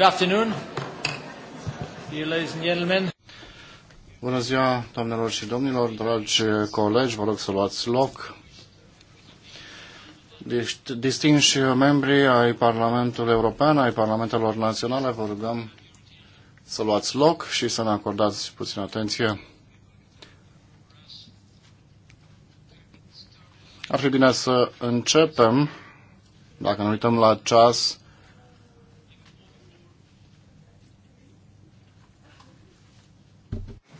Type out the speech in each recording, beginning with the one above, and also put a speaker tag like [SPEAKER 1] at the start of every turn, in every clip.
[SPEAKER 1] Good afternoon, dear ladies and gentlemen.
[SPEAKER 2] Bună ziua, doamnelor și domnilor, dragi colegi, vă rog să luați loc. Distinși membri ai Parlamentului European, ai Parlamentelor Naționale, vă rugăm să luați loc și să ne acordați puțin atenție. Ar fi bine să începem, dacă ne uităm la ceas,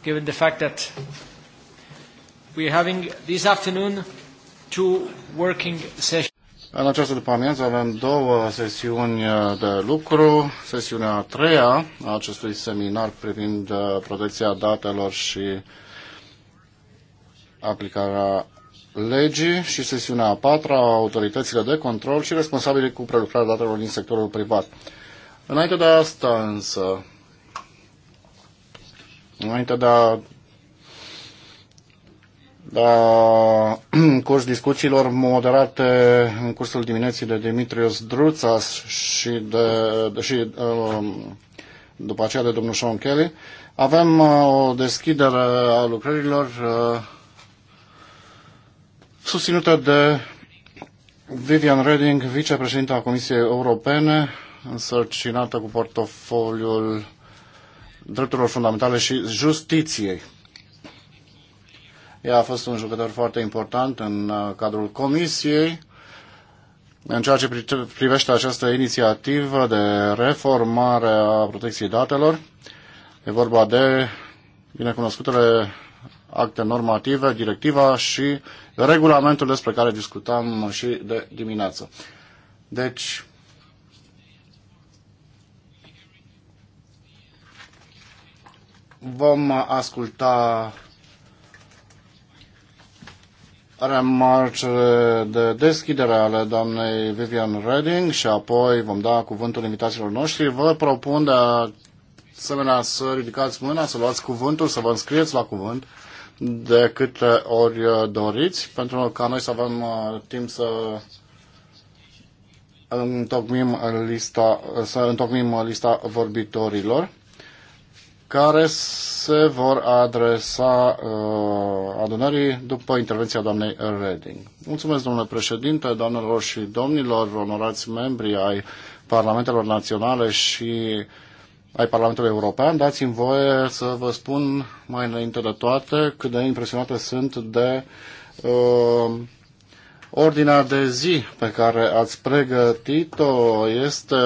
[SPEAKER 1] given the fact that we are having this afternoon two working
[SPEAKER 2] sessions. În această după-amiază avem două sesiuni uh, de lucru. Sesiunea a treia a acestui seminar privind uh, protecția datelor și aplicarea legii și sesiunea a patra a autoritățile de control și responsabilii cu prelucrarea datelor din sectorul privat. Înainte de asta însă, Înainte de a da în curs discuțiilor moderate în cursul dimineții de Dimitrios Druțas și, de, de, și um, după aceea de domnul Sean Kelly, avem uh, o deschidere a lucrărilor uh, susținută de Vivian Reding, vicepreședinta a Comisiei Europene, însărcinată cu portofoliul drepturilor fundamentale și justiției. Ea a fost un jucător foarte important în uh, cadrul comisiei în ceea ce privește această inițiativă de reformare a protecției datelor. E vorba de binecunoscutele acte normative, directiva și regulamentul despre care discutam și de dimineață. Deci, Vom asculta remarcele de deschidere ale doamnei Vivian Redding și apoi vom da cuvântul invitațiilor noștri. Vă propun de asemenea să ridicați mâna, să luați cuvântul, să vă înscrieți la cuvânt de câte ori doriți, pentru ca noi să avem uh, timp să întocmim lista, să întocmim lista vorbitorilor care se vor adresa uh, adunării după intervenția doamnei Reding. Mulțumesc, domnule președinte, doamnelor și domnilor, onorați membri ai Parlamentelor Naționale și ai Parlamentului European. Dați-mi voie să vă spun mai înainte de toate cât de impresionate sunt de uh, ordinea de zi pe care ați pregătit-o. Este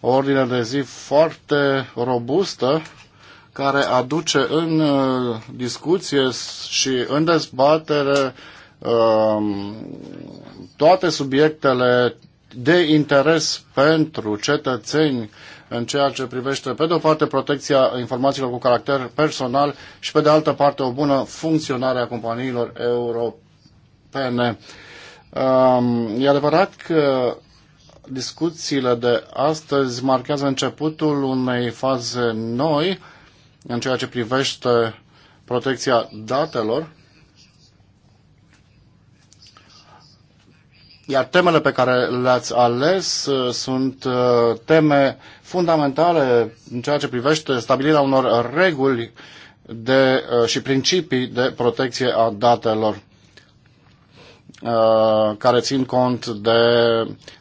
[SPEAKER 2] o ordine de zi foarte robustă care aduce în uh, discuție și în dezbatere um, toate subiectele de interes pentru cetățeni în ceea ce privește, pe de o parte, protecția informațiilor cu caracter personal și, pe de altă parte, o bună funcționare a companiilor europene. Um, e adevărat că discuțiile de astăzi marchează începutul unei faze noi în ceea ce privește protecția datelor, iar temele pe care le-ați ales uh, sunt uh, teme fundamentale în ceea ce privește stabilirea unor reguli de, uh, și principii de protecție a datelor care țin cont de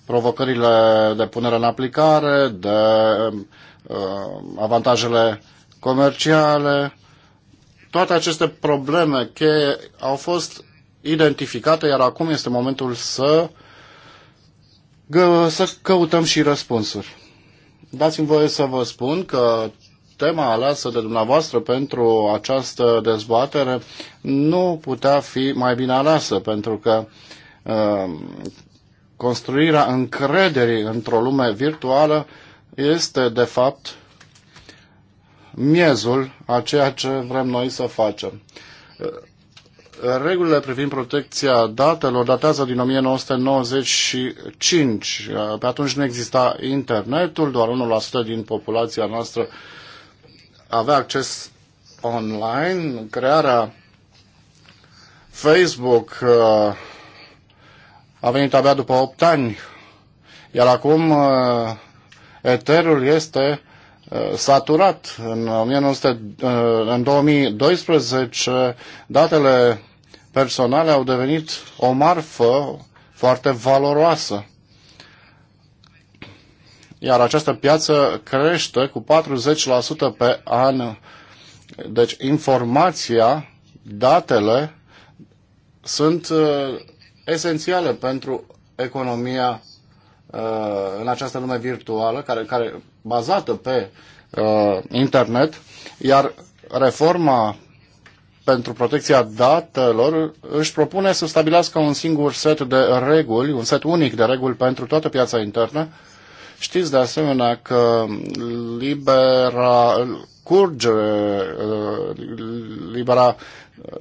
[SPEAKER 2] provocările de punere în aplicare, de avantajele comerciale. Toate aceste probleme cheie au fost identificate, iar acum este momentul să, să căutăm și răspunsuri. Dați-mi voie să vă spun că tema aleasă de dumneavoastră pentru această dezbatere nu putea fi mai bine aleasă, pentru că uh, construirea încrederii într-o lume virtuală este, de fapt, miezul a ceea ce vrem noi să facem. Regulile privind protecția datelor datează din 1995. Pe atunci nu exista internetul, doar 1% din populația noastră avea acces online. Crearea Facebook uh, a venit abia după 8 ani, iar acum uh, Ethereum este Uh, saturat. În, 1900, uh, în 2012 datele personale au devenit o marfă foarte valoroasă. Iar această piață crește cu 40% pe an. Deci informația, datele sunt uh, esențiale pentru economia în această lume virtuală, care, care bazată pe uh, internet, iar reforma pentru protecția datelor își propune să stabilească un singur set de reguli, un set unic de reguli pentru toată piața internă. Știți de asemenea că libera curge, uh, libera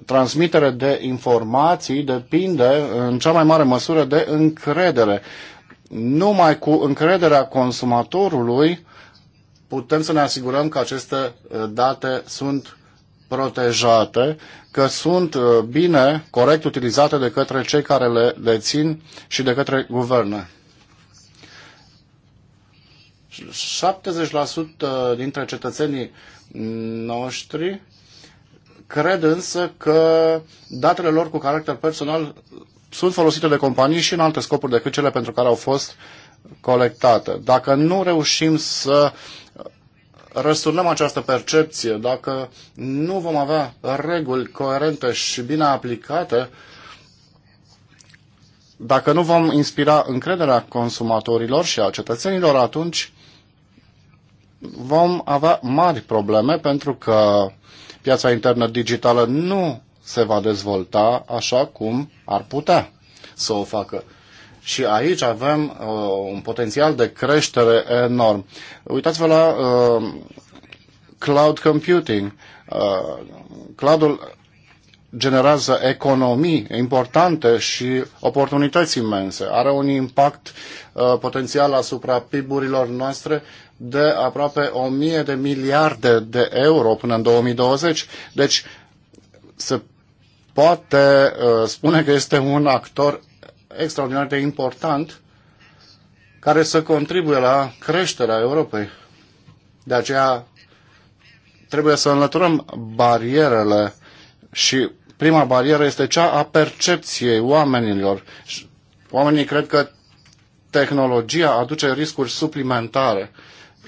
[SPEAKER 2] transmitere de informații depinde în cea mai mare măsură de încredere. Numai cu încrederea consumatorului putem să ne asigurăm că aceste uh, date sunt protejate, că sunt uh, bine, corect utilizate de către cei care le dețin și de către guverne. 70% dintre cetățenii noștri cred însă că datele lor cu caracter personal sunt folosite de companii și în alte scopuri decât cele pentru care au fost colectate. Dacă nu reușim să răsturnăm această percepție, dacă nu vom avea reguli coerente și bine aplicate, dacă nu vom inspira încrederea consumatorilor și a cetățenilor, atunci vom avea mari probleme pentru că piața internă digitală nu se va dezvolta așa cum ar putea să o facă. Și aici avem uh, un potențial de creștere enorm. Uitați-vă la uh, cloud computing. Uh, cloudul generează economii importante și oportunități imense. Are un impact uh, potențial asupra PIB-urilor noastre de aproape 1000 de miliarde de euro până în 2020. Deci se poate uh, spune că este un actor extraordinar de important care să contribuie la creșterea Europei. De aceea trebuie să înlăturăm barierele și prima barieră este cea a percepției oamenilor. Oamenii cred că tehnologia aduce riscuri suplimentare.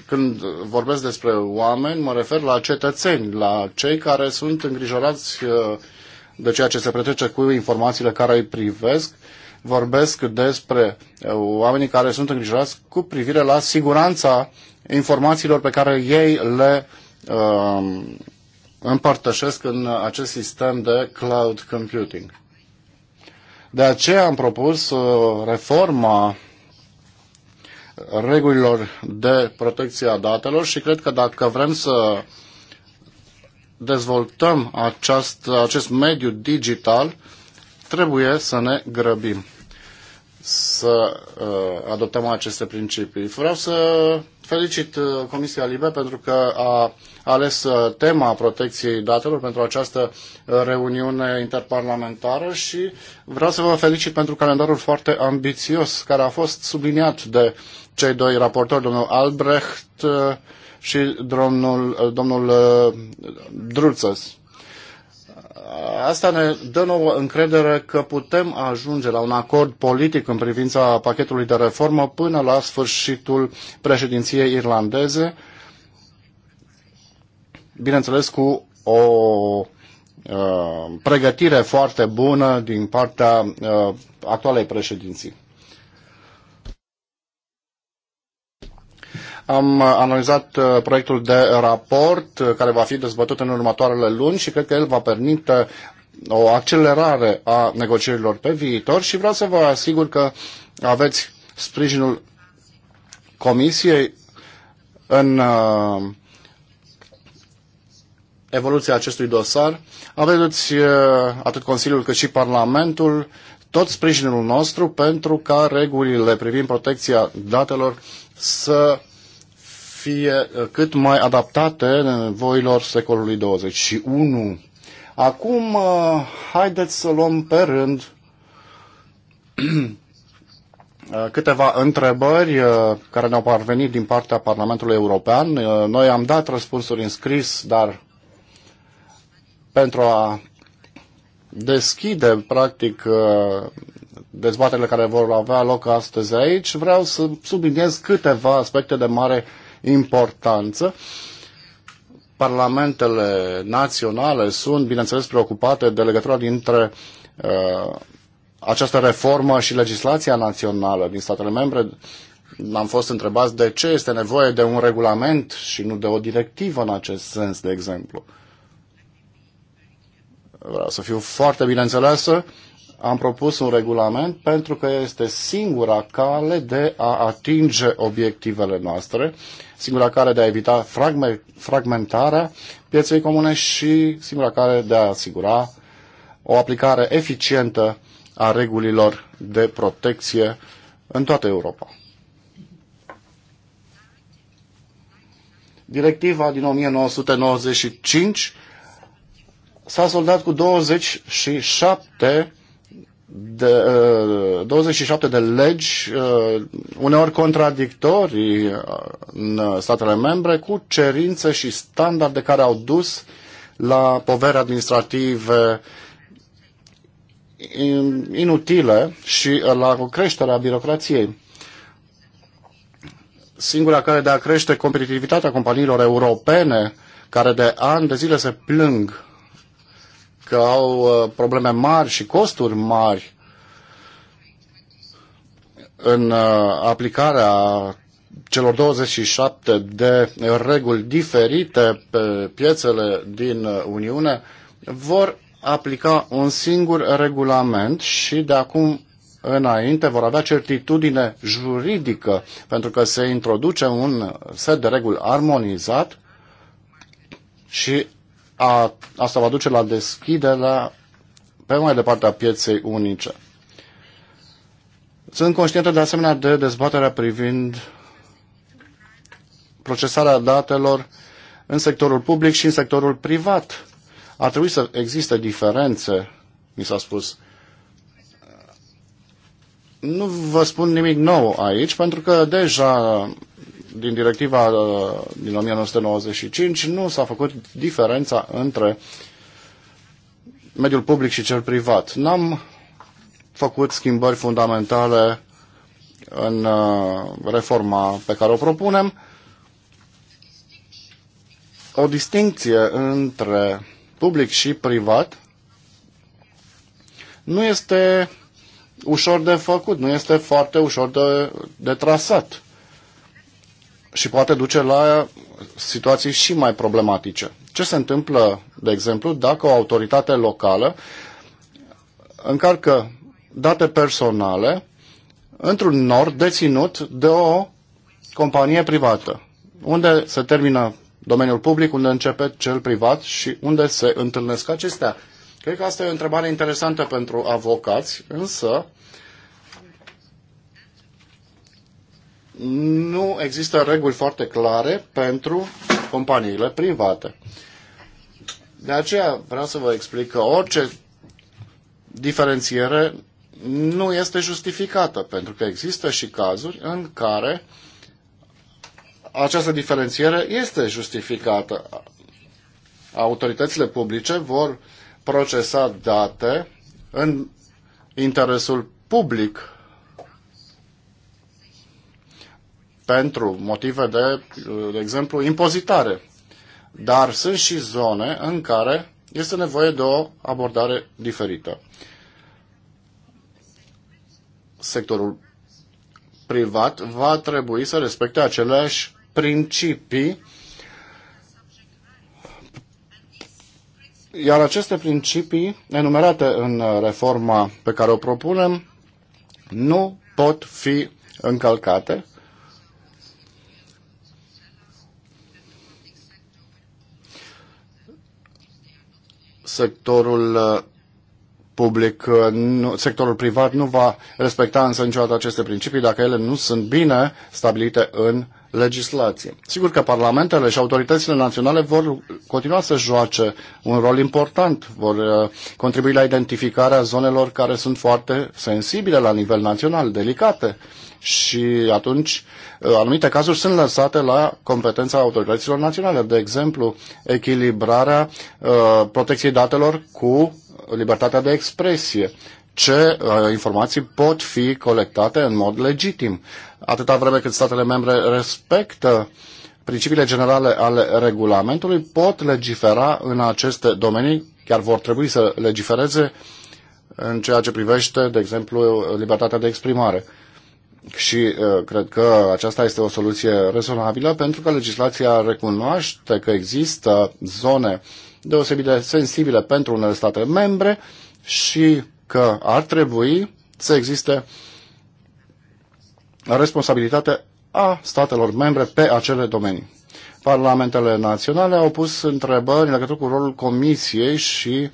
[SPEAKER 2] Când vorbesc despre oameni, mă refer la cetățeni, la cei care sunt îngrijorați uh, de ceea ce se pretrece cu informațiile care îi privesc vorbesc despre uh, oamenii care sunt îngrijorați cu privire la siguranța informațiilor pe care ei le uh, împărtășesc în acest sistem de cloud computing. De aceea am propus uh, reforma regulilor de protecție a datelor și cred că dacă vrem să dezvoltăm acest acest mediu digital, trebuie să ne grăbim să uh, adoptăm aceste principii. Vreau să felicit uh, Comisia Libe pentru că a ales uh, tema protecției datelor pentru această reuniune interparlamentară și vreau să vă felicit pentru calendarul foarte ambițios care a fost subliniat de cei doi raportori, domnul Albrecht și domnul, domnul Druțăs. Asta ne dă nouă încredere că putem ajunge la un acord politic în privința pachetului de reformă până la sfârșitul președinției irlandeze, bineînțeles cu o uh, pregătire foarte bună din partea uh, actualei președinții. Am uh, analizat uh, proiectul de raport uh, care va fi dezbătut în următoarele luni și cred că el va permite o accelerare a negocierilor pe viitor și vreau să vă asigur că aveți sprijinul Comisiei în evoluția acestui dosar. Aveți atât Consiliul cât și Parlamentul tot sprijinul nostru pentru ca regulile privind protecția datelor să fie uh, cât mai adaptate uh, voilor secolului 21. Acum, uh, haideți să luăm pe rând câteva întrebări care ne-au parvenit din partea Parlamentului European. Noi am dat răspunsuri în scris, dar pentru a deschide, practic, dezbaterile care vor avea loc astăzi aici, vreau să subliniez câteva aspecte de mare importanță. Parlamentele naționale sunt, bineînțeles, preocupate de legătura dintre uh, această reformă și legislația națională din statele membre. Am fost întrebați de ce este nevoie de un regulament și nu de o directivă în acest sens, de exemplu. Vreau să fiu foarte bineînțeleasă. Uh, am propus un regulament pentru că este singura cale de a atinge obiectivele noastre, singura cale de a evita fragmentarea pieței comune și singura cale de a asigura o aplicare eficientă a regulilor de protecție în toată Europa. Directiva din 1995 s-a soldat cu 27 de, 27 uh, de legi, uh, uneori contradictorii uh, în statele membre, cu cerințe și standarde care au dus la povere administrative inutile și la creșterea birocrației. Singura care de a crește competitivitatea companiilor europene, care de ani de zile se plâng că au uh, probleme mari și costuri mari în uh, aplicarea celor 27 de reguli diferite pe piețele din Uniune, vor aplica un singur regulament și de acum înainte vor avea certitudine juridică, pentru că se introduce un set de reguli armonizat și a, asta va duce la deschiderea pe mai departe a pieței unice. Sunt conștientă de asemenea de dezbaterea privind procesarea datelor în sectorul public și în sectorul privat. Ar trebui să existe diferențe, mi s-a spus. Nu vă spun nimic nou aici, pentru că deja din directiva uh, din 1995 nu s-a făcut diferența între mediul public și cel privat. N-am făcut schimbări fundamentale în uh, reforma pe care o propunem. O distinție între public și privat nu este ușor de făcut, nu este foarte ușor de, de trasat și poate duce la situații și mai problematice. Ce se întâmplă, de exemplu, dacă o autoritate locală încarcă date personale într-un nor deținut de o companie privată, unde se termină domeniul public, unde începe cel privat și unde se întâlnesc acestea. Cred că asta e o întrebare interesantă pentru avocați, însă nu există reguli foarte clare pentru companiile private. De aceea vreau să vă explic că orice diferențiere nu este justificată, pentru că există și cazuri în care această diferențiere este justificată. Autoritățile publice vor procesa date în interesul public pentru motive de, de exemplu, impozitare. Dar sunt și zone în care este nevoie de o abordare diferită. Sectorul privat va trebui să respecte aceleași principii, iar aceste principii enumerate în reforma pe care o propunem nu pot fi încălcate sectorul uh, public, uh, nu, sectorul privat nu va respecta însă niciodată aceste principii dacă ele nu sunt bine stabilite în legislație. Sigur că parlamentele și autoritățile naționale vor continua să joace un rol important, vor uh, contribui la identificarea zonelor care sunt foarte sensibile la nivel național, delicate și atunci uh, anumite cazuri sunt lăsate la competența autorităților naționale. De exemplu, echilibrarea uh, protecției datelor cu libertatea de expresie ce uh, informații pot fi colectate în mod legitim. Atâta vreme cât statele membre respectă principiile generale ale regulamentului, pot legifera în aceste domenii, chiar vor trebui să legifereze în ceea ce privește, de exemplu, libertatea de exprimare. Și uh, cred că aceasta este o soluție rezonabilă pentru că legislația recunoaște că există zone deosebit de sensibile pentru unele state membre și că ar trebui să existe responsabilitate a statelor membre pe acele domenii. Parlamentele naționale au pus întrebări în legătură cu rolul Comisiei și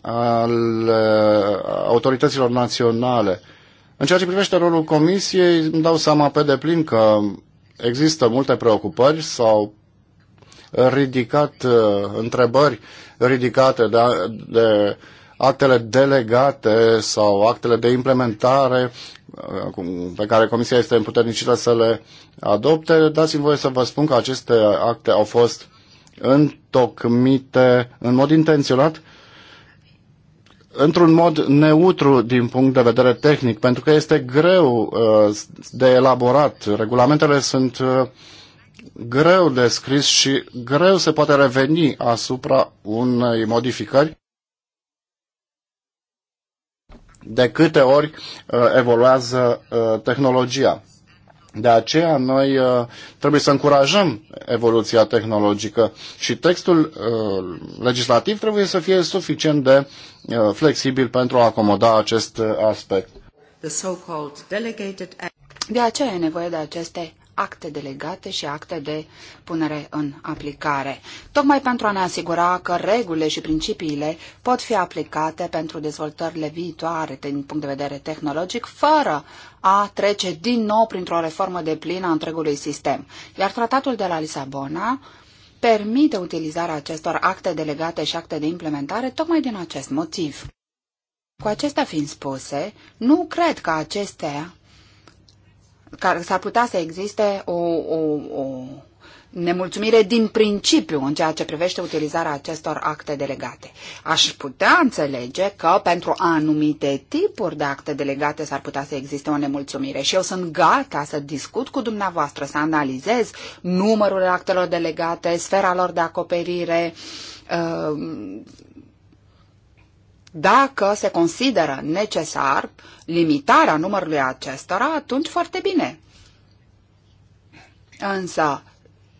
[SPEAKER 2] al uh, autorităților naționale. În ceea ce privește rolul Comisiei, îmi dau seama pe deplin că există multe preocupări sau ridicat uh, întrebări ridicate de, de actele delegate sau actele de implementare uh, pe care Comisia este împuternicită să le adopte, dați-mi voie să vă spun că aceste acte au fost întocmite în mod intenționat într-un mod neutru din punct de vedere tehnic, pentru că este greu uh, de elaborat. Regulamentele sunt uh, greu de scris și greu se poate reveni asupra unei modificări de câte ori uh, evoluează uh, tehnologia. De aceea noi uh, trebuie să încurajăm evoluția tehnologică și textul legislativ trebuie să fie suficient de flexibil pentru a acomoda acest aspect.
[SPEAKER 3] De aceea e nevoie de aceste acte delegate și acte de punere în aplicare, tocmai pentru a ne asigura că regulile și principiile pot fi aplicate pentru dezvoltările viitoare din punct de vedere tehnologic, fără a trece din nou printr-o reformă de plină a întregului sistem. Iar tratatul de la Lisabona permite utilizarea acestor acte delegate și acte de implementare tocmai din acest motiv. Cu acestea fiind spuse, nu cred că acestea care s-ar putea să existe o, o, o nemulțumire din principiu în ceea ce privește utilizarea acestor acte delegate. Aș putea înțelege că pentru anumite tipuri de acte delegate s-ar putea să existe o nemulțumire și eu sunt gata să discut cu dumneavoastră, să analizez numărul actelor delegate, sfera lor de acoperire, uh, dacă se consideră necesar limitarea numărului acestora, atunci foarte bine. Însă,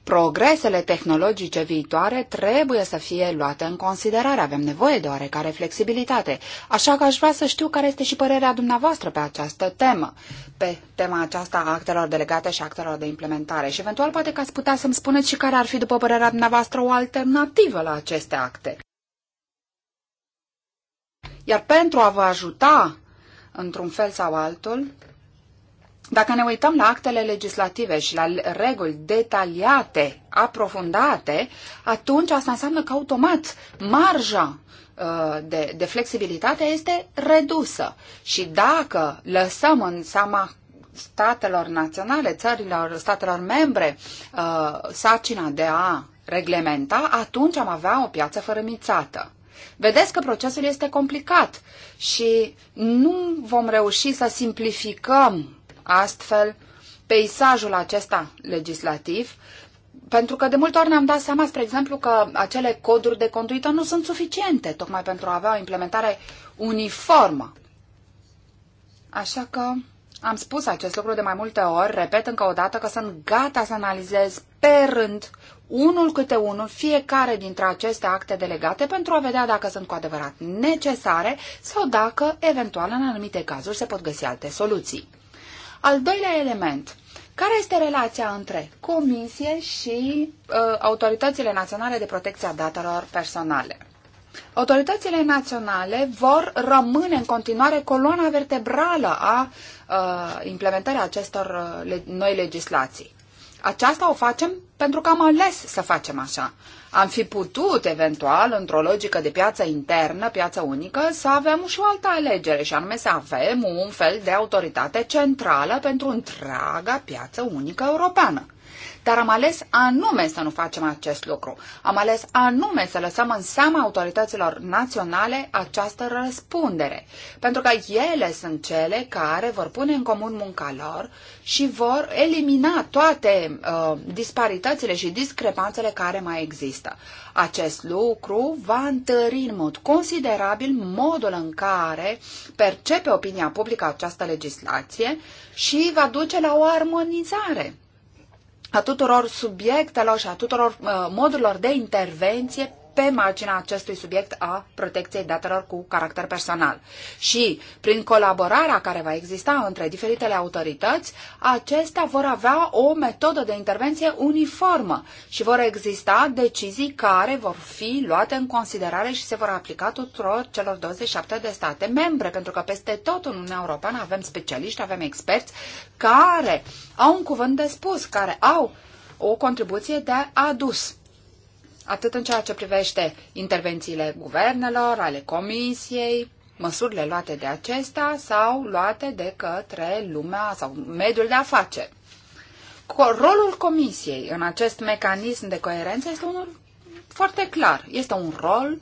[SPEAKER 3] progresele tehnologice viitoare trebuie să fie luate în considerare. Avem nevoie de oarecare flexibilitate. Așa că aș vrea să știu care este și părerea dumneavoastră pe această temă, pe tema aceasta a actelor delegate și actelor de implementare. Și eventual poate că ați putea să-mi spuneți și care ar fi, după părerea dumneavoastră, o alternativă la aceste acte. Iar pentru a vă ajuta, într-un fel sau altul, dacă ne uităm la actele legislative și la reguli detaliate, aprofundate, atunci asta înseamnă că automat marja uh, de, de flexibilitate este redusă. Și dacă lăsăm în seama statelor naționale, țărilor, statelor membre, uh, sarcina de a reglementa, atunci am avea o piață fărămițată. Vedeți că procesul este complicat și nu vom reuși să simplificăm astfel peisajul acesta legislativ, pentru că de multe ori ne-am dat seama, spre exemplu, că acele coduri de conduită nu sunt suficiente, tocmai pentru a avea o implementare uniformă. Așa că am spus acest lucru de mai multe ori, repet încă o dată că sunt gata să analizez pe rând unul câte unul fiecare dintre aceste acte delegate pentru a vedea dacă sunt cu adevărat necesare sau dacă, eventual, în anumite cazuri se pot găsi alte soluții. Al doilea element. Care este relația între Comisie și uh, autoritățile naționale de protecție a datelor personale? Autoritățile naționale vor rămâne în continuare coloana vertebrală a uh, implementării acestor uh, le- noi legislații. Aceasta o facem pentru că am ales să facem așa. Am fi putut, eventual, într-o logică de piață internă, piață unică, să avem și o altă alegere, și anume să avem un fel de autoritate centrală pentru întreaga piață unică europeană. Dar am ales anume să nu facem acest lucru. Am ales anume să lăsăm în seama autorităților naționale această răspundere, pentru că ele sunt cele care vor pune în comun munca lor și vor elimina toate uh, disparitățile și discrepanțele care mai există. Acest lucru va întări în mod considerabil modul în care percepe opinia publică această legislație și va duce la o armonizare a tuturor subiectelor și a tuturor uh, modurilor de intervenție pe marginea acestui subiect a protecției datelor cu caracter personal. Și prin colaborarea care va exista între diferitele autorități, acestea vor avea o metodă de intervenție uniformă și vor exista decizii care vor fi luate în considerare și se vor aplica tuturor celor 27 de state membre, pentru că peste tot în Uniunea Europeană avem specialiști, avem experți care au un cuvânt de spus, care au o contribuție de adus atât în ceea ce privește intervențiile guvernelor, ale comisiei, măsurile luate de acesta sau luate de către lumea sau mediul de afaceri. Rolul comisiei în acest mecanism de coerență este unul foarte clar. Este un rol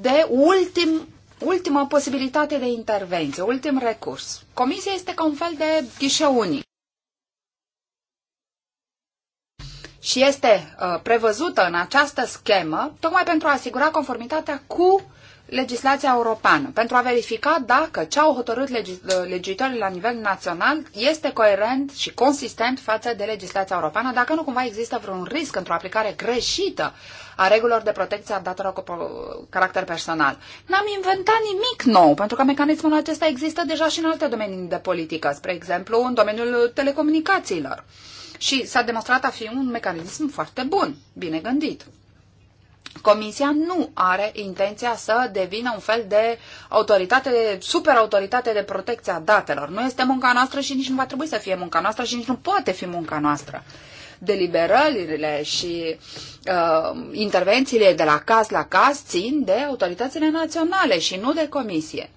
[SPEAKER 3] de ultim, ultimă posibilitate de intervenție, ultim recurs. Comisia este ca un fel de ghișe și este uh, prevăzută în această schemă tocmai pentru a asigura conformitatea cu legislația europeană, pentru a verifica dacă ce au hotărât legi uh, legiuitorii la nivel național este coerent și consistent față de legislația europeană, dacă nu cumva există vreun risc într-o aplicare greșită a regulilor de protecție a datelor cu caracter personal. N-am inventat nimic nou, pentru că mecanismul acesta există deja și în alte domenii de politică, spre exemplu în domeniul telecomunicațiilor și s-a demonstrat a fi un mecanism foarte bun, bine gândit. Comisia nu are intenția să devină un fel de autoritate, super autoritate de protecție a datelor. Nu este munca noastră și nici nu va trebui să fie munca noastră și nici nu poate fi munca noastră. Deliberările și uh, intervențiile de la caz la caz țin de autoritățile naționale și nu de comisie.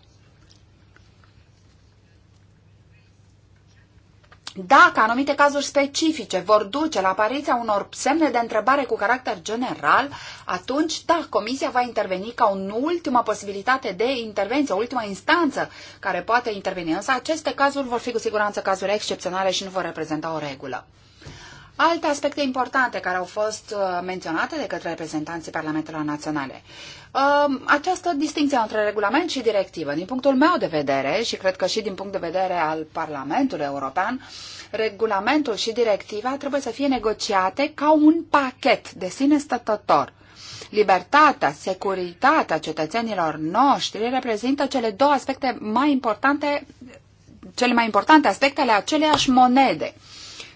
[SPEAKER 3] dacă anumite cazuri specifice vor duce la apariția unor semne de întrebare cu caracter general, atunci, da, Comisia va interveni ca o ultimă posibilitate de intervenție, o ultimă instanță care poate interveni. Însă aceste cazuri vor fi cu siguranță cazuri excepționale și nu vor reprezenta o regulă. Alte aspecte importante care au fost uh, menționate de către reprezentanții Parlamentelor Naționale. Um, această distinție între regulament și directivă. Din punctul meu de vedere, și cred că și din punct de vedere al Parlamentului European, regulamentul și directiva trebuie să fie negociate ca un pachet de sine stătător. Libertatea, securitatea cetățenilor noștri reprezintă cele două aspecte mai importante, cele mai importante aspecte ale aceleiași monede.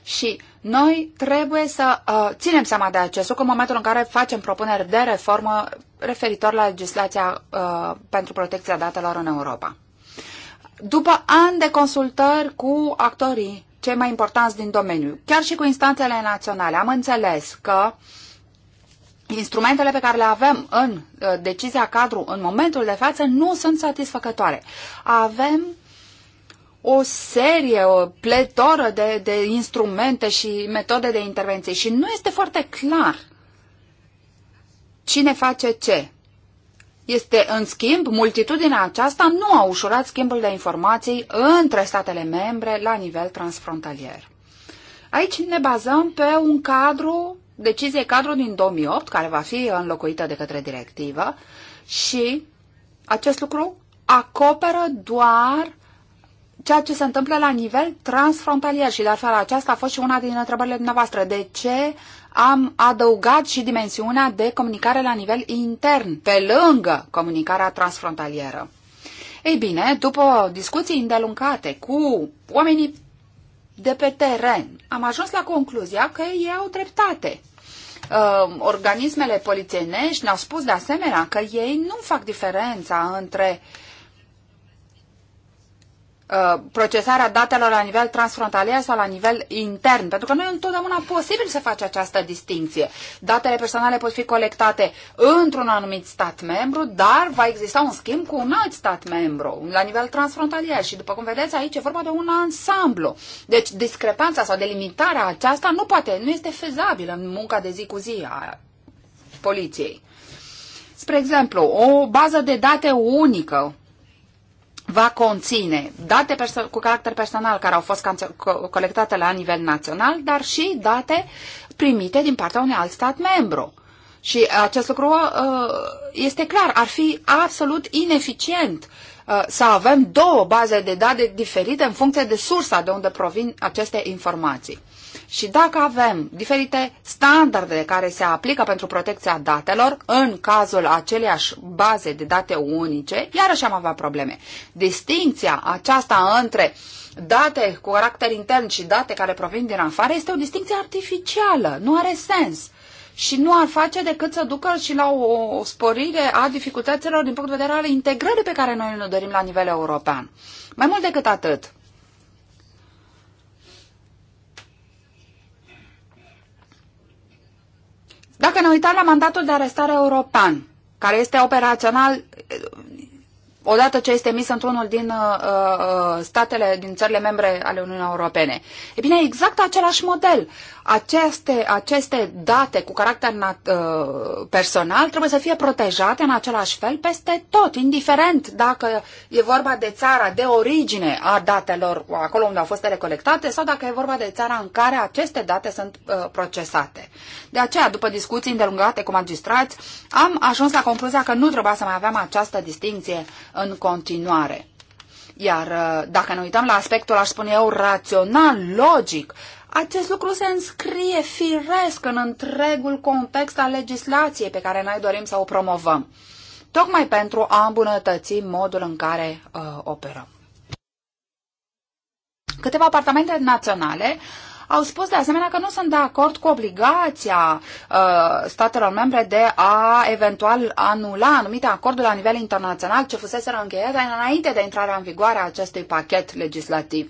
[SPEAKER 3] Și noi trebuie să uh, ținem seama de acest lucru în momentul în care facem propuneri de reformă referitor la legislația uh, pentru protecția datelor în Europa. După ani de consultări cu actorii cei mai importanți din domeniu, chiar și cu instanțele naționale, am înțeles că instrumentele pe care le avem în uh, decizia cadru în momentul de față nu sunt satisfăcătoare. Avem o serie, o pletoră de, de instrumente și metode de intervenție și nu este foarte clar cine face ce. Este, în schimb, multitudinea aceasta nu a ușurat schimbul de informații între statele membre la nivel transfrontalier. Aici ne bazăm pe un cadru, decizie cadru din 2008, care va fi înlocuită de către directivă și acest lucru acoperă doar ceea ce se întâmplă la nivel transfrontalier și de altfel aceasta a fost și una din întrebările dumneavoastră. De ce am adăugat și dimensiunea de comunicare la nivel intern, pe lângă comunicarea transfrontalieră? Ei bine, după discuții îndelungate cu oamenii de pe teren, am ajuns la concluzia că ei au dreptate. Uh, organismele polițienești ne-au spus de asemenea că ei nu fac diferența între uh, Uh, procesarea datelor la nivel transfrontalier sau la nivel intern, pentru că nu e întotdeauna posibil să faci această distinție. Datele personale pot fi colectate într-un anumit stat membru, dar va exista un schimb cu un alt stat membru la nivel transfrontalier și după cum vedeți aici e vorba de un ansamblu. Deci discrepanța sau delimitarea aceasta nu poate, nu este fezabilă în munca de zi cu zi a poliției. Spre exemplu, o bază de date unică va conține date cu caracter personal care au fost co colectate la nivel național, dar și date primite din partea unui alt stat membru. Și acest lucru uh, este clar, ar fi absolut ineficient uh, să avem două baze de date diferite în funcție de sursa de unde provin aceste informații. Și dacă avem diferite standarde care se aplică pentru protecția datelor, în cazul aceleiași baze de date unice, iarăși am avea probleme. Distinția aceasta între date cu caracter intern și date care provin din afară este o distinție artificială, nu are sens și nu ar face decât să ducă și la o, sporire a dificultăților din punct de vedere al integrării pe care noi ne dorim la nivel european. Mai mult decât atât, Dacă ne uităm la mandatul de arestare european, care este operațional odată ce este emis într-unul din uh, uh statele, din țările membre ale Uniunii Europene. E bine, exact același model aceste, aceste date cu caracter uh, personal trebuie să fie protejate în același fel peste tot, indiferent dacă e vorba de țara de origine a datelor acolo unde au fost recolectate sau dacă e vorba de țara în care aceste date sunt uh, procesate. De aceea, după discuții îndelungate cu magistrați, am ajuns la concluzia că nu trebuia să mai avem această distinție în continuare. Iar uh, dacă ne uităm la aspectul, aș spune eu, rațional, logic acest lucru se înscrie firesc în întregul context al legislației pe care noi dorim să o promovăm, tocmai pentru a îmbunătăți modul în care uh, operăm. Câteva apartamente naționale au spus de asemenea că nu sunt de acord cu obligația uh, statelor membre de a eventual anula anumite acorduri la nivel internațional ce fusese încheiate înainte de intrarea în vigoare a acestui pachet legislativ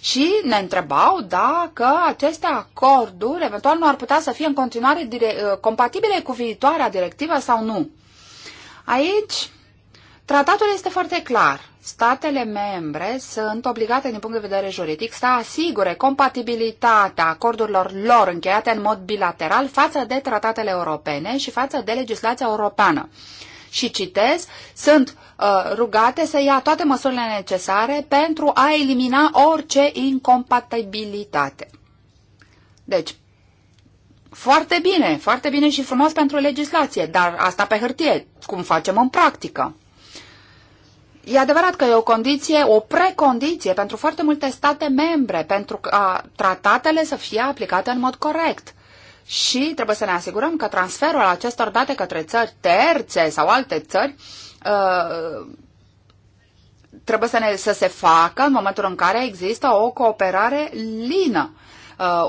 [SPEAKER 3] și ne întrebau dacă aceste acorduri eventual nu ar putea să fie în continuare uh, compatibile cu viitoarea directivă sau nu. Aici, tratatul este foarte clar. Statele membre sunt obligate din punct de vedere juridic să asigure compatibilitatea acordurilor lor încheiate în mod bilateral față de tratatele europene și față de legislația europeană și citez, sunt uh, rugate să ia toate măsurile necesare pentru a elimina orice incompatibilitate. Deci, foarte bine, foarte bine și frumos pentru legislație, dar asta pe hârtie, cum facem în practică. E adevărat că e o condiție, o precondiție pentru foarte multe state membre, pentru ca tratatele să fie aplicate în mod corect și trebuie să ne asigurăm că transferul acestor date către țări terțe sau alte țări uh, trebuie să, ne, să se facă în momentul în care există o cooperare lină.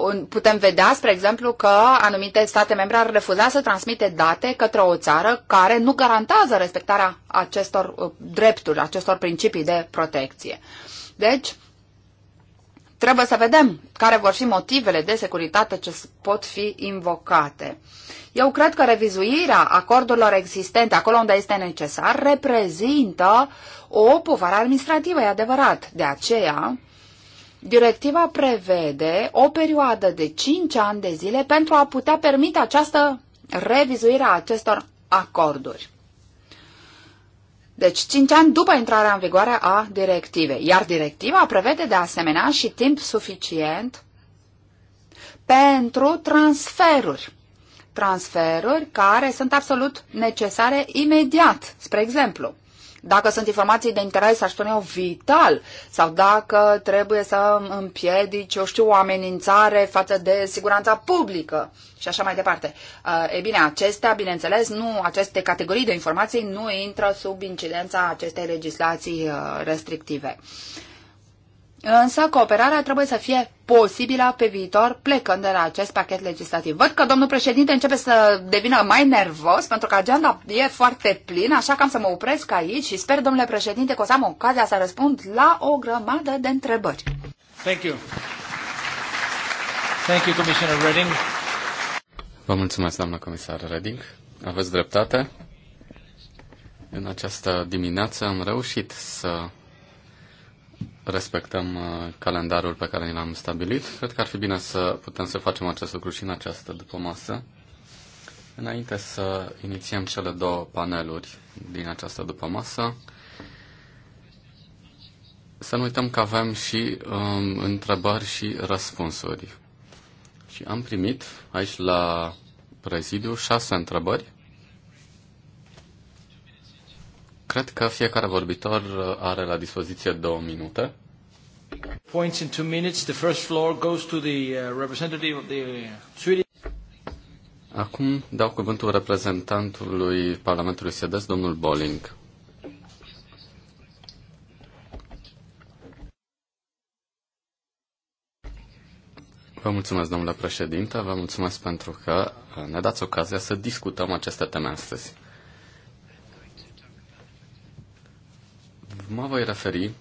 [SPEAKER 3] Uh, putem vedea, spre exemplu, că anumite state membre ar refuza să transmite date către o țară care nu garantează respectarea acestor uh, drepturi, acestor principii de protecție. Deci, Trebuie să vedem care vor fi motivele de securitate ce pot fi invocate. Eu cred că revizuirea acordurilor existente, acolo unde este necesar, reprezintă o povară administrativă, e adevărat. De aceea, directiva prevede o perioadă de 5 ani de zile pentru a putea permite această revizuire a acestor acorduri. Deci 5 ani după intrarea în vigoare a directivei. Iar directiva prevede de asemenea și timp suficient pentru transferuri. Transferuri care sunt absolut necesare imediat, spre exemplu. Dacă sunt informații de interes, aș spune eu, vital, sau dacă trebuie să împiedici, eu știu, o amenințare față de siguranța publică și așa mai departe. Uh, e bine, acestea, bineînțeles, nu, aceste categorii de informații nu intră sub incidența acestei legislații uh, restrictive. Însă cooperarea trebuie să fie posibilă pe viitor, plecând de la acest pachet legislativ. Văd că domnul președinte începe să devină mai nervos, pentru că agenda e foarte plină, așa că am să mă opresc aici și sper, domnule președinte, că o să am ocazia să răspund la o grămadă de întrebări.
[SPEAKER 1] Thank you. Thank you, Commissioner Redding.
[SPEAKER 4] Vă mulțumesc, doamnă comisar Redding. Aveți dreptate. În această dimineață am reușit să respectăm uh, calendarul pe care ni l-am stabilit. Cred că ar fi bine să putem să facem acest lucru și în această masă. Înainte să inițiem cele două paneluri din această masă, să nu uităm că avem și um, întrebări și răspunsuri. Și am primit aici la prezidiu șase întrebări Cred că fiecare vorbitor uh, are la dispoziție două minute.
[SPEAKER 1] Points in two minutes. The first floor goes to the uh, representative of the
[SPEAKER 4] Swedish. Acum dau cuvântul reprezentantului Parlamentului Sedez, domnul Bolling. Vă mulțumesc, domnule președinte, vă mulțumesc pentru că uh, ne dați ocazia să discutăm aceste teme astăzi. Mă voi referi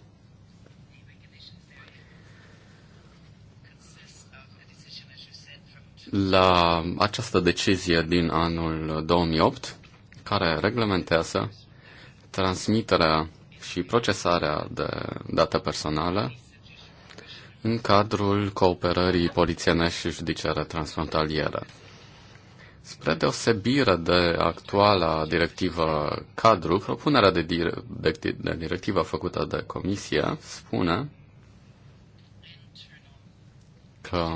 [SPEAKER 4] la această decizie din anul 2008 care reglementează transmiterea și procesarea de date personale în cadrul cooperării polițienești și judiciare transfrontaliere. Spre deosebire de actuala directivă cadru, propunerea de, dir- de, de directivă făcută de Comisie spune că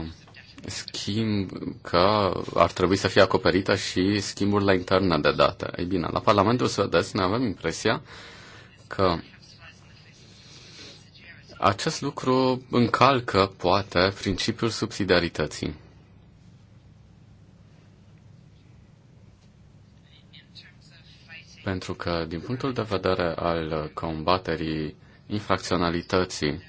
[SPEAKER 4] schimb că ar trebui să fie acoperită și schimburile interne de date. Ei bine, la Parlamentul Suedez ne avem impresia că acest lucru încalcă, poate, principiul subsidiarității. Pentru că, din punctul de vedere al combaterii infracționalității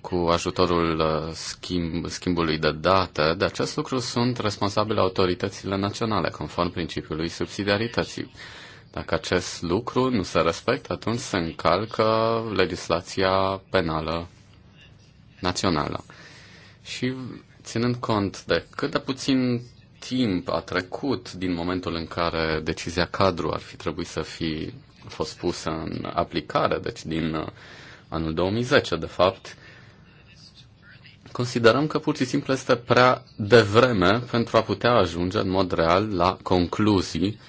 [SPEAKER 4] cu ajutorul uh, schimb, schimbului de date, de acest lucru sunt responsabile autoritățile naționale, conform principiului subsidiarității. Dacă acest lucru nu se respectă, atunci se încalcă legislația penală națională. Și ținând cont de cât de puțin timp a trecut din momentul în care decizia cadru ar fi trebuit să fi fost pusă în aplicare, deci din uh, anul 2010, de fapt, considerăm că pur și simplu este prea devreme pentru a putea ajunge în mod real la concluzii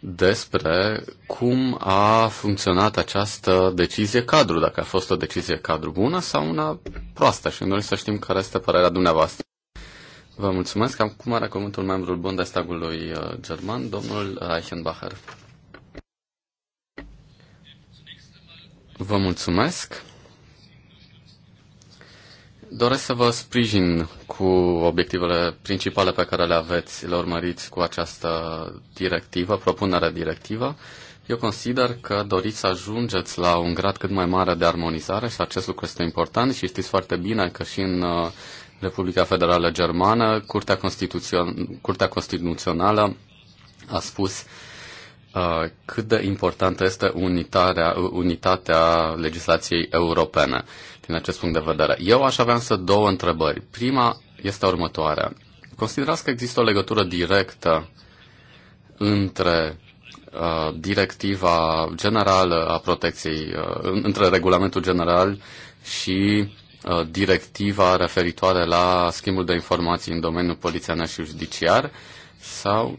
[SPEAKER 4] despre cum a funcționat această decizie cadru, dacă a fost o decizie cadru bună sau una proastă și noi să știm care este părerea dumneavoastră. Vă mulțumesc. Acum are cuvântul membrul Bundestagului uh, german, domnul Reichenbacher. Uh, vă mulțumesc. Doresc să vă sprijin cu obiectivele principale pe care le aveți, le urmăriți cu această directivă, propunerea directivă. Eu consider că doriți să ajungeți la un grad cât mai mare de armonizare și acest lucru este important și știți foarte bine că și în uh, Republica Federală Germană, Curtea, Constituțion- Curtea Constituțională a spus uh, cât de importantă este unitarea, unitatea legislației europene din acest punct de vedere. Eu aș avea însă două întrebări. Prima este următoarea. Considerați că există o legătură directă între uh, directiva generală a protecției, uh, între regulamentul general și Uh, directiva referitoare la schimbul de informații în domeniul polițianesc și judiciar sau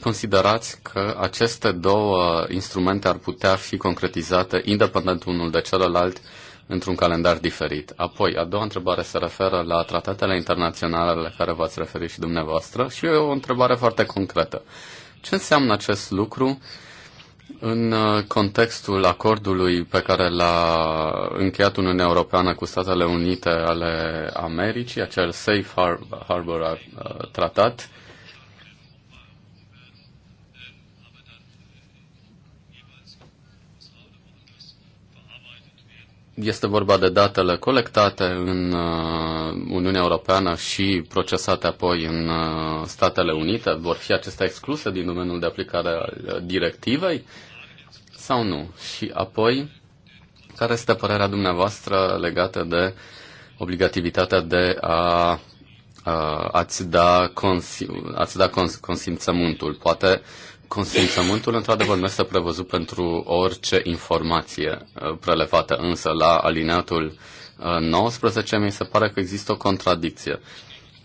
[SPEAKER 4] considerați că aceste două instrumente ar putea fi concretizate independent unul de celălalt într-un calendar diferit? Apoi, a doua întrebare se referă la tratatele internaționale la care v-ați referit și dumneavoastră și e o întrebare foarte concretă. Ce înseamnă acest lucru în uh, contextul acordului pe care l-a încheiat Uniunea Europeană cu Statele Unite ale Americii, acel Safe Harbor uh, Tratat, Este vorba de datele colectate în uh, Uniunea Europeană și procesate apoi în uh, Statele Unite. Vor fi acestea excluse din domeniul de aplicare al uh, directivei sau nu? Și apoi, care este părerea dumneavoastră legată de obligativitatea de a, ați da, ați da consimțământul? Poate uh, Consimțământul, într-adevăr, nu este prevăzut pentru orice informație uh, prelevată, însă la alineatul 19 uh, mi se pare că există o contradicție.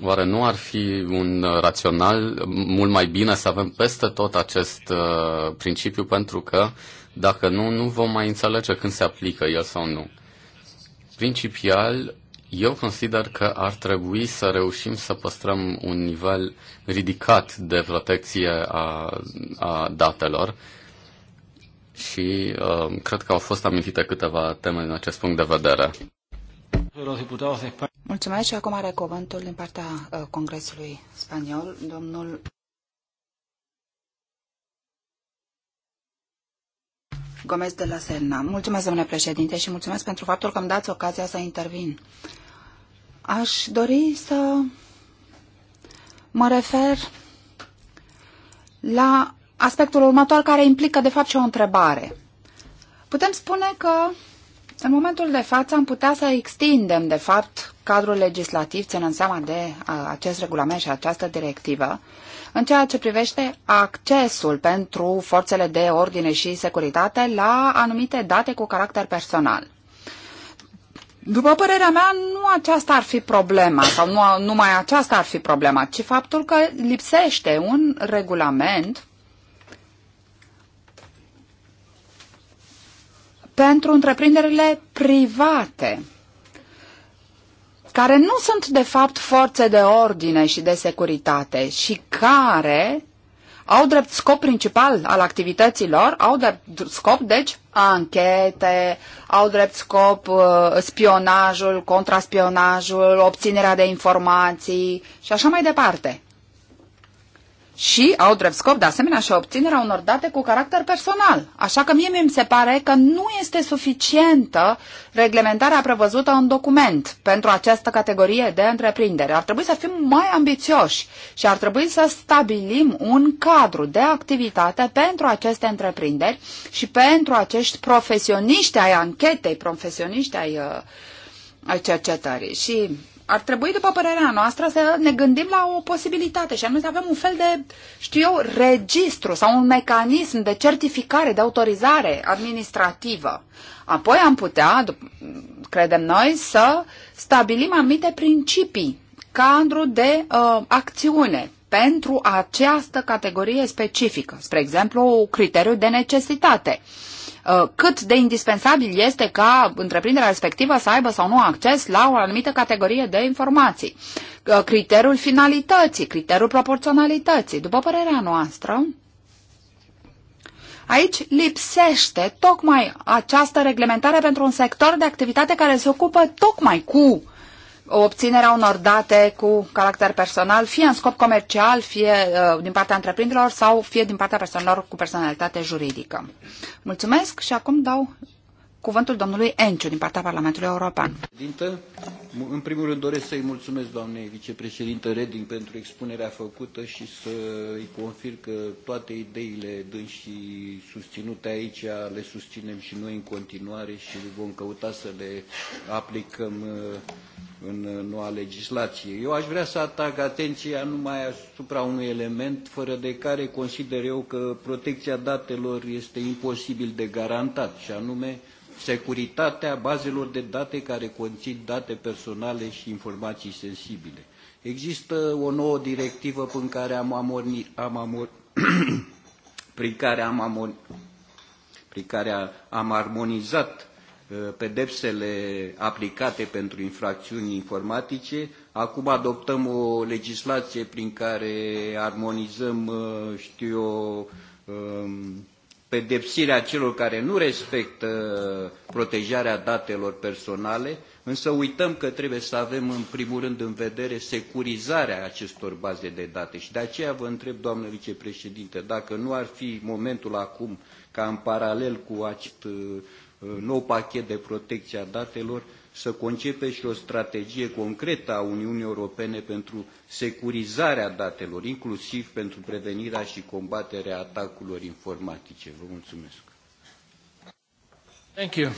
[SPEAKER 4] Oare nu ar fi un rațional mult mai bine să avem peste tot acest uh, principiu pentru că dacă nu, nu vom mai înțelege când se aplică el sau nu. Principial, eu consider că ar trebui să reușim să păstrăm un nivel ridicat de protecție a, a datelor și uh, cred că au fost amintite câteva teme din acest punct de vedere.
[SPEAKER 3] Mulțumesc și acum are cuvântul din partea uh, Congresului Spaniol, domnul Gomez de la Serna. Mulțumesc, domnule președinte, și mulțumesc pentru faptul că îmi dați ocazia să intervin. Aș dori să mă refer la aspectul următor care implică, de fapt, și o întrebare. Putem spune că în momentul de față am putea să extindem, de fapt, cadrul legislativ, ținând seama de acest regulament și această directivă, în ceea ce privește accesul pentru forțele de ordine și securitate la anumite date cu caracter personal. După părerea mea, nu aceasta ar fi problema, sau nu numai aceasta ar fi problema, ci faptul că lipsește un regulament pentru întreprinderile private, care nu sunt de fapt forțe de ordine și de securitate și care au drept scop principal al activităților, au drept scop, deci, anchete, au drept scop uh, spionajul, contraspionajul, obținerea de informații și așa mai departe și au drept scop, de asemenea, și obținerea unor date cu caracter personal. Așa că mie mi se pare că nu este suficientă reglementarea prevăzută în document pentru această categorie de întreprindere. Ar trebui să fim mai ambițioși și ar trebui să stabilim un cadru de activitate pentru aceste întreprinderi și pentru acești profesioniști ai anchetei, profesioniști ai, uh, ai cercetării. Și ar trebui, după părerea noastră, să ne gândim la o posibilitate și anume să avem un fel de, știu eu, registru sau un mecanism de certificare, de autorizare administrativă. Apoi am putea, credem noi, să stabilim anumite principii, cadru de uh, acțiune pentru această categorie specifică, spre exemplu, criteriul de necesitate. Uh, Uh, cât de indispensabil este ca întreprinderea respectivă să aibă sau nu acces la o anumită categorie de informații. Uh, criteriul finalității, criteriul proporționalității, după părerea noastră, Aici lipsește tocmai această reglementare pentru un sector de activitate care se ocupă tocmai cu obținerea unor date cu caracter personal, fie în scop comercial, fie uh, din partea întreprinderilor sau fie din partea persoanelor cu personalitate juridică. Mulțumesc și acum dau cuvântul domnului Enciu din partea Parlamentului European.
[SPEAKER 5] Dintă, în primul rând doresc să-i mulțumesc doamnei vicepreședinte Reding pentru expunerea făcută și să-i confirm că toate ideile dânsii susținute aici le susținem și noi în continuare și vom căuta să le aplicăm uh, în uh, noua legislație. Eu aș vrea să atrag atenția numai asupra unui element fără de care consider eu că protecția datelor este imposibil de garantat și anume securitatea bazelor de date care conțin date personale și informații sensibile. Există o nouă directivă prin care am, amorni, am, amor, prin care am, amor, prin care am armonizat uh, pedepsele aplicate pentru infracțiuni informatice. Acum adoptăm o legislație prin care armonizăm, uh, știu eu, um, pedepsirea celor care nu respectă protejarea datelor personale, însă uităm că trebuie să avem în primul rând în vedere securizarea acestor baze de date. Și de aceea vă întreb, doamnă vicepreședinte, dacă nu ar fi momentul acum ca în paralel cu acest uh, nou pachet de protecție a datelor să concepe și o strategie concretă a Uniunii Europene pentru securizarea datelor, inclusiv pentru prevenirea și combaterea atacurilor informatice. Vă mulțumesc.
[SPEAKER 1] Thank you.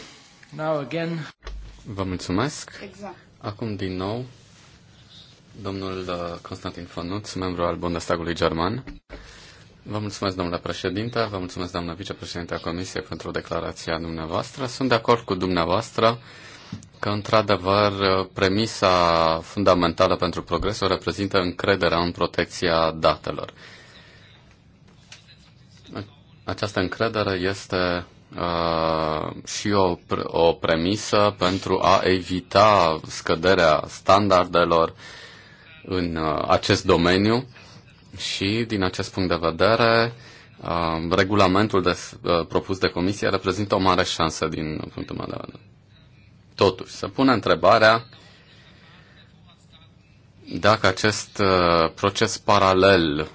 [SPEAKER 1] Now again.
[SPEAKER 4] Vă mulțumesc. Exact. Acum din nou domnul uh, Constantin Fonuț, membru al Bundestagului German. Vă mulțumesc, domnule președinte, vă mulțumesc, doamnă vicepreședinte a Comisiei, pentru declarația dumneavoastră. Sunt de acord cu dumneavoastră că, într-adevăr, premisa fundamentală pentru progres o reprezintă încrederea în protecția datelor. Această încredere este uh, și o, o premisă pentru a evita scăderea standardelor în uh, acest domeniu și, din acest punct de vedere, uh, regulamentul de, uh, propus de comisie reprezintă o mare șansă din punctul meu de vedere. Totuși, să pună întrebarea dacă acest uh, proces paralel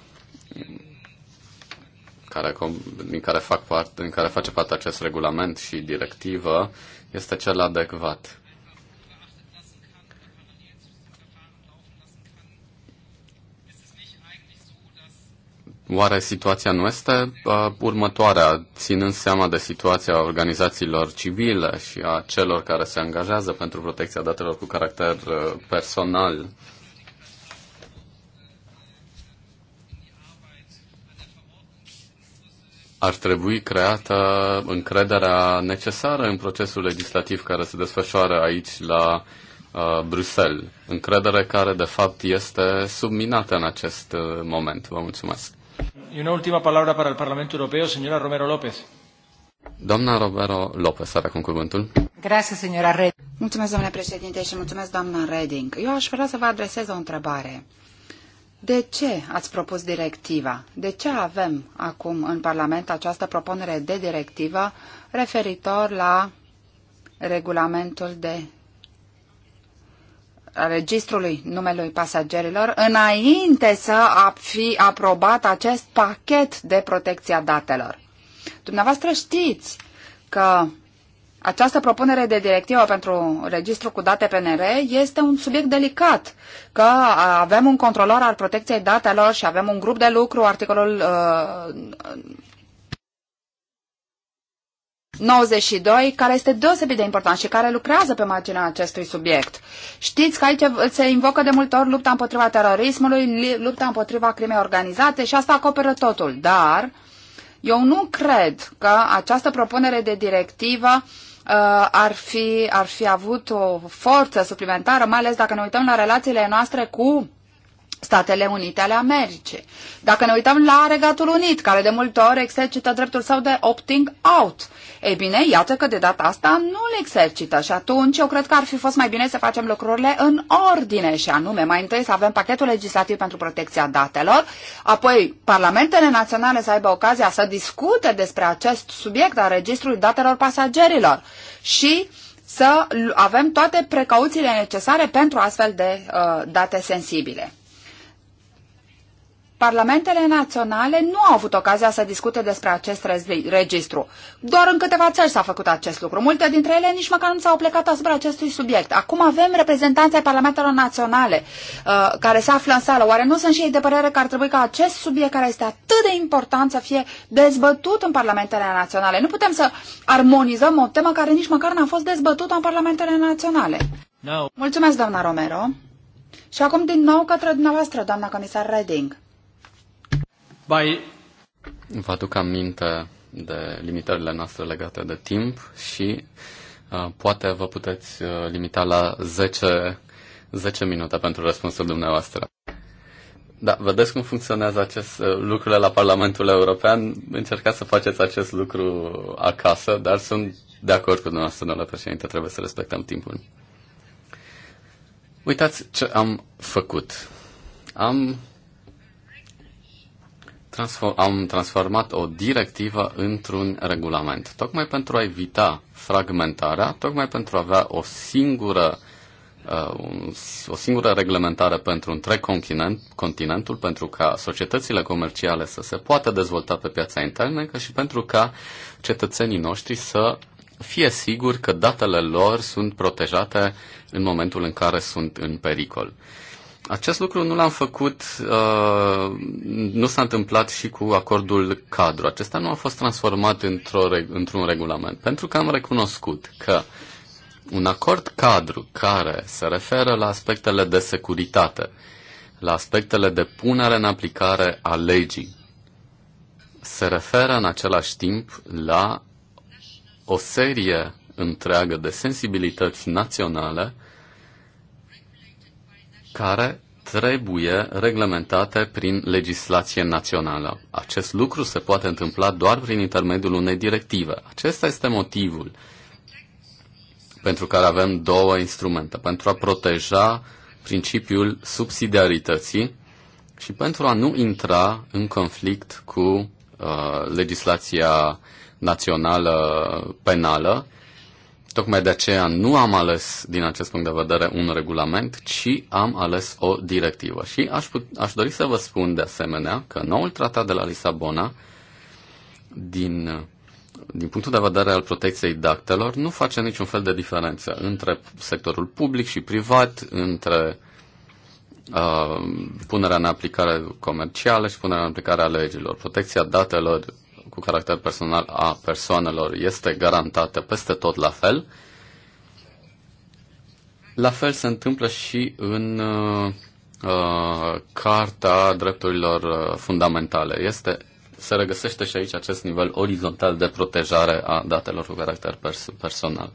[SPEAKER 4] care, din, care fac parte, din care face parte acest regulament și directivă este cel adecvat. Oare situația nu este uh, următoarea, ținând seama de situația organizațiilor civile și a celor care se angajează pentru protecția datelor cu caracter uh, personal? Ar trebui creată încrederea necesară în procesul legislativ care se desfășoară aici la uh, Bruxelles, încredere care de fapt este subminată în acest uh, moment. Vă mulțumesc.
[SPEAKER 1] Y una última palabra para el Parlamento Europeo, señora Romero López.
[SPEAKER 4] Doamna Romero López are acum cuvântul.
[SPEAKER 1] Grazie,
[SPEAKER 6] signora
[SPEAKER 3] Reding. Mulțumesc, domnule președinte, și mulțumesc, doamna Reding. Eu aș vrea să vă adresez o întrebare. De ce ați propus directiva? De ce avem acum în Parlament această propunere de directivă referitor la regulamentul de registrului numelui pasagerilor înainte să fi aprobat acest pachet de protecția datelor. Dumneavoastră știți că această propunere de directivă pentru registru cu date PNR este un subiect delicat, că avem un controlor al protecției datelor și avem un grup de lucru, articolul uh, 92, care este deosebit de important și care lucrează pe marginea acestui subiect. Știți că aici se invocă de multe ori lupta împotriva terorismului, lupta împotriva crimei organizate și asta acoperă totul. Dar eu nu cred că această propunere de directivă uh, ar, fi, ar fi avut o forță suplimentară, mai ales dacă ne uităm la relațiile noastre cu Statele Unite ale Americii. Dacă ne uităm la Regatul Unit, care de multe ori exercită dreptul său de opting out, ei bine, iată că de data asta nu le exercită și atunci eu cred că ar fi fost mai bine să facem lucrurile în ordine și anume mai întâi să avem pachetul legislativ pentru protecția datelor, apoi parlamentele naționale să aibă ocazia să discute despre acest subiect al registrului datelor pasagerilor și să avem toate precauțiile necesare pentru astfel de uh, date sensibile. Parlamentele naționale nu au avut ocazia să discute despre acest registru. Doar în câteva țări s-a făcut acest lucru. Multe dintre ele nici măcar nu s-au plecat asupra acestui subiect. Acum avem reprezentanții Parlamentelor naționale uh, care se află în sală. Oare nu sunt și ei de părere că ar trebui ca acest subiect care este atât de important să fie dezbătut în Parlamentele naționale? Nu putem să armonizăm o temă care nici măcar n-a fost dezbătută în Parlamentele naționale. No. Mulțumesc, doamna Romero. Și acum din nou către dumneavoastră, doamna comisar Reding.
[SPEAKER 4] By... Vă aduc aminte de limitările noastre legate de timp și uh, poate vă puteți uh, limita la 10, 10 minute pentru răspunsul dumneavoastră. Da, vedeți cum funcționează acest uh, lucrurile la Parlamentul European. Încercați să faceți acest lucru acasă, dar sunt de acord cu dumneavoastră, domnule președinte, trebuie să respectăm timpul. Uitați ce am făcut. Am transform, am transformat o directivă într-un regulament, tocmai pentru a evita fragmentarea, tocmai pentru a avea o singură uh, o singură reglementare pentru întreg continent, continentul, pentru ca societățile comerciale să se poată dezvolta pe piața internă, ca și pentru ca cetățenii noștri să fie siguri că datele lor sunt protejate în momentul în care sunt în pericol. Acest lucru nu l-am făcut, uh, nu s-a întâmplat și cu acordul cadru. Acesta nu a fost transformat într-o, într-un regulament, pentru că am recunoscut că un acord cadru care se referă la aspectele de securitate, la aspectele de punere în aplicare a legii, se referă în același timp la o serie întreagă de sensibilități naționale care trebuie reglementate prin legislație națională. Acest lucru se poate întâmpla doar prin intermediul unei directive. Acesta este motivul pentru care avem două instrumente, pentru a proteja principiul subsidiarității și pentru a nu intra în conflict cu uh, legislația națională penală Tocmai de aceea nu am ales, din acest punct de vedere, un regulament, ci am ales o directivă. Și aș, put- aș dori să vă spun, de asemenea, că noul tratat de la Lisabona, din, din punctul de vedere al protecției datelor, nu face niciun fel de diferență între sectorul public și privat, între uh, punerea în aplicare comercială și punerea în aplicare a legilor. Protecția datelor cu caracter personal a persoanelor este garantată peste tot la fel. La fel se întâmplă și în uh, uh Carta Drepturilor uh, Fundamentale. Este, se regăsește și aici acest nivel orizontal de protejare a datelor cu caracter pers- personal.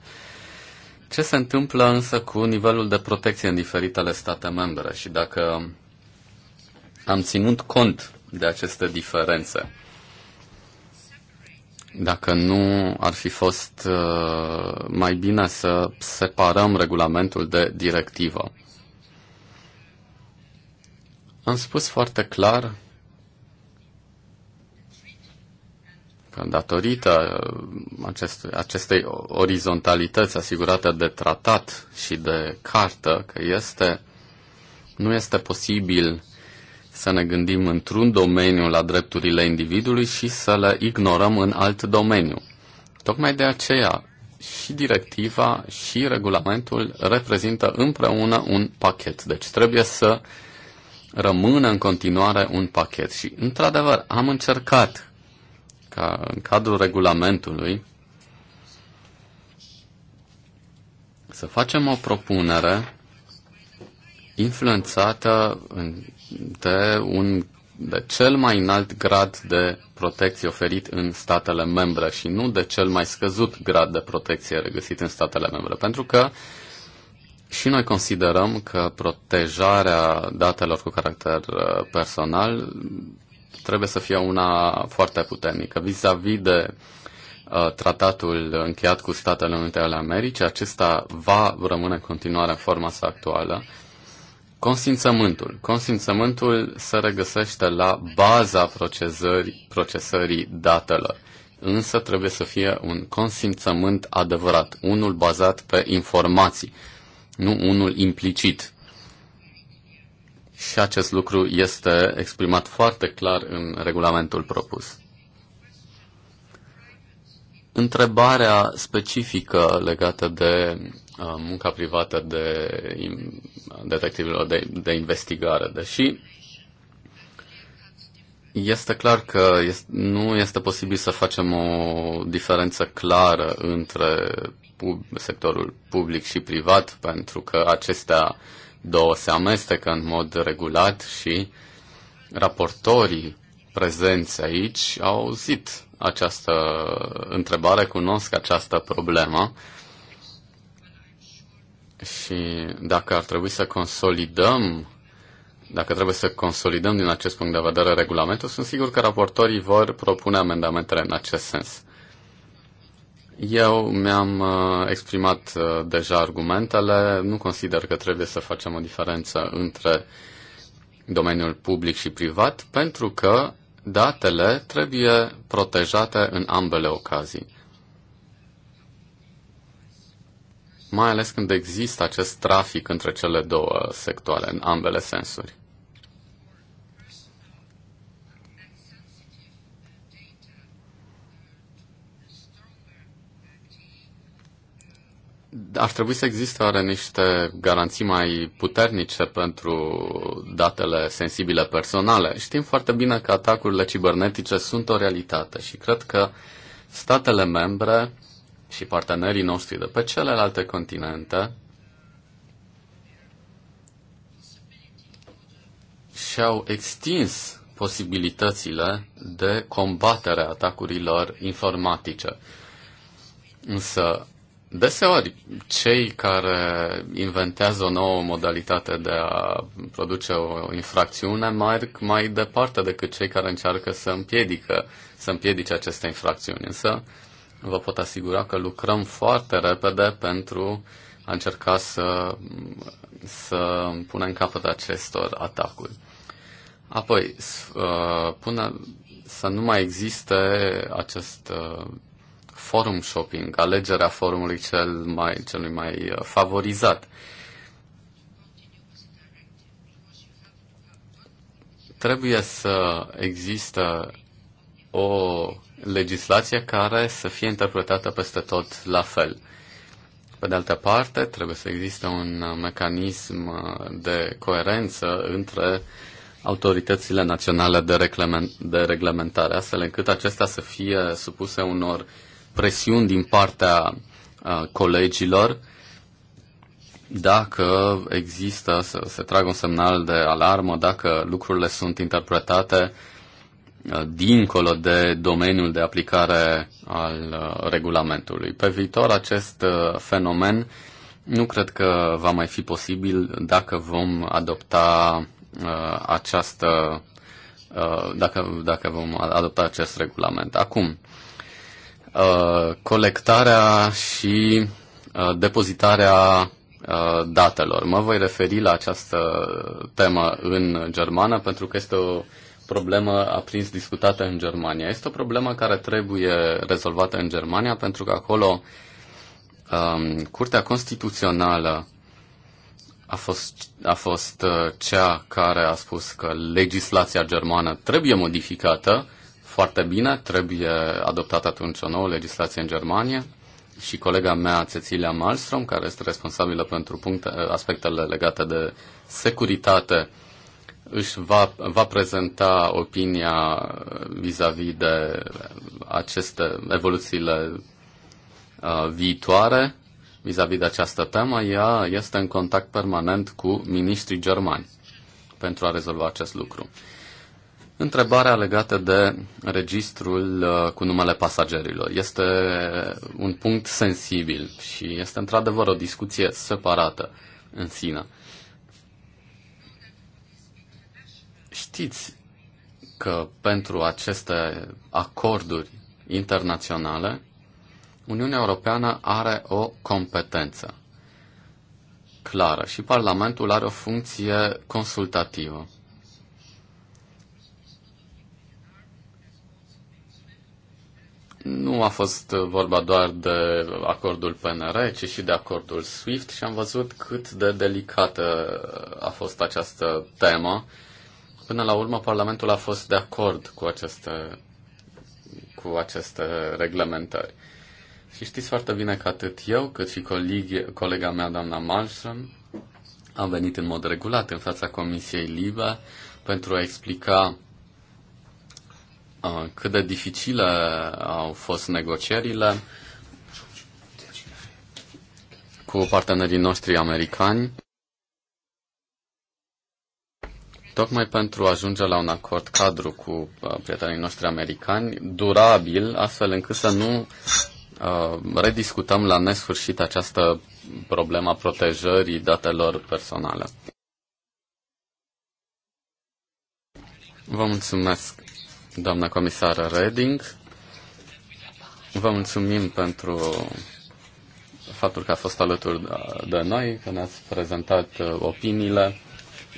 [SPEAKER 4] Ce se întâmplă însă cu nivelul de protecție în diferitele state membre și dacă am ținut cont de aceste diferențe? dacă nu ar fi fost uh, mai bine să separăm regulamentul de directivă. Am spus foarte clar că datorită uh, acestui, acestei orizontalități asigurate de tratat și de cartă, că este, nu este posibil să ne gândim într-un domeniu la drepturile individului și să le ignorăm în alt domeniu. Tocmai de aceea și directiva și regulamentul reprezintă împreună un pachet. Deci trebuie să rămână în continuare un pachet. Și, într-adevăr, am încercat ca în cadrul regulamentului să facem o propunere influențată în de un de cel mai înalt grad de protecție oferit în statele membre și nu de cel mai scăzut grad de protecție regăsit în statele membre, pentru că și noi considerăm că protejarea datelor cu caracter uh, personal trebuie să fie una foarte puternică. Vis-a-vis -vis de uh, tratatul încheiat cu Statele Unite ale Americii, acesta va rămâne în continuare în forma sa actuală Consimțământul. Consimțământul se regăsește la baza procesării, procesării datelor, însă trebuie să fie un consimțământ adevărat, unul bazat pe informații, nu unul implicit. Și acest lucru este exprimat foarte clar în regulamentul propus. Întrebarea specifică legată de Uh, munca privată de detectivilor de, de investigare, deși este clar că nu este posibil să facem o diferență clară între pub, sectorul public și privat, pentru că acestea două se amestecă în mod regulat și raportorii prezenți aici au auzit această întrebare, cunosc această problemă și dacă ar trebui să consolidăm, dacă trebuie să consolidăm din acest punct de vedere regulamentul, sunt sigur că raportorii vor propune amendamentele în acest sens. Eu mi-am uh, exprimat uh, deja argumentele, nu consider că trebuie să facem o diferență între domeniul public și privat, pentru că datele trebuie protejate în ambele ocazii. mai ales când există acest trafic între cele două sectoare, în ambele sensuri. ar trebui să existe oare niște garanții mai puternice pentru datele sensibile personale. Știm foarte bine că atacurile cibernetice sunt o realitate și cred că statele membre și partenerii noștri de pe celelalte continente și-au extins posibilitățile de combatere a atacurilor informatice. Însă, deseori, cei care inventează o nouă modalitate de a produce o infracțiune merg mai departe decât cei care încearcă să împiedică, să împiedice aceste infracțiuni. Însă, vă pot asigura că lucrăm foarte repede pentru a încerca să, să punem capăt acestor atacuri. Apoi, uh, până să nu mai existe acest uh, forum shopping, alegerea forumului cel mai, celui mai uh, favorizat. Trebuie să există o legislație care să fie interpretată peste tot la fel. Pe de altă parte, trebuie să existe un mecanism de coerență între autoritățile naționale de, reglement, de reglementare, astfel încât acestea să fie supuse unor presiuni din partea colegilor dacă există, să se tragă un semnal de alarmă, dacă lucrurile sunt interpretate uh, dincolo de domeniul de aplicare al uh, regulamentului. Pe viitor, acest uh, fenomen nu cred că va mai fi posibil dacă vom adopta uh, această dacă, dacă vom adopta acest regulament. Acum, colectarea și depozitarea datelor. Mă voi referi la această temă în germană pentru că este o problemă aprins discutată în Germania. Este o problemă care trebuie rezolvată în Germania pentru că acolo um, Curtea Constituțională a fost, a fost uh, cea care a spus că legislația germană trebuie modificată foarte bine, trebuie adoptată atunci o nouă legislație în Germania și colega mea, Cecilia Malmström, care este responsabilă pentru puncte, uh, aspectele legate de securitate își va, va prezenta opinia vis-a-vis -vis de aceste evoluțiile uh, viitoare vis-a-vis -vis de această temă. Ea este în contact permanent cu ministrii germani pentru a rezolva acest lucru. Întrebarea legată de registrul uh, cu numele pasagerilor este un punct sensibil și este într-adevăr o discuție separată în sine. știți că pentru aceste acorduri internaționale, Uniunea Europeană are o competență clară și Parlamentul are o funcție consultativă. Nu a fost vorba doar de acordul PNR, ci și de acordul SWIFT și am văzut cât de delicată a fost această temă Până la urmă, Parlamentul a fost de acord cu aceste, cu aceste reglementări. Și știți foarte bine că atât eu, cât și colegi, colega mea, doamna Malmström, am venit în mod regulat în fața Comisiei Libe pentru a explica uh, cât de dificile au fost negocierile cu partenerii noștri americani. tocmai pentru a ajunge la un acord cadru cu uh, prietenii noștri americani, durabil, astfel încât să nu uh, rediscutăm la nesfârșit această a protejării datelor personale. Vă mulțumesc, doamna comisară Reding. Vă mulțumim pentru faptul că a fost alături de noi, că ne-ați prezentat uh, opiniile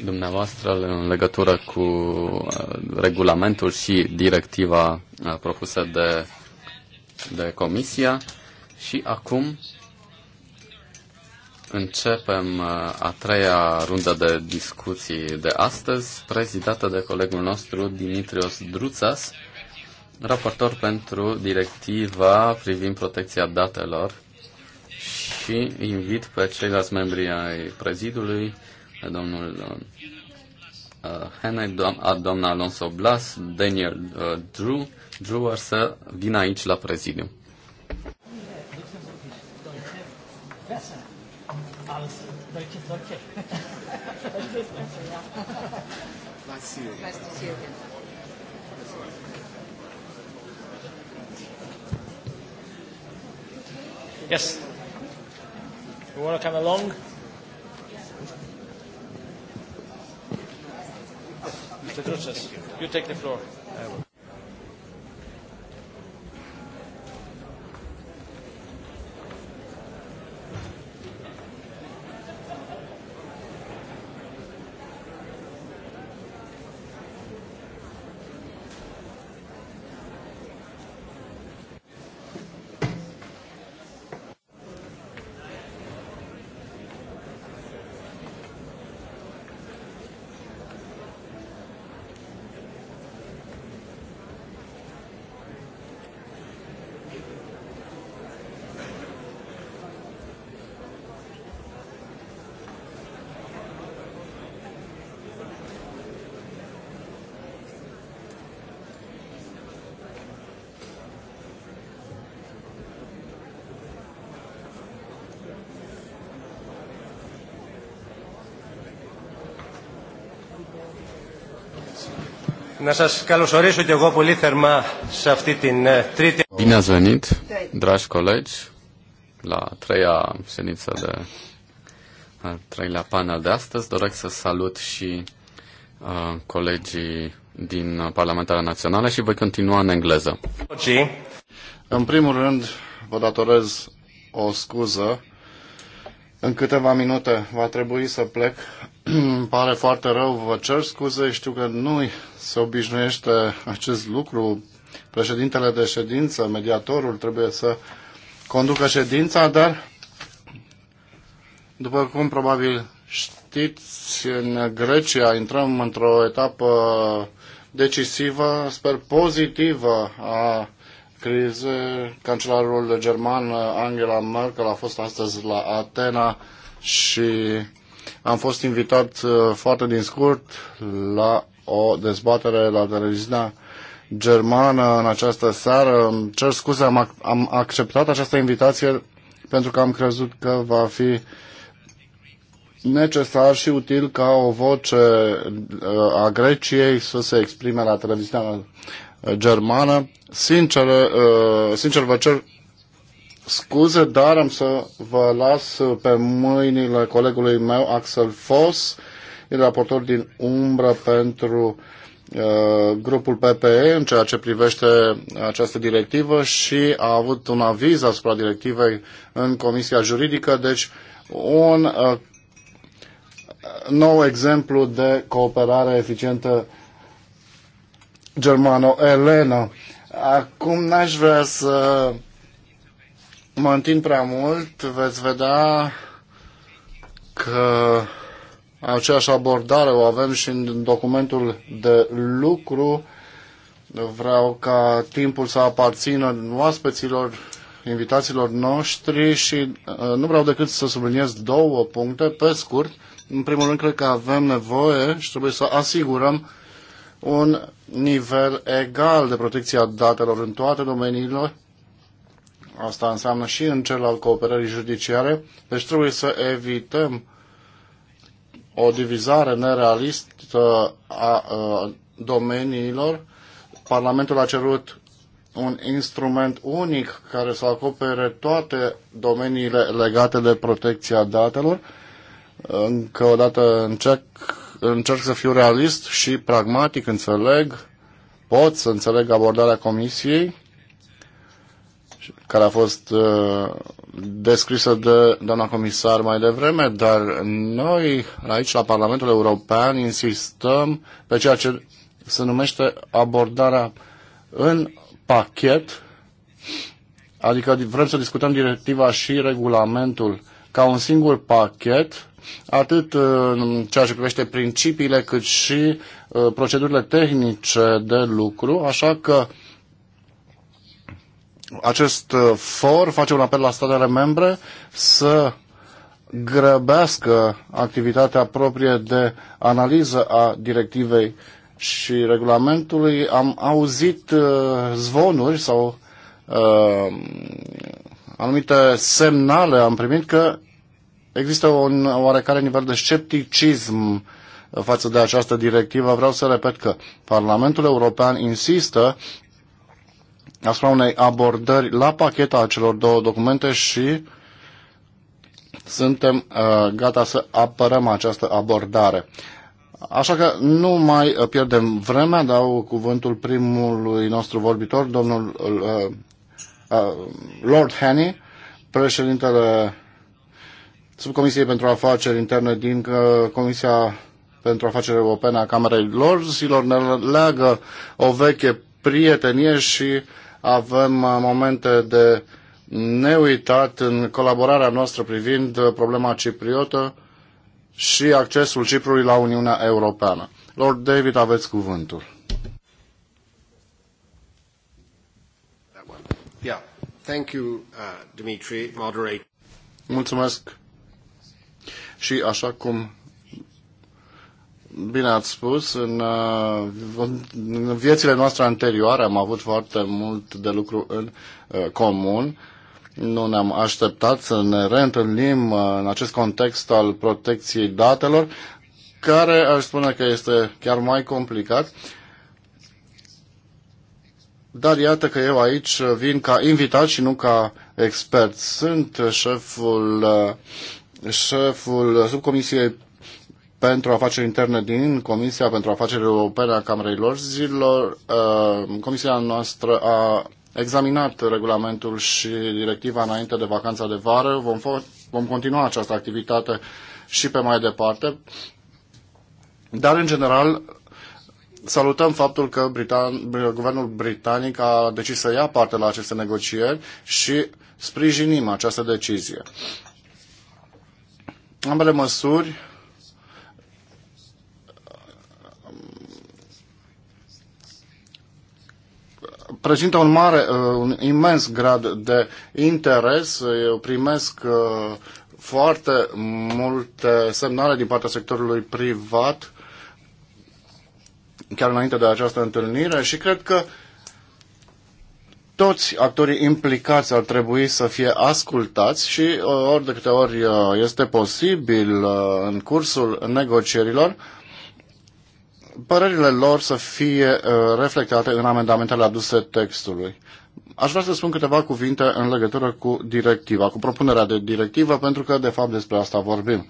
[SPEAKER 4] dumneavoastră în legătură cu uh, regulamentul și directiva uh, propusă de, de Comisia și acum începem uh, a treia rundă de discuții de astăzi, prezidată de colegul nostru Dimitrios Druțas, raportor pentru directiva privind protecția datelor și invit pe ceilalți membri ai prezidului domnul uh, uh, Henry, doamna Alonso Blas, Daniel uh, Drew, Drewer să vină aici la prezidiu.
[SPEAKER 1] Yes. You want to come along? Mr. Drutzes, you take the floor.
[SPEAKER 4] Bine ați venit, dragi colegi, la treia ședință de al treilea panel de astăzi. Doresc să salut și uh, colegii din Parlamentarea Națională și voi continua în engleză.
[SPEAKER 2] În primul rând, vă datorez o scuză în câteva minute va trebui să plec. Îmi pare foarte rău, vă cer scuze, știu că nu se obișnuiește acest lucru. Președintele de ședință, mediatorul, trebuie să conducă ședința, dar, după cum probabil știți, în Grecia intrăm într-o etapă decisivă, sper pozitivă, a crize. Cancelarul german Angela Merkel a fost astăzi la Atena și am fost invitat uh, foarte din scurt la o dezbatere la televiziunea germană în această seară. Îmi cer scuze, am, ac- am acceptat această invitație pentru că am crezut că va fi necesar și util ca o voce uh, a Greciei să se exprime la televiziunea germană. Sincer, uh, sincer vă cer scuze, dar am să vă las pe mâinile colegului meu, Axel Foss, e raportor din umbră pentru uh, grupul PPE în ceea ce privește această directivă și a avut un aviz asupra directivei în Comisia Juridică, deci un uh, nou exemplu de cooperare eficientă uh, germano Elena, Acum n-aș vrea să mă întind prea mult, veți vedea că aceeași abordare o avem și în documentul de lucru. Vreau ca timpul să aparțină oaspeților, invitaților noștri și uh, nu vreau decât să subliniez două puncte pe scurt. În primul rând, cred că avem nevoie și trebuie să asigurăm un nivel egal de protecție a datelor în toate domeniile. Asta înseamnă și în cel al cooperării judiciare. Deci trebuie să evităm o divizare nerealistă a, domeniilor. Parlamentul a cerut un instrument unic care să acopere toate domeniile legate de protecția datelor. Încă o dată încerc încerc să fiu realist și pragmatic, înțeleg, pot să înțeleg abordarea Comisiei, care a fost uh, descrisă de doamna comisar mai devreme, dar noi aici la Parlamentul European insistăm pe ceea ce se numește abordarea în pachet, adică vrem să discutăm directiva și regulamentul ca un singur pachet, atât uh, în ceea ce privește principiile, cât și uh, procedurile tehnice de lucru, așa că acest uh, for face un apel la statele membre să grăbească activitatea proprie de analiză a directivei și regulamentului. Am auzit zvonuri sau anumite semnale am primit că există un oarecare nivel de scepticism față de această directivă. Vreau să repet că Parlamentul European insistă asupra unei abordări la pacheta a celor două documente și suntem uh, gata să apărăm această abordare. Așa că nu mai pierdem vremea, dau cuvântul primului nostru vorbitor, domnul uh, Uh, Lord Haney, președintele Subcomisiei pentru Afaceri Interne din uh, Comisia pentru Afaceri Europene a Camerei Lorzilor. Ne leagă o veche prietenie și avem uh, momente de neuitat în colaborarea noastră privind problema cipriotă și accesul Ciprului la Uniunea Europeană. Lord David, aveți cuvântul.
[SPEAKER 5] Thank you, uh, Dimitri, moderate.
[SPEAKER 2] Mulțumesc. Și așa cum bine ați spus, în, uh, în viețile noastre anterioare am avut foarte mult de lucru în uh, comun. Nu ne-am așteptat să ne reîntâlnim uh, în acest context al protecției datelor, care aș spune că este chiar mai complicat. Uh, dar iată că eu aici vin ca invitat și nu ca expert. Sunt șeful, șeful subcomisiei pentru afaceri interne din Comisia pentru afaceri europene a Camerei Lor Zilor. Uh, Comisia noastră a examinat regulamentul și directiva înainte de vacanța de vară. Vom, vom continua această activitate și pe mai departe. Dar, în general, Salutăm faptul că Britan, guvernul britanic a decis să ia parte la aceste negocieri și sprijinim această decizie. Ambele măsuri prezintă un mare, uh, un imens grad de interes. Eu primesc uh, foarte multe semnale din partea sectorului privat chiar înainte de această întâlnire și cred că toți actorii implicați ar trebui să fie ascultați și uh, ori de câte ori uh, este posibil uh, în cursul negocierilor, părerile lor să fie reflectate în amendamentele aduse textului. Aș vrea să spun câteva cuvinte în legătură cu directiva, cu propunerea de directivă, pentru că de fapt despre asta vorbim.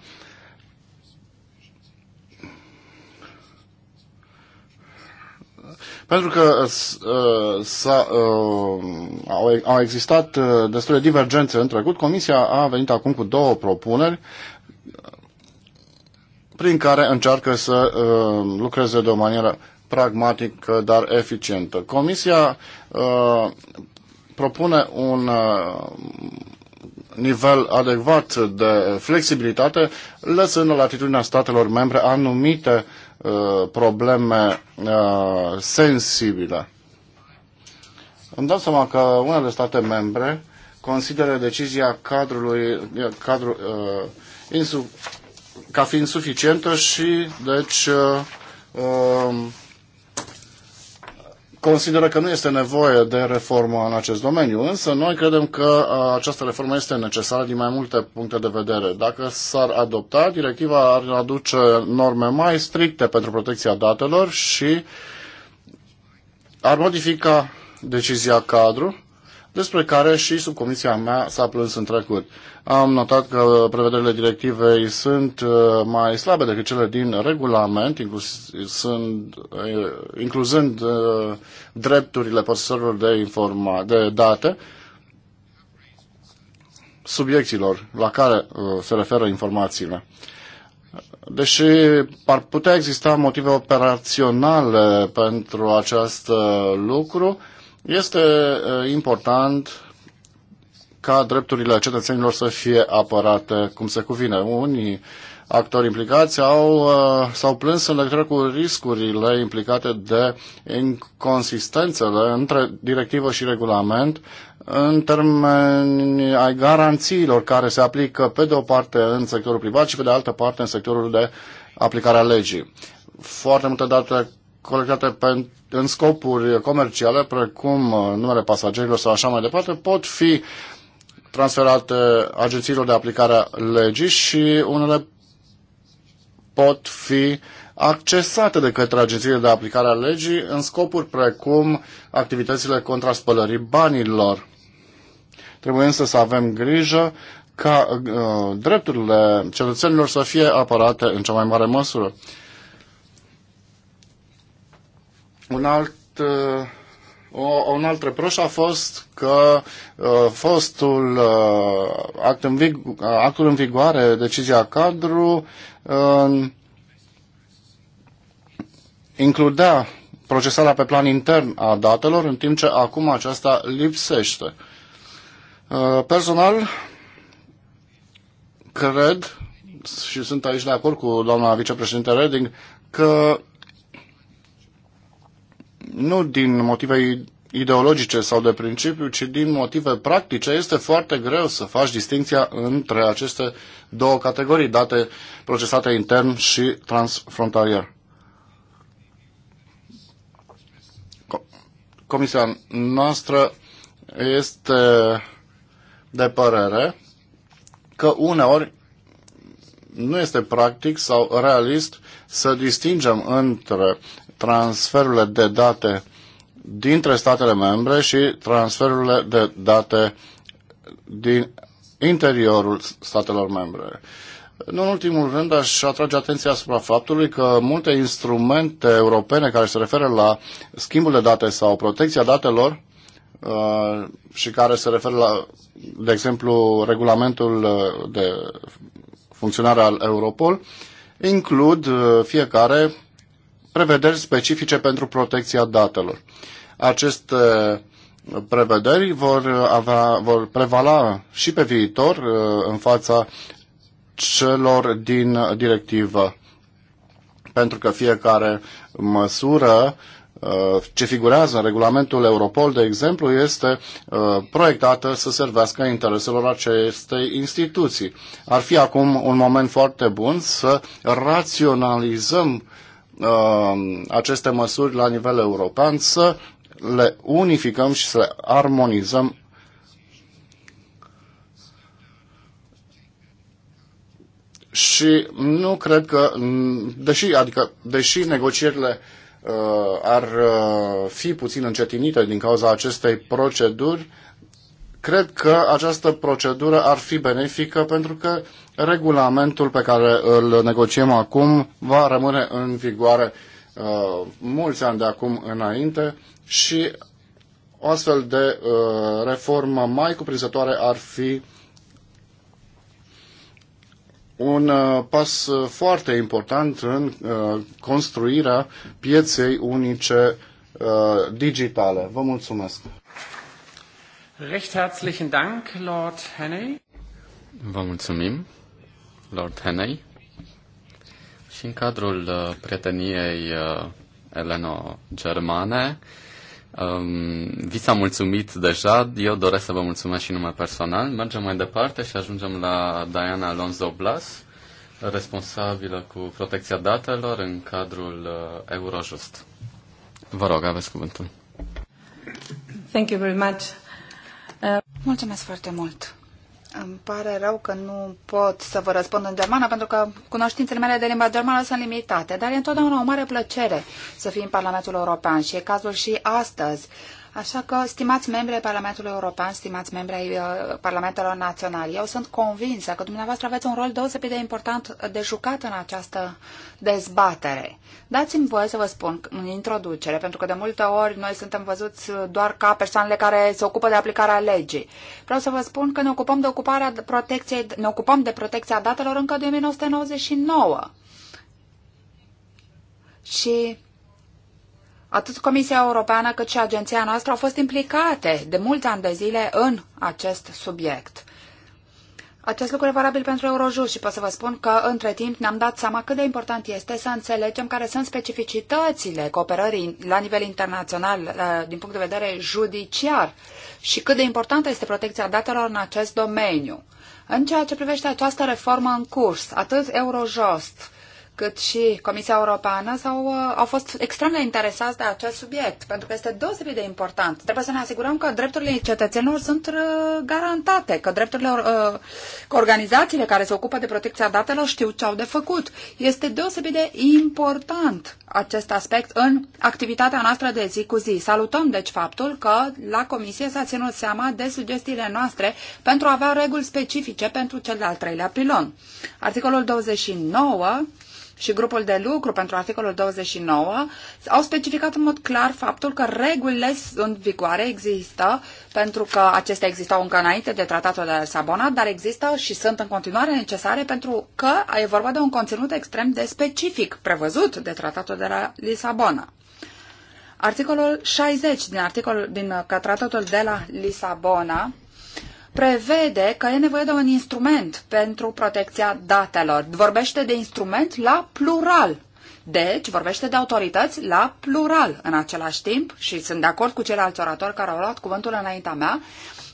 [SPEAKER 2] Pentru că uh, uh, -a, uh, au existat destule divergențe în trecut, Comisia a venit acum cu două propuneri prin care încearcă să lucreze de o manieră pragmatică, dar eficientă. Comisia propune un nivel adecvat de flexibilitate, lăsând la latitudinea statelor membre anumite uh, Uh, probleme uh, sensibile. Îmi dau seama că unele state membre consideră decizia cadrului cadru, uh, insu, ca fiind suficientă și deci uh, uh, consideră că nu este nevoie de reformă în acest domeniu, însă noi credem că această reformă este necesară din mai multe puncte de vedere. Dacă s-ar adopta, directiva ar aduce norme mai stricte pentru protecția datelor și ar modifica decizia cadru despre care și subcomisia mea s-a plâns în trecut. Am notat că prevederile directivei sunt uh, mai slabe decât cele din regulament, inclus, sunt, uh, incluzând uh, drepturile posesorilor de, informa, de date, subiecțiilor la care se referă informațiile. Deși ar putea exista motive operaționale pentru acest lucru, este uh, important ca drepturile cetățenilor să fie apărate cum se cuvine. Unii actori implicați au, uh, s-au plâns în legătură cu riscurile implicate de inconsistențele între directivă și regulament în termeni ai garanțiilor care se aplică pe de o parte în sectorul privat și pe de altă parte în sectorul de aplicare a legii. Foarte multe date colectate în scopuri comerciale, precum uh, numele pasagerilor sau așa mai departe, pot fi transferate agențiilor de aplicare a legii și unele pot fi accesate de către agențiile de aplicare a legii în scopuri precum activitățile contra spălării banilor. Trebuie însă să avem grijă ca uh, drepturile cetățenilor să fie apărate în cea mai mare măsură. Un alt, uh, o, un alt reproș a fost că uh, fostul uh, act în vig, actul în vigoare, decizia cadru, includea procesarea pe plan intern a datelor, în timp ce acum aceasta lipsește. Personal, cred și sunt aici de acord cu doamna vicepreședinte Reding, că nu din motive ideologice sau de principiu, ci din motive practice, este foarte greu să faci distinția între aceste două categorii, date procesate intern și transfrontalier. Comisia noastră este de părere că uneori nu este practic sau realist să distingem între transferurile de date dintre statele membre și transferurile de date din interiorul statelor membre. Nu în ultimul rând aș atrage atenția asupra faptului că multe instrumente europene care se referă la schimbul de date sau protecția datelor uh, și care se referă la, de exemplu, regulamentul uh, de funcționare al Europol, includ uh, fiecare prevederi specifice pentru protecția datelor. Aceste prevederi vor, avea, vor prevala și pe viitor uh, în fața celor din directivă, pentru că fiecare măsură uh, ce figurează în regulamentul Europol, de exemplu, este uh, proiectată să servească intereselor acestei instituții. Ar fi acum un moment foarte bun să raționalizăm uh, Um, aceste măsuri la nivel european, să le unificăm și să le armonizăm și nu cred că, deși, adică, deși negocierile uh, ar uh, fi puțin încetinite din cauza acestei proceduri, cred că această procedură ar fi benefică pentru că regulamentul pe care îl negociem acum va rămâne în vigoare uh, mulți ani de acum înainte și o astfel de uh, reformă mai cuprinzătoare ar fi un uh, pas foarte important în uh, construirea pieței unice uh, digitale. Vă mulțumesc!
[SPEAKER 6] Recht herzlichen Dank, Lord Henney.
[SPEAKER 4] Vă mulțumim. Lord Henney și în cadrul uh, prieteniei uh, Eleno-Germane. Um, vi s-a mulțumit deja, eu doresc să vă mulțumesc și nume personal. Mergem mai departe și ajungem la Diana Alonso Blas, responsabilă cu protecția datelor în cadrul uh, Eurojust.
[SPEAKER 3] Vă rog, aveți cuvântul. Thank you very much. Uh... Mulțumesc foarte mult. Îmi pare rău că nu pot să vă răspund în germană, pentru că cunoștințele mele de limba germană sunt limitate, dar e întotdeauna o mare plăcere să fii în Parlamentul European și e cazul și astăzi. Uh, Așa că, stimați membri ai Parlamentului European, stimați membri ai uh, Parlamentelor Naționale, eu sunt convinsă că dumneavoastră aveți un rol deosebit de important de jucat în această dezbatere. Dați-mi voie să vă spun în introducere, pentru că de multe ori noi suntem văzuți doar ca persoanele care se ocupă de aplicarea legii. Vreau să vă spun că ne ocupăm de, ocuparea protecției, ne ocupăm de protecția datelor încă din 1999. Și Atât Comisia Europeană cât și agenția noastră au fost implicate de mulți ani de zile în acest subiect. Acest lucru e valabil pentru Eurojust și pot să vă spun că, între timp, ne-am dat seama cât de important este să înțelegem care sunt specificitățile cooperării la nivel internațional, uh, din punct de vedere judiciar, și cât de importantă este protecția datelor în acest domeniu. În ceea ce privește această reformă în curs, atât Eurojust, cât și Comisia Europeană sau, uh, au fost extrem de interesați de acest subiect, pentru că este deosebit de important. Trebuie să ne asigurăm că drepturile cetățenilor sunt uh, garantate, că drepturile, uh, că organizațiile care se ocupă de protecția datelor știu ce au de făcut. Este deosebit de important acest aspect în activitatea noastră de zi cu zi. Salutăm, deci, faptul că la Comisie s-a ținut seama de sugestiile noastre pentru a avea reguli specifice pentru cel de-al treilea pilon. Articolul 29 și grupul de lucru pentru articolul 29 au specificat în mod clar faptul că regulile sunt vigoare există, pentru că acestea existau încă înainte de tratatul de Sabona, dar există și sunt în continuare necesare pentru că e vorba de un conținut extrem de specific prevăzut de tratatul de la Lisabona. Articolul 60 din, articol, din uh, tratatul de la Lisabona prevede că e nevoie de un instrument pentru protecția datelor. Vorbește de instrument la plural. Deci, vorbește de autorități la plural în același timp și sunt de acord cu ceilalți oratori care au luat cuvântul înaintea mea.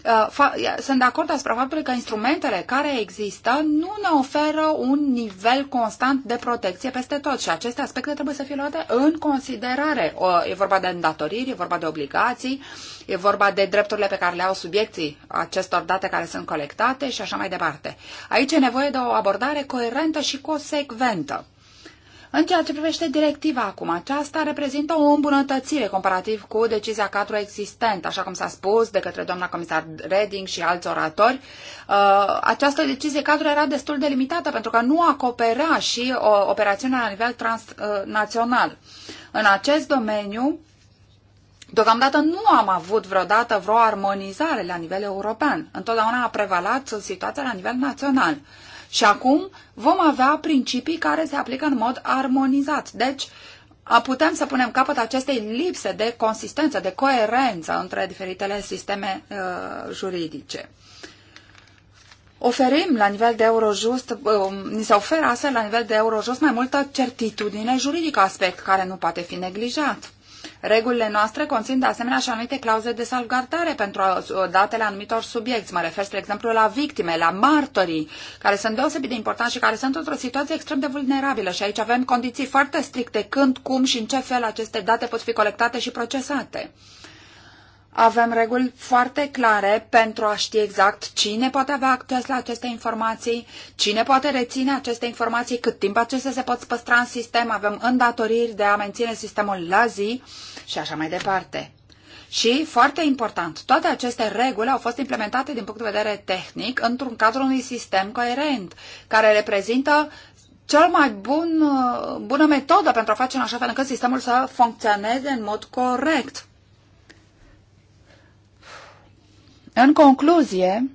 [SPEAKER 3] Uh, sunt de acord asupra faptului că instrumentele care există nu ne oferă un nivel constant de protecție peste tot și aceste aspecte trebuie să fie luate în considerare. Uh, e vorba de îndatoriri, e vorba de obligații, e vorba de drepturile pe care le au subiecții acestor date care sunt colectate și așa mai departe. Aici e nevoie de o abordare coerentă și consecventă. În ceea ce privește directiva acum, aceasta reprezintă o îmbunătățire comparativ cu decizia cadru existentă, așa cum s-a spus de către doamna comisar Reding și alți oratori. Uh, această decizie cadru era destul de limitată pentru că nu acopera și o operațiune la nivel transnațional. În acest domeniu, Deocamdată nu am avut vreodată vreo armonizare la nivel european. Întotdeauna a prevalat situația la nivel național. Și acum vom avea principii care se aplică în mod armonizat. Deci, putem să punem capăt acestei lipse de consistență, de coerență între diferitele sisteme uh, juridice. Oferim la nivel de Eurojust, uh, ni se oferă astfel la nivel de Eurojust mai multă certitudine juridică, aspect care nu poate fi neglijat. Regulile noastre conțin de asemenea și anumite clauze de salvgardare pentru datele anumitor subiecti. Mă refer, spre exemplu, la victime, la martorii, care sunt deosebit de importanți și care sunt într-o situație extrem de vulnerabilă. Și aici avem condiții foarte stricte când, cum și în ce fel aceste date pot fi colectate și procesate. Avem reguli foarte clare pentru a ști exact cine poate avea acces la aceste informații, cine poate reține aceste informații, cât timp acestea se pot păstra în sistem, avem îndatoriri de a menține sistemul la zi și așa mai departe. Și, foarte important, toate aceste reguli au fost implementate din punct de vedere tehnic într-un cadru unui sistem coerent, care reprezintă cel mai bun, bună metodă pentru a face în așa fel încât sistemul să funcționeze în mod corect. În concluzie,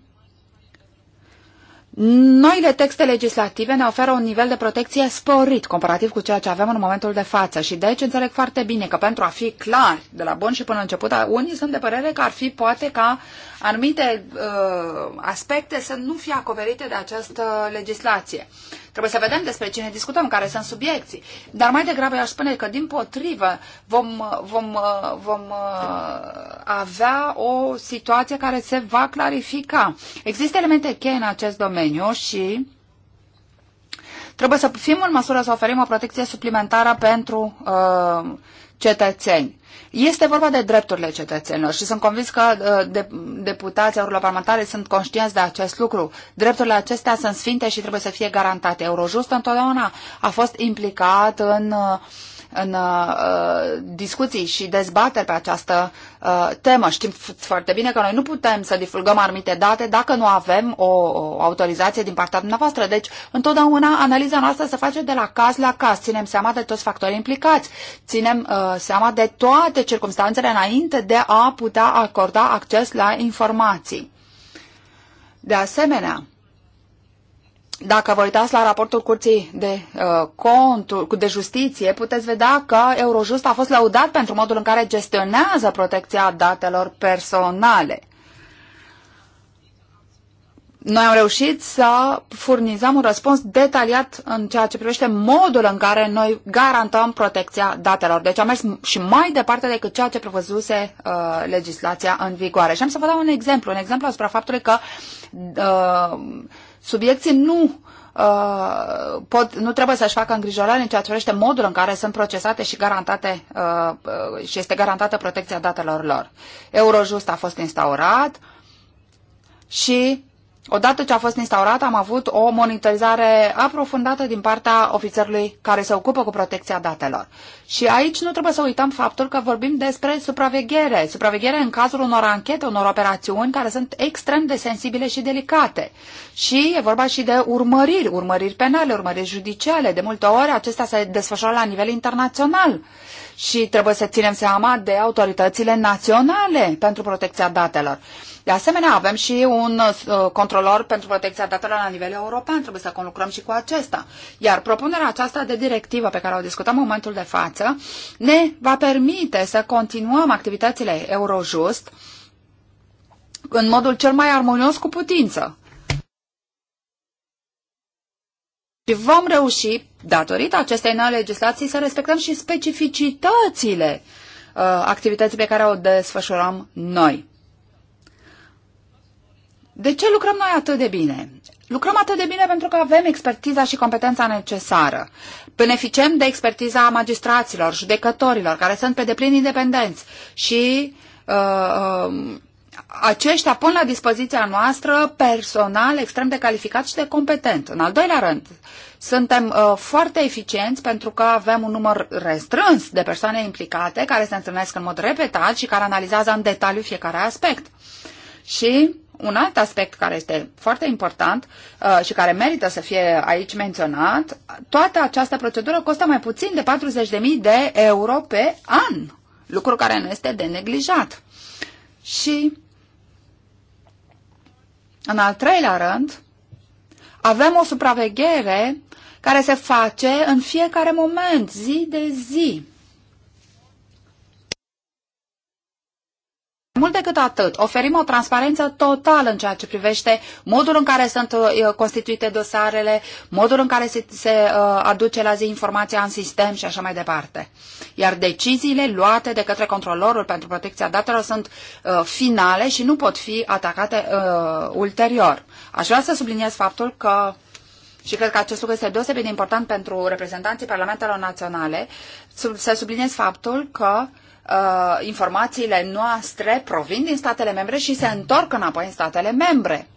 [SPEAKER 3] Noile texte legislative ne oferă un nivel de protecție sporit comparativ cu ceea ce avem în momentul de față și deci înțeleg foarte bine că pentru a fi clar de la bun și până la început, unii sunt de părere că ar fi poate ca anumite uh, aspecte să nu fie acoperite de această legislație. Trebuie să vedem despre cine discutăm, care sunt subiecții. Dar mai degrabă aș spune că, din potrivă, vom, vom, uh, vom uh, avea o situație care se va clarifica. Există elemente cheie în acest domeniu și trebuie să fim în măsură să oferim o protecție suplimentară pentru uh, cetățeni. Este vorba de drepturile cetățenilor și sunt convins că uh, de, deputații europarlamentare sunt conștienți de acest lucru. Drepturile acestea sunt sfinte și trebuie să fie garantate. Eurojust întotdeauna a fost implicat în uh, în uh, discuții și dezbateri pe această uh, temă. Știm foarte bine că noi nu putem să difulgăm anumite date dacă nu avem o, autorizație din partea dumneavoastră. Deci, întotdeauna analiza noastră se face de la caz la caz. Ținem seama de toți factorii implicați. Ținem uh, seama de toate circunstanțele înainte de a putea acorda acces la informații. De asemenea, dacă vă uitați la raportul Curții de, uh, contul, de Justiție, puteți vedea că Eurojust a fost lăudat pentru modul în care gestionează protecția datelor personale. Noi am reușit să furnizăm un răspuns detaliat în ceea ce privește modul în care noi garantăm protecția datelor. Deci am mers și mai departe decât ceea ce prevăzuse uh, legislația în vigoare. Și am să vă dau un exemplu, un exemplu asupra faptului că uh, subiecții nu Uh, pot, nu trebuie să-și facă îngrijorare în ceea ce privește modul în care sunt procesate și garantate uh, uh, și este garantată protecția datelor lor. Eurojust a fost instaurat și Odată ce a fost instaurat, am avut o monitorizare aprofundată din partea ofițerului care se ocupă cu protecția datelor. Și aici nu trebuie să uităm faptul că vorbim despre supraveghere. Supraveghere în cazul unor anchete, unor operațiuni care sunt extrem de sensibile și delicate. Și e vorba și de urmăriri, urmăriri penale, urmăriri judiciale. De multe ori acestea se desfășoară la nivel internațional și trebuie să ținem seama de autoritățile naționale pentru protecția datelor. De asemenea, avem și un uh, controlor pentru protecția datelor la nivel european, trebuie să conlucrăm și cu acesta. Iar propunerea aceasta de directivă pe care o discutăm în momentul de față ne va permite să continuăm activitățile Eurojust în modul cel mai armonios cu putință. Și vom reuși, datorită acestei noi legislații, să respectăm și specificitățile uh, activității pe care o desfășurăm noi. De ce lucrăm noi atât de bine? Lucrăm atât de bine pentru că avem expertiza și competența necesară. Beneficiem de expertiza magistraților, judecătorilor, care sunt pe deplin independenți și uh, uh, aceștia pun la dispoziția noastră personal extrem de calificat și de competent. În al doilea rând, suntem uh, foarte eficienți pentru că avem un număr restrâns de persoane implicate care se întâlnesc în mod repetat și care analizează în detaliu fiecare aspect. Și un alt aspect care este foarte important uh, și care merită să fie aici menționat, toată această procedură costă mai puțin de 40.000 de euro pe an, lucru care nu este de neglijat. Și, în al treilea rând, avem o supraveghere care se face în fiecare moment, zi de zi. mult decât atât, oferim o transparență totală în ceea ce privește modul în care sunt uh, constituite dosarele, modul în care se, se uh, aduce la zi informația în sistem și așa mai departe. Iar deciziile luate de către controlorul pentru protecția datelor sunt uh, finale și nu pot fi atacate uh, ulterior. Aș vrea să subliniez faptul că și cred că acest lucru este deosebit de important pentru reprezentanții parlamentelor naționale, să subliniez faptul că uh, uh, informațiile noastre provin din statele membre și se întorc înapoi în statele membre.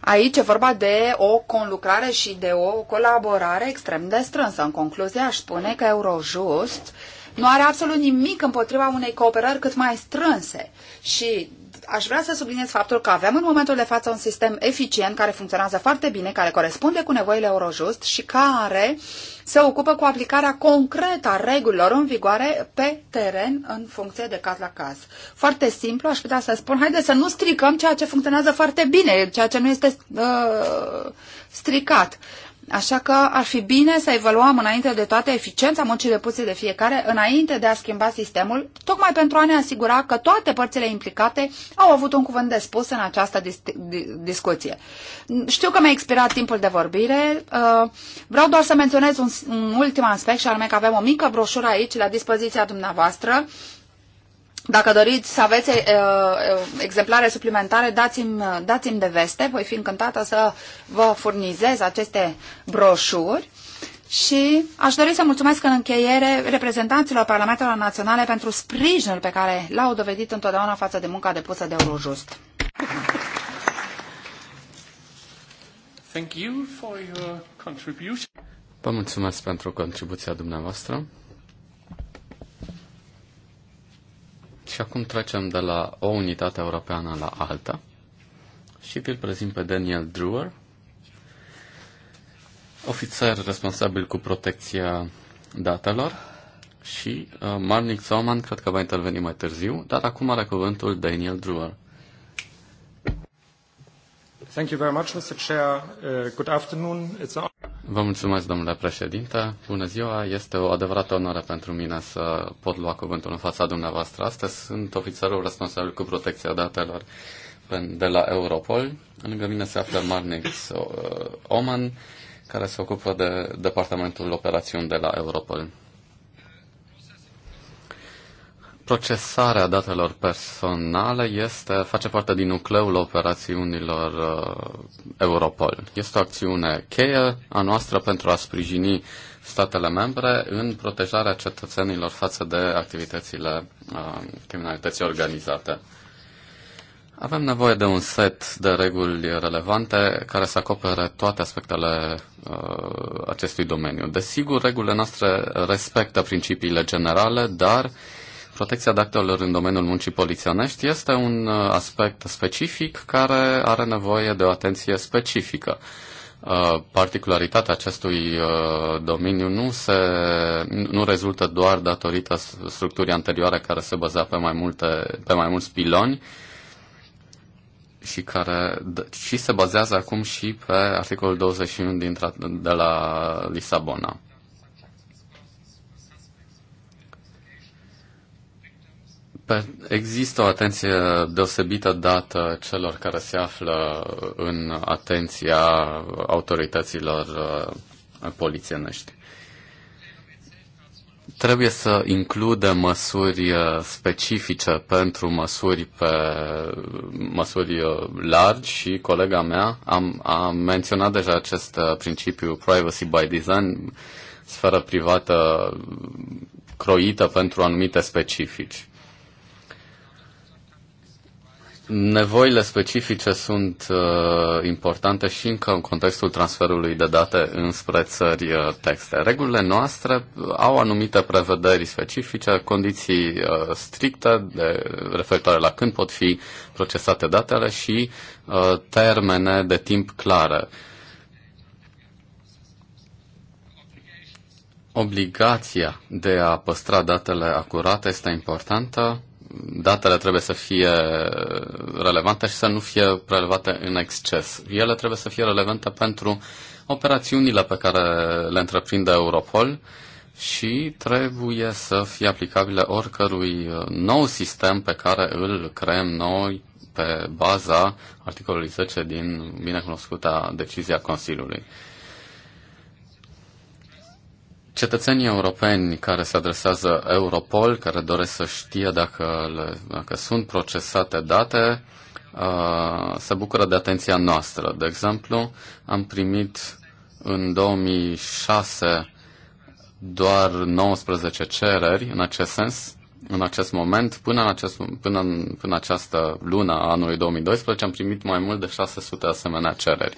[SPEAKER 3] Aici e vorba de o conlucrare și de o colaborare extrem de strânsă. În concluzie, aș spune că Eurojust nu are absolut nimic împotriva unei cooperări cât mai strânse și aș vrea să subliniez faptul că avem în momentul de față un sistem eficient care funcționează foarte bine, care corespunde cu nevoile Eurojust și care se ocupă cu aplicarea concretă a regulilor în vigoare pe teren în funcție de caz la caz. Foarte simplu, aș putea să spun, haideți să nu stricăm ceea ce funcționează foarte bine, ceea ce nu este uh, stricat. Așa că ar fi bine să evaluăm înainte de toate eficiența muncii depuse de fiecare, înainte de a schimba sistemul, tocmai pentru a ne asigura că toate părțile implicate au avut un cuvânt de spus în această dis- discuție. Știu că mi-a expirat timpul de vorbire. Uh, vreau doar să menționez un, un ultim aspect și anume că avem o mică broșură aici la dispoziția dumneavoastră dacă doriți să aveți uh, uh exemplare suplimentare, dați-mi, uh, dați de veste. Voi fi încântată să vă furnizez aceste broșuri. Și aș dori să mulțumesc în încheiere reprezentanților Parlamentelor Naționale pentru sprijinul pe care l-au dovedit întotdeauna față de munca depusă de Eurojust.
[SPEAKER 1] Thank you for your contribution.
[SPEAKER 4] Vă mulțumesc pentru contribuția dumneavoastră. Și acum trecem de la o unitate europeană la alta și vi-l prezint pe Daniel Drewer, ofițer responsabil cu protecția datelor și uh, Marnik Zoman cred că va interveni mai târziu, dar acum are cuvântul Daniel Drewer.
[SPEAKER 6] Thank you very much, Mr. Chair. Uh, good afternoon. It's a...
[SPEAKER 4] Vă mulțumesc, domnule președinte. Bună ziua. Este o adevărată onoare pentru mine să pot lua cuvântul în fața dumneavoastră. Astăzi sunt ofițerul responsabil cu protecția datelor de la Europol. Lângă mine se află Marnix uh, Oman, care se ocupă de departamentul operațiuni de la Europol. Procesarea datelor personale este, face parte din nucleul operațiunilor uh, Europol. Este o acțiune cheie a noastră pentru a sprijini statele membre în protejarea cetățenilor față de activitățile uh, criminalității organizate. Avem nevoie de un set de reguli relevante care să acopere toate aspectele uh, acestui domeniu. Desigur, regulile noastre respectă principiile generale, dar uh, Protecția datelor în domeniul muncii poliționești este un uh, aspect specific care are nevoie de o atenție specifică. Uh, particularitatea acestui uh, domeniu nu, se, nu rezultă doar datorită structurii anterioare care se baza pe mai, multe, pe mai mulți piloni, și care și se bazează acum și pe articolul 21 din, de la Lisabona. există o atenție deosebită dată celor care se află în atenția autorităților uh, polițienești. Trebuie să includă măsuri uh, specifice pentru măsuri pe măsuri uh, largi și colega mea a, a menționat deja acest principiu privacy by design, sferă privată croită pentru anumite specifici Nevoile specifice sunt uh, importante și încă în contextul transferului de date înspre țări uh, texte. Regulile noastre uh, au anumite prevederi specifice, condiții uh, stricte de referitoare la când pot fi procesate datele și uh, termene de timp clare. Obligația de a păstra datele acurate este importantă datele trebuie să fie relevante și să nu fie prelevate în exces. Ele trebuie să fie relevante pentru operațiunile pe care le întreprinde Europol și trebuie să fie aplicabile oricărui nou sistem pe care îl creăm noi pe baza articolului 10 din binecunoscuta decizia Consiliului. Cetățenii europeni care se adresează Europol, care doresc să știe dacă, le, dacă sunt procesate date, uh, se bucură de atenția noastră. De exemplu, am primit în 2006 doar 19 cereri în acest sens, în acest moment, până în, acest, până în până această lună a anului 2012, am primit mai mult de 600 asemenea cereri.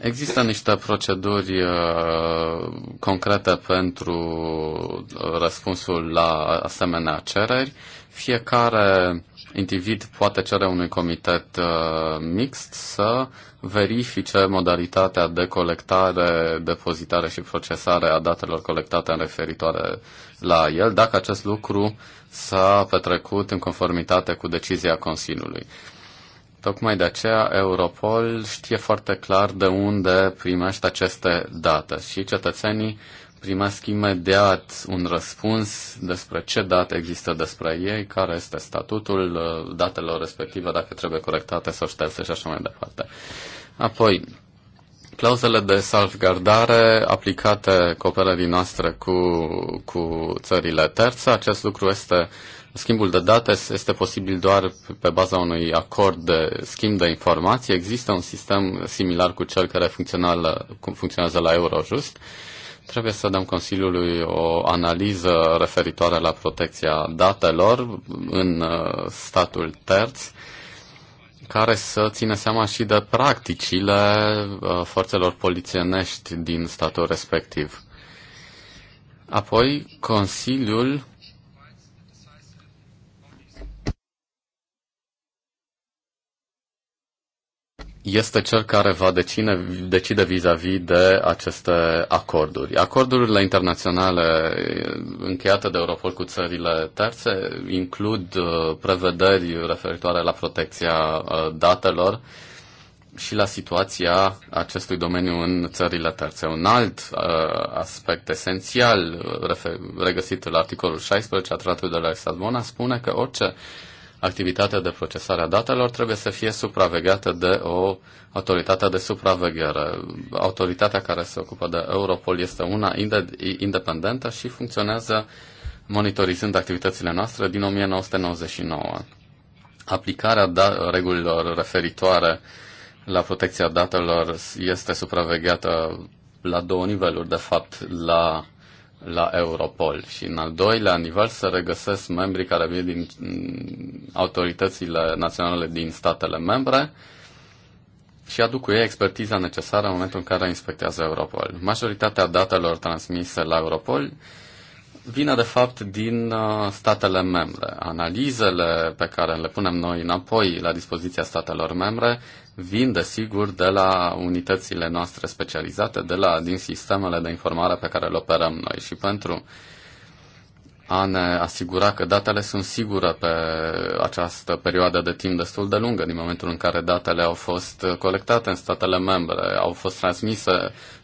[SPEAKER 4] Există niște proceduri uh, concrete pentru uh, răspunsul la asemenea cereri. Fiecare individ poate cere unui comitet uh, mixt să verifice modalitatea de colectare, depozitare și procesare a datelor colectate în referitoare la el, dacă acest lucru s-a petrecut în conformitate cu decizia Consiliului. Tocmai de aceea Europol știe foarte clar de unde primește aceste date și cetățenii primesc imediat un răspuns despre ce date există despre ei, care este statutul uh, datelor respective, dacă trebuie corectate sau șterse și așa mai departe. Apoi, clauzele de salvgardare aplicate cooperării noastre cu, cu țările terțe, acest lucru este uh, Schimbul de date este posibil doar pe baza unui acord de schimb de informații. Există un sistem similar cu cel care funcționează la Eurojust. Trebuie să dăm Consiliului o analiză referitoare la protecția datelor în uh, statul terț care să țină seama și de practicile uh, forțelor polițienești din statul respectiv. Apoi, Consiliul este cel care va decine, decide vis-a-vis -vis de aceste acorduri. Acordurile internaționale eh, încheiate de Europol cu țările terțe includ eh, prevederi referitoare la protecția eh, datelor și la situația acestui domeniu în țările terțe. Un alt aspect esențial regăsit la articolul 16 a Tratatului de la Lisabona spune că orice uh, activitatea de procesare a datelor trebuie să fie supravegată de o autoritate de supraveghere. Autoritatea care se ocupă de Europol este una independentă și funcționează monitorizând activitățile noastre din 1999. Aplicarea da- regulilor referitoare la protecția datelor este supravegheată la două niveluri, de fapt, la la Europol și în al doilea nivel se regăsesc membrii care vin din mm, autoritățile naționale din statele membre și aduc cu ei expertiza necesară în momentul în care inspectează Europol. Majoritatea datelor transmise la Europol uh, vine de fapt din uh, statele membre. Analizele pe care le punem noi înapoi la dispoziția statelor membre vin desigur de la unitățile noastre specializate, de la, din sistemele de informare pe care le operăm noi. Și pentru uh, a ne asigura că datele sunt sigure pe această perioadă de timp destul de lungă, din momentul în care datele au fost colectate în statele membre, au fost transmise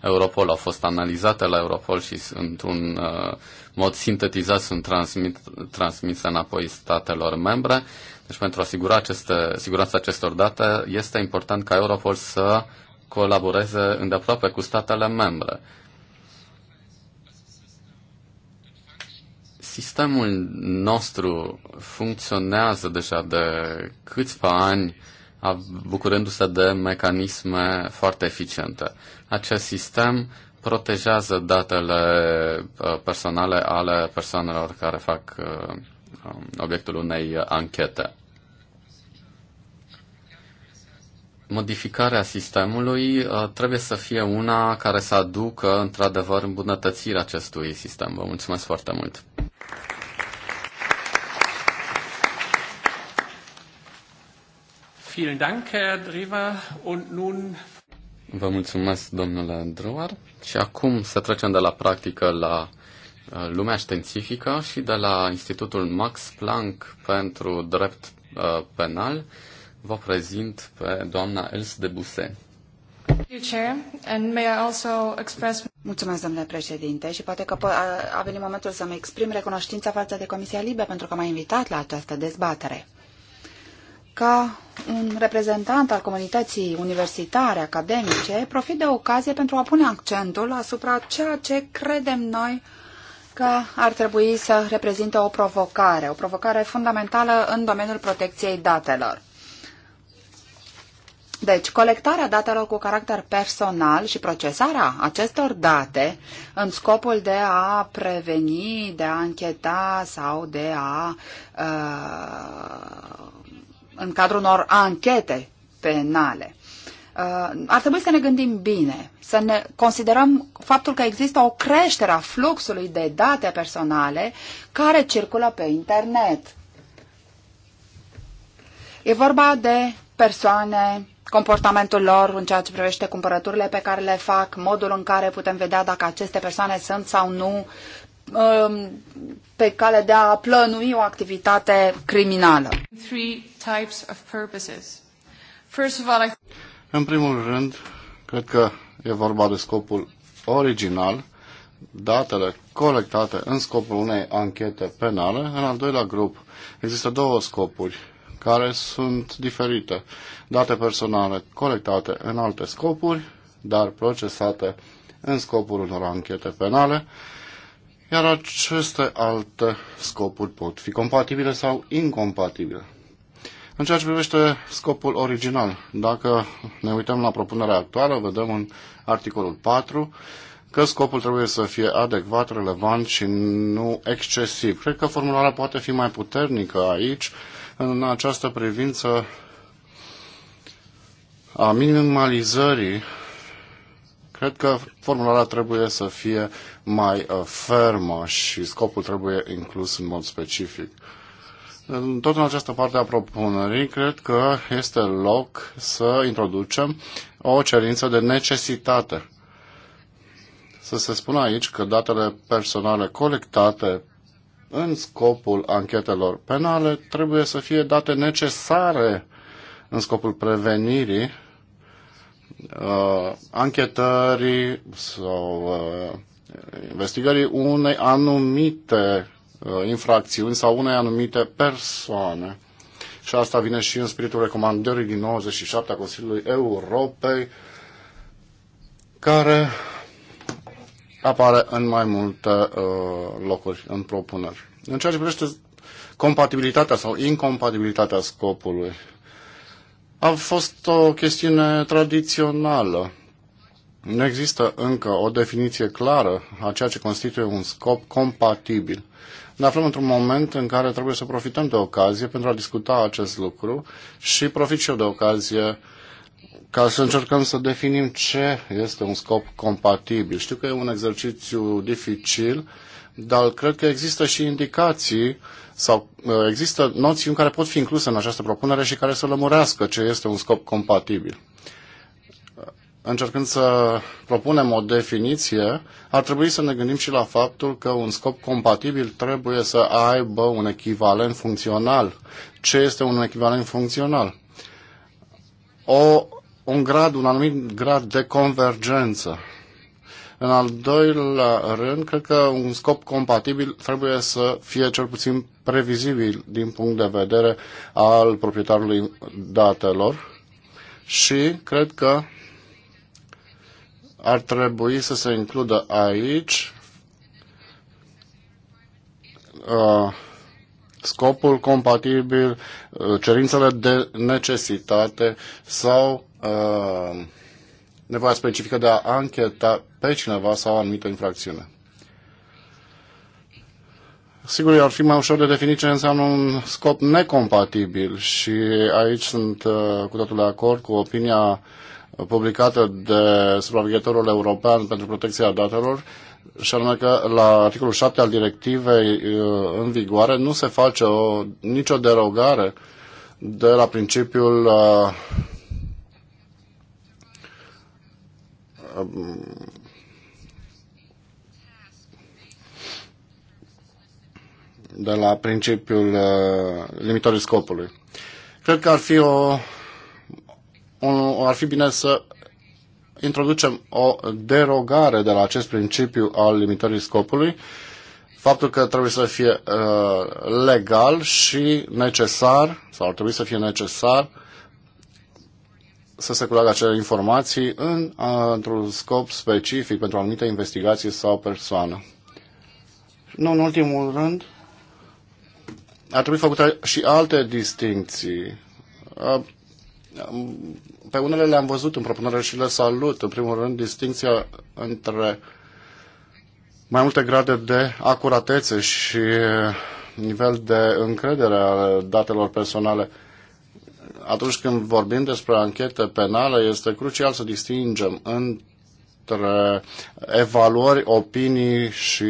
[SPEAKER 4] Europol, au fost analizate la Europol și într-un uh, mod sintetizat sunt transmit, transmise înapoi statelor membre. Deci pentru a asigura aceste, siguranța acestor date este important ca Europol să colaboreze îndeaproape cu statele membre Sistemul nostru funcționează deja de câțiva ani bucurându-se de mecanisme foarte eficiente. Acest sistem protejează datele uh, personale ale persoanelor care fac uh, um, obiectul unei anchete. modificarea sistemului uh, trebuie să fie una care să aducă, într-adevăr, îmbunătățirea acestui sistem. Vă mulțumesc foarte mult!
[SPEAKER 1] Vielen Dank, Herr Und nun...
[SPEAKER 4] Vă mulțumesc, domnule Drouar. Și acum să trecem de la practică la uh, lumea științifică și de la Institutul Max Planck pentru Drept uh, Penal vă prezint pe doamna Els de Buse.
[SPEAKER 3] Mulțumesc, domnule președinte, și poate că a venit momentul să-mi exprim recunoștința față de Comisia Libe pentru că m-a invitat la această dezbatere. Ca un reprezentant al comunității universitare, academice, profit de ocazie pentru a pune accentul asupra ceea ce credem noi că ar trebui să reprezinte o provocare, o provocare fundamentală în domeniul protecției datelor. Deci, colectarea datelor cu caracter personal și procesarea acestor date în scopul de a preveni, de a încheta sau de a, uh, în cadrul unor anchete penale uh, ar trebui să ne gândim bine, să ne considerăm faptul că există o creștere a fluxului de date personale care circulă pe internet. E vorba de persoane comportamentul lor în ceea ce privește cumpărăturile pe care le fac, modul în care putem vedea dacă aceste persoane sunt sau nu um, pe cale de a plănui o activitate criminală.
[SPEAKER 2] În primul rând, cred că e vorba de scopul original, datele colectate în scopul unei anchete penale. În al doilea grup, există două scopuri care sunt diferite. Date personale colectate în alte scopuri, dar procesate în scopul unor anchete penale, iar aceste alte scopuri pot fi compatibile sau incompatibile. În ceea ce privește scopul original, dacă ne uităm la propunerea actuală, vedem în articolul 4 că scopul trebuie să fie adecvat, relevant și nu excesiv. Cred că formularea poate fi mai puternică aici în această privință a minimalizării, cred că formularea trebuie să fie mai uh, fermă și scopul trebuie inclus în mod specific. Tot în această parte a propunerii, cred că este loc să introducem o cerință de necesitate. Să se spună aici că datele personale colectate în scopul anchetelor penale trebuie să fie date necesare în scopul prevenirii uh, anchetării sau uh, investigării unei anumite uh, infracțiuni sau unei anumite persoane. Și asta vine și în spiritul recomandării din 97 a Consiliului Europei, care apare în mai multe uh, locuri, în propuneri. În ceea ce privește compatibilitatea sau incompatibilitatea scopului, a fost o chestiune tradițională. Nu există încă o definiție clară a ceea ce constituie un scop compatibil. Ne aflăm într-un moment în care trebuie să profităm de ocazie pentru a discuta acest lucru și profit și eu de ocazie ca să încercăm să definim ce este un scop compatibil. Știu că e un exercițiu dificil, dar cred că există și indicații sau uh, există noțiuni care pot fi incluse în această propunere și care să lămurească ce este un scop compatibil. Uh, încercând să propunem o definiție, ar trebui să ne gândim și la faptul că un scop compatibil trebuie să aibă un echivalent funcțional. Ce este un echivalent funcțional? O un grad, un anumit grad de convergență. În al doilea rând, cred că un scop compatibil trebuie să fie cel puțin previzibil din punct de vedere al proprietarului datelor și cred că ar trebui să se includă aici uh, scopul compatibil, uh, cerințele de necesitate sau Uh, nevoia specifică de a ancheta pe cineva sau anumită infracțiune. Sigur, ar fi mai ușor de definit ce înseamnă un scop necompatibil și aici sunt uh, cu totul de acord cu opinia publicată de supraveghetorul european pentru protecția datelor și anume că la articolul 7 al directivei uh, în vigoare nu se face o, nicio derogare de la principiul de la principiul uh, limitării scopului. Cred că ar fi o, un, ar fi bine să introducem o derogare de la acest principiu al limitării scopului, faptul că trebuie să fie uh, legal și necesar, sau ar trebui să fie necesar, să se culeagă acele informații în, într-un scop specific pentru anumite investigații sau persoană. Nu în ultimul rând, ar trebui făcute și alte distinții. Pe unele le-am văzut în propunere și le salut. În primul rând, distinția între mai multe grade de acuratețe și nivel de încredere a datelor personale atunci când vorbim despre anchete penale, este crucial să distingem între evaluări, opinii și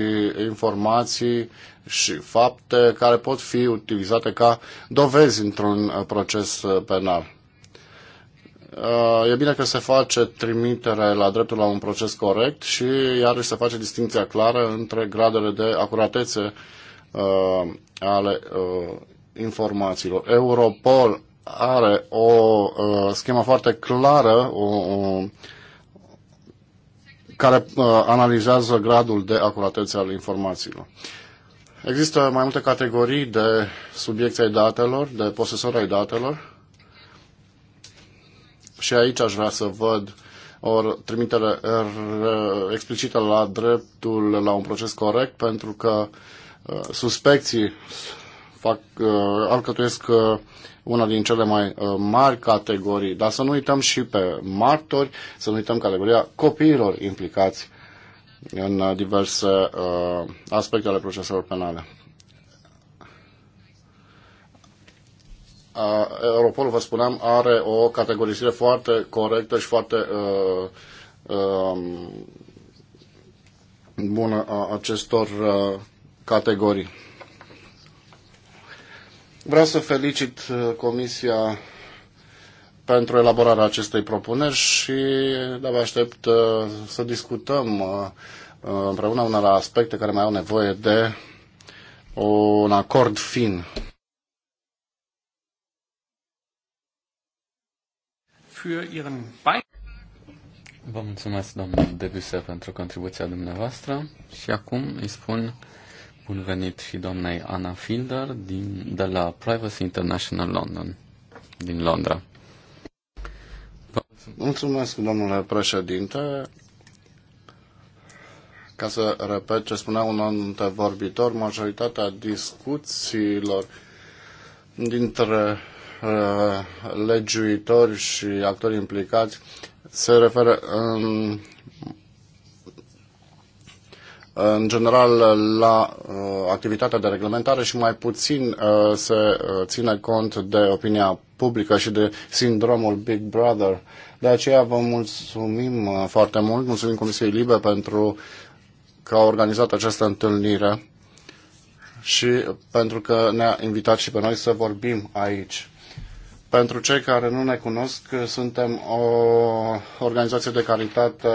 [SPEAKER 2] informații și fapte care pot fi utilizate ca dovezi într-un proces penal. Uh, e bine că se face trimitere la dreptul la un proces corect și iarăși se face distinția clară între gradele de acuratețe uh, ale uh, informațiilor. Europol are o uh, schemă foarte clară o, o, care uh, analizează gradul de acuratețe al informațiilor. Există mai multe categorii de subiecte ai datelor, de posesori ai datelor și aici aș vrea să văd o trimitere explicită la dreptul la un proces corect pentru că uh, suspecții fac, uh, alcătuiesc uh, una din cele mai uh, mari categorii, dar să nu uităm și pe martori, să nu uităm categoria copiilor implicați în uh, diverse uh, aspecte ale proceselor penale. Uh, Europolul, vă spuneam, are o categorisire foarte corectă și foarte uh, uh, bună a acestor uh, categorii. Vreau să felicit uh, Comisia pentru elaborarea acestei propuneri și da, vă aștept uh, să discutăm uh, împreună unele aspecte care mai au nevoie de un acord fin.
[SPEAKER 4] Vă mulțumesc, domnul Debuse, pentru contribuția dumneavoastră și acum îi spun Bun venit și doamnei Ana Fielder din, de la Privacy International London, din Londra. Mulțumesc,
[SPEAKER 2] domnule președinte. Ca să repet ce spunea un antevorbitor, majoritatea discuțiilor dintre uh, legiuitori și actori implicați se referă în în general la uh, activitatea de reglementare și mai puțin uh, se uh, ține cont de opinia publică și de sindromul Big Brother. De aceea vă mulțumim foarte mult, mulțumim Comisiei Libe pentru că a organizat această întâlnire și pentru că ne-a invitat și pe noi să vorbim aici. Pentru cei care nu ne cunosc, suntem o organizație de caritate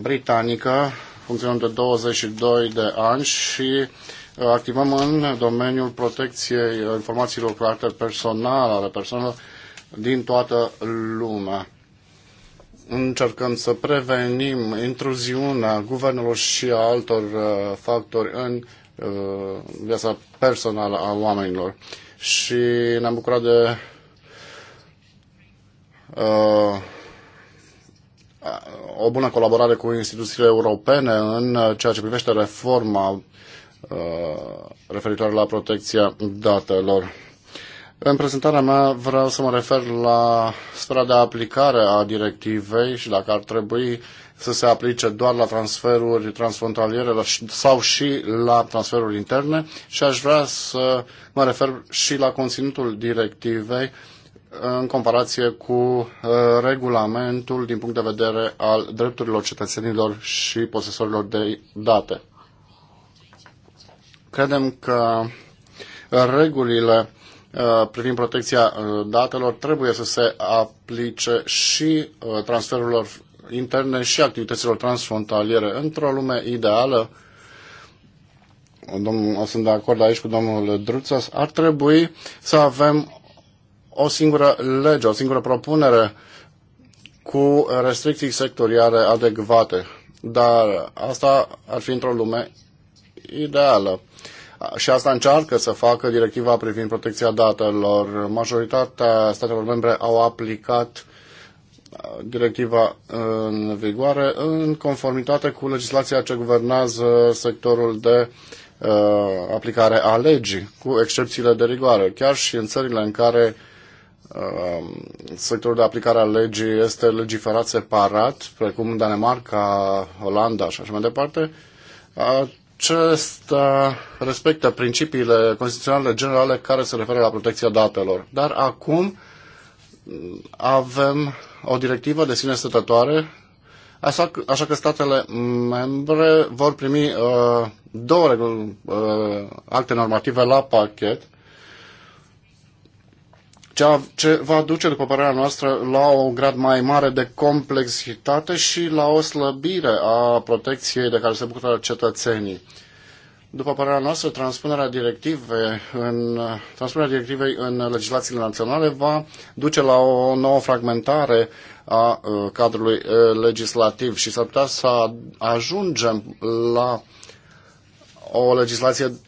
[SPEAKER 2] britanică funcționăm de 22 de ani și uh, activăm în domeniul protecției informațiilor cu caracter personal ale persoanelor din toată lumea. Încercăm să prevenim intruziunea guvernelor și a altor uh, factori în uh, viața personală a oamenilor. Și ne-am bucurat de uh, o bună colaborare cu instituțiile europene în uh, ceea ce privește reforma uh, referitoare la protecția datelor. În prezentarea mea vreau să mă refer la sfera de aplicare a directivei și dacă ar trebui să se aplice doar la transferuri transfrontaliere sau și la transferuri interne și aș vrea să mă refer și la conținutul directivei în comparație cu uh, regulamentul din punct de vedere al drepturilor cetățenilor și posesorilor de date. Credem că uh, regulile uh, privind protecția datelor trebuie să se aplice și transferurilor interne și activităților transfrontaliere. Într-o lume ideală, domnul sunt de acord aici cu domnul Druțas, ar trebui să avem o singură lege, o singură propunere cu restricții sectoriale adecvate. Dar asta ar fi într-o lume ideală. Și asta încearcă să facă directiva privind protecția datelor. Majoritatea statelor membre au aplicat uh, directiva în vigoare în conformitate cu legislația ce guvernează sectorul de uh, aplicare a legii, cu excepțiile de rigoare. Chiar și în țările în care uh, Um, sectorul de aplicare a legii este legiferat separat, precum Danemarca, Olanda și așa mai departe, acesta respectă principiile constituționale generale care se referă la protecția datelor. Dar acum avem o directivă de sine stătătoare, așa, așa că statele membre vor primi uh, două uh, acte normative la pachet ceea ce va duce, după părerea noastră, la un grad mai mare de complexitate și la o slăbire a protecției de care se bucură cetățenii. După părerea noastră, transpunerea, directivei în, transpunerea directivei în legislațiile naționale va duce la o nouă fragmentare a uh, cadrului uh, legislativ și s-ar putea să ajungem la o legislație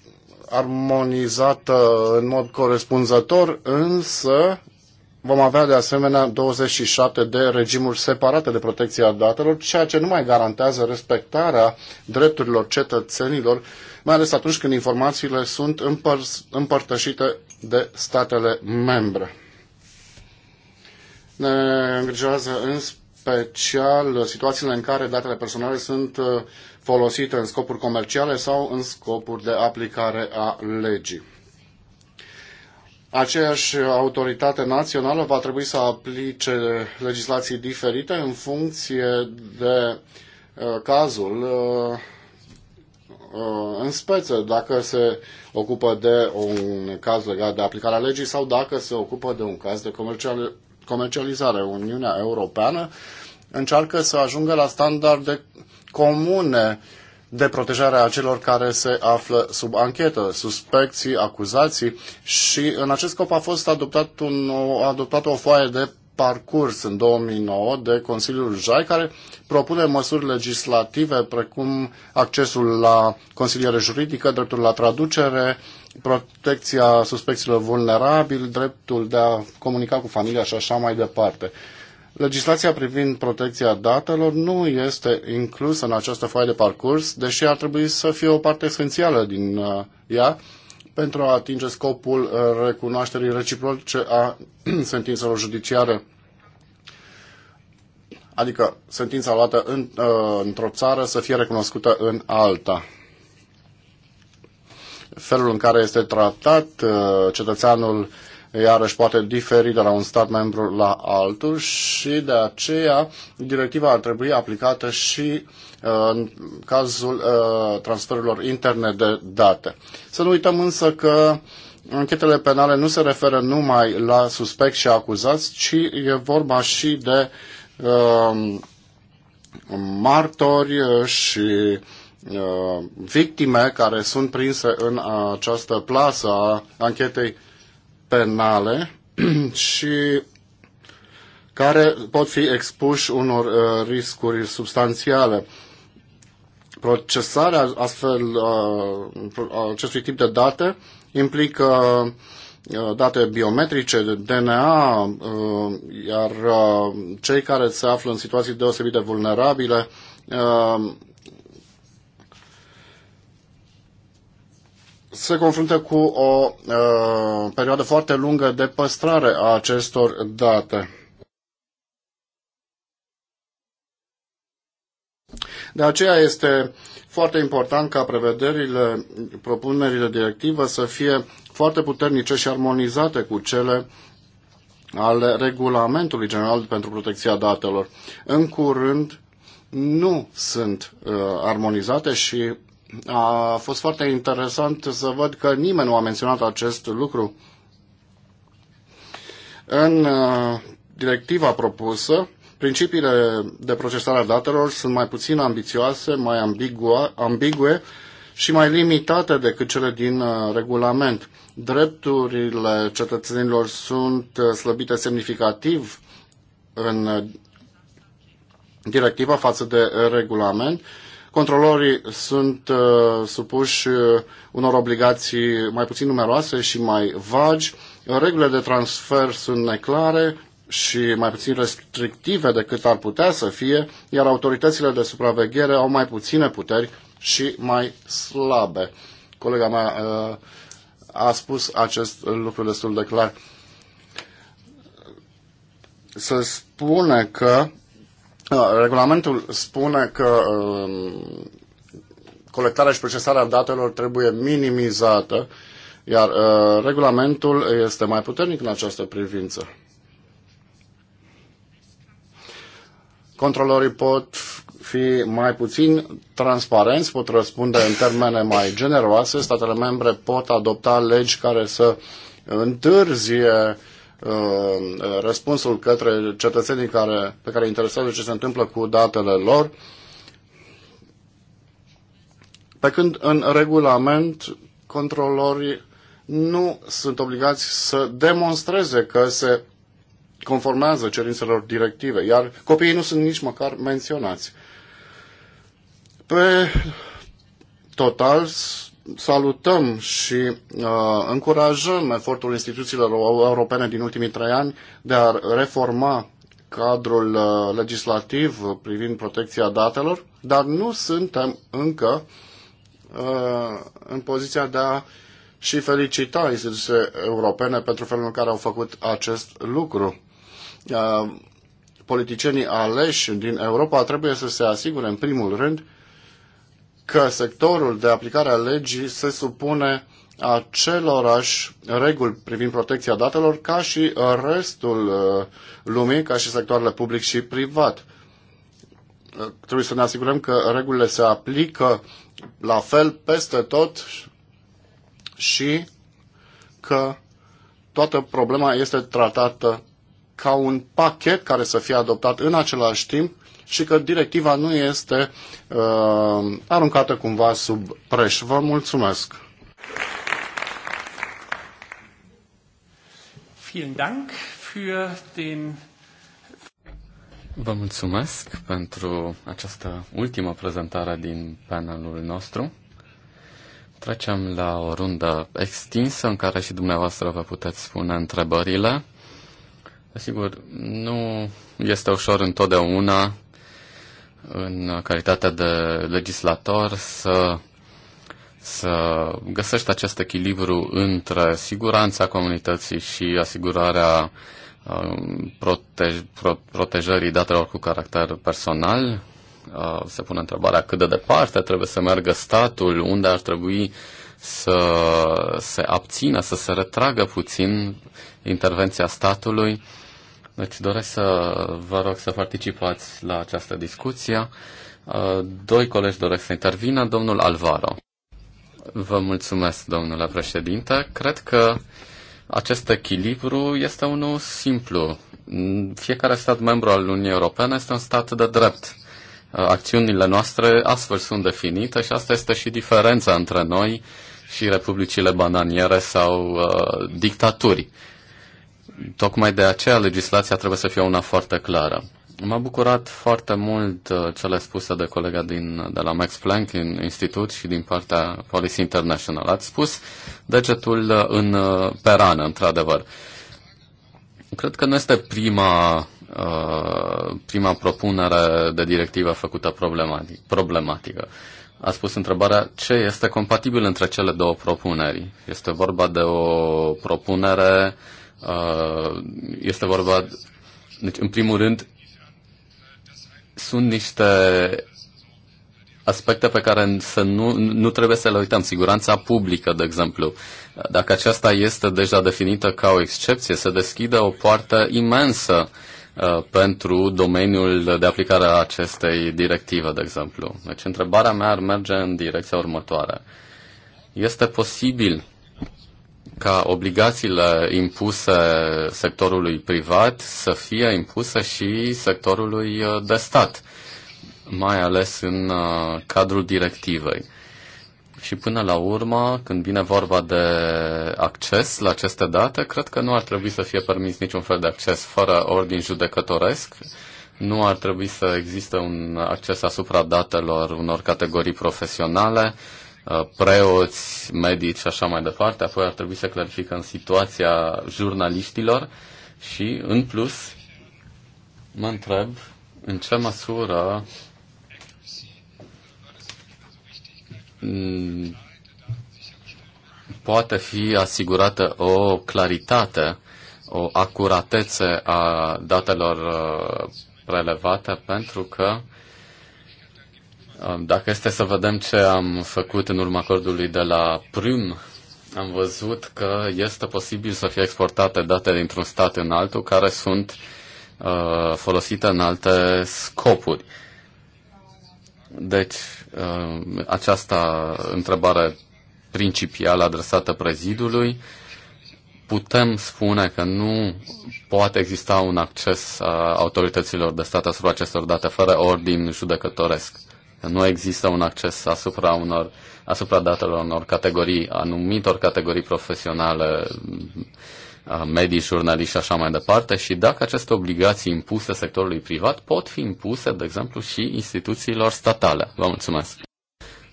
[SPEAKER 2] armonizată în mod corespunzător, însă vom avea de asemenea 27 de regimuri separate de protecție a datelor, ceea ce nu mai garantează respectarea drepturilor cetățenilor, mai ales atunci când informațiile sunt împăr- împărtășite de statele membre. Ne îngrijează în special situațiile în care datele personale sunt uh, folosite în scopuri comerciale sau în scopuri de aplicare a legii. Aceeași autoritate națională va trebui să aplice legislații diferite în funcție de uh, cazul uh, uh în speță, dacă se ocupă de un caz legat de aplicarea legii sau dacă se ocupă de un caz de comercializare. Uniunea Europeană încearcă să ajungă la standarde comune de protejare a celor care se află sub anchetă, suspecții, acuzații și în acest scop a fost adoptat, un, adoptat o foaie de parcurs în 2009 de Consiliul JAI, care propune măsuri legislative precum accesul la consiliere juridică, dreptul la traducere, protecția suspecțiilor vulnerabili, dreptul de a comunica cu familia și așa mai departe. Legislația privind protecția datelor nu este inclusă în această foaie de parcurs, deși ar trebui să fie o parte esențială din uh, ea pentru a atinge scopul uh, recunoașterii reciproce a sentințelor judiciare adică sentința luată în, uh, într-o țară să fie recunoscută în alta. Felul în care este tratat cetățeanul iarăși poate diferi de la un stat membru la altul și de aceea directiva ar trebui aplicată și uh, în cazul uh, transferurilor interne de date. Să nu uităm însă că anchetele penale nu se referă numai la suspecți și acuzați, ci e vorba și de uh, martori uh, și uh, victime care sunt prinse în această plasă a anchetei penale și care pot fi expuși unor uh, riscuri substanțiale. Procesarea astfel uh, acestui tip de date implică uh, date biometrice, DNA, uh, iar uh, cei care se află în situații deosebit de vulnerabile se confruntă cu o uh, perioadă foarte lungă de păstrare a acestor date. De aceea este foarte important ca prevederile, propunerile directivă să fie foarte puternice și armonizate cu cele ale Regulamentului General pentru Protecția Datelor. În curând nu sunt uh, armonizate și a fost foarte interesant să văd că nimeni nu a menționat acest lucru. În uh, directiva propusă, principiile de procesare a datelor sunt mai puțin ambițioase, mai ambigua, ambigue și mai limitate decât cele din uh, regulament. Drepturile cetățenilor sunt uh, slăbite semnificativ în directiva față de regulament Controlorii sunt uh, supuși uh, unor obligații mai puțin numeroase și mai vagi. Regulile de transfer sunt neclare și mai puțin restrictive decât ar putea să fie, iar autoritățile de supraveghere au mai puține puteri și mai slabe. Colega mea uh, a spus acest lucru destul de clar. Se spune că Uh, regulamentul spune că um, colectarea și procesarea datelor trebuie minimizată, iar uh, regulamentul este mai puternic în această privință. Controlorii pot fi mai puțin transparenți, pot răspunde în termene mai generoase, statele membre pot adopta legi care să întârzie uh, Uh, răspunsul către cetățenii care, pe care interesează ce se întâmplă cu datele lor, pe când în regulament controlorii nu sunt obligați să demonstreze că se conformează cerințelor directive, iar copiii nu sunt nici măcar menționați. Pe total, salutăm și uh, încurajăm efortul instituțiilor europene din ultimii trei ani de a reforma cadrul uh, legislativ privind protecția datelor, dar nu suntem încă uh, în poziția de a și felicita instituțiile europene pentru felul în care au făcut acest lucru. Uh, politicienii aleși din Europa trebuie să se asigure, în primul rând, că sectorul de aplicare a legii se supune acelorași reguli privind protecția datelor ca și restul uh, lumii, ca și sectoarele public și privat. Uh, trebuie să ne asigurăm că regulile se aplică la fel peste tot și că toată problema este tratată ca un pachet care să fie adoptat în același timp și că directiva nu este uh, aruncată cumva sub preș. Vă mulțumesc!
[SPEAKER 4] Vă mulțumesc pentru această ultimă prezentare din panelul nostru. Trecem la o rundă extinsă în care și dumneavoastră vă puteți spune întrebările. Desigur, nu este ușor întotdeauna în calitatea de legislator să, să găsești acest echilibru între siguranța comunității și asigurarea uh, protej, pro, protejării datelor cu caracter personal. Uh, se pune întrebarea cât de departe trebuie să meargă statul, unde ar trebui să se abțină, să se retragă puțin intervenția statului deci doresc să vă rog să participați la această discuție. Uh, doi colegi doresc să intervină. Domnul Alvaro. Vă mulțumesc, domnule președinte. Cred că acest echilibru este unul simplu. Fiecare stat membru al Uniunii Europene este un stat de drept. Uh, acțiunile noastre astfel sunt definite și asta este și diferența între noi și republicile bananiere sau uh, dictaturi. Tocmai de aceea legislația trebuie să fie una foarte clară. M-a bucurat foarte mult uh, cele spuse de colega din, de la Max Planck în institut și din partea Policy International. Ați spus degetul uh, în uh, perană, într-adevăr. Cred că nu este prima, uh, prima propunere de directivă făcută problematic, problematică. A spus întrebarea ce este compatibil între cele două propuneri. Este vorba de o propunere uh, Uh, este vorba, deci în primul rând, sunt niște aspecte pe care să nu, nu trebuie să le uităm. Siguranța publică, de exemplu. Dacă aceasta este deja definită ca o excepție, se deschide o poartă imensă uh, pentru domeniul de aplicare a acestei directive, de exemplu. Deci întrebarea mea ar merge în direcția următoare. Este posibil ca obligațiile impuse sectorului privat să fie impuse și sectorului uh, de stat, mai ales în uh, cadrul directivei. Și până la urmă, când vine vorba de acces la aceste date, cred că nu ar trebui să fie permis niciun fel de acces fără ordin judecătoresc. Nu ar trebui să existe un acces asupra datelor unor categorii profesionale, uh, Uh, preoți, medici și așa mai departe. Apoi ar trebui să clarificăm situația jurnaliștilor și, în plus, mă întreb în ce măsură mm, poate fi asigurată o claritate, o acuratețe a datelor uh, prelevate, pentru că Um, dacă este să vedem ce am făcut în urma acordului de la Prüm, am văzut că este posibil să fie exportate date dintr-un stat în altul care sunt uh, folosite în alte scopuri. Deci, uh, această întrebare principială adresată prezidului, putem spune că nu poate exista un acces a uh, autorităților de stat asupra acestor date fără ordin judecătoresc nu există un acces asupra unor asupra datelor unor categorii, anumitor categorii profesionale, medici, jurnaliști și așa mai departe și dacă aceste obligații impuse sectorului privat pot fi impuse, de exemplu, și instituțiilor statale. Vă mulțumesc!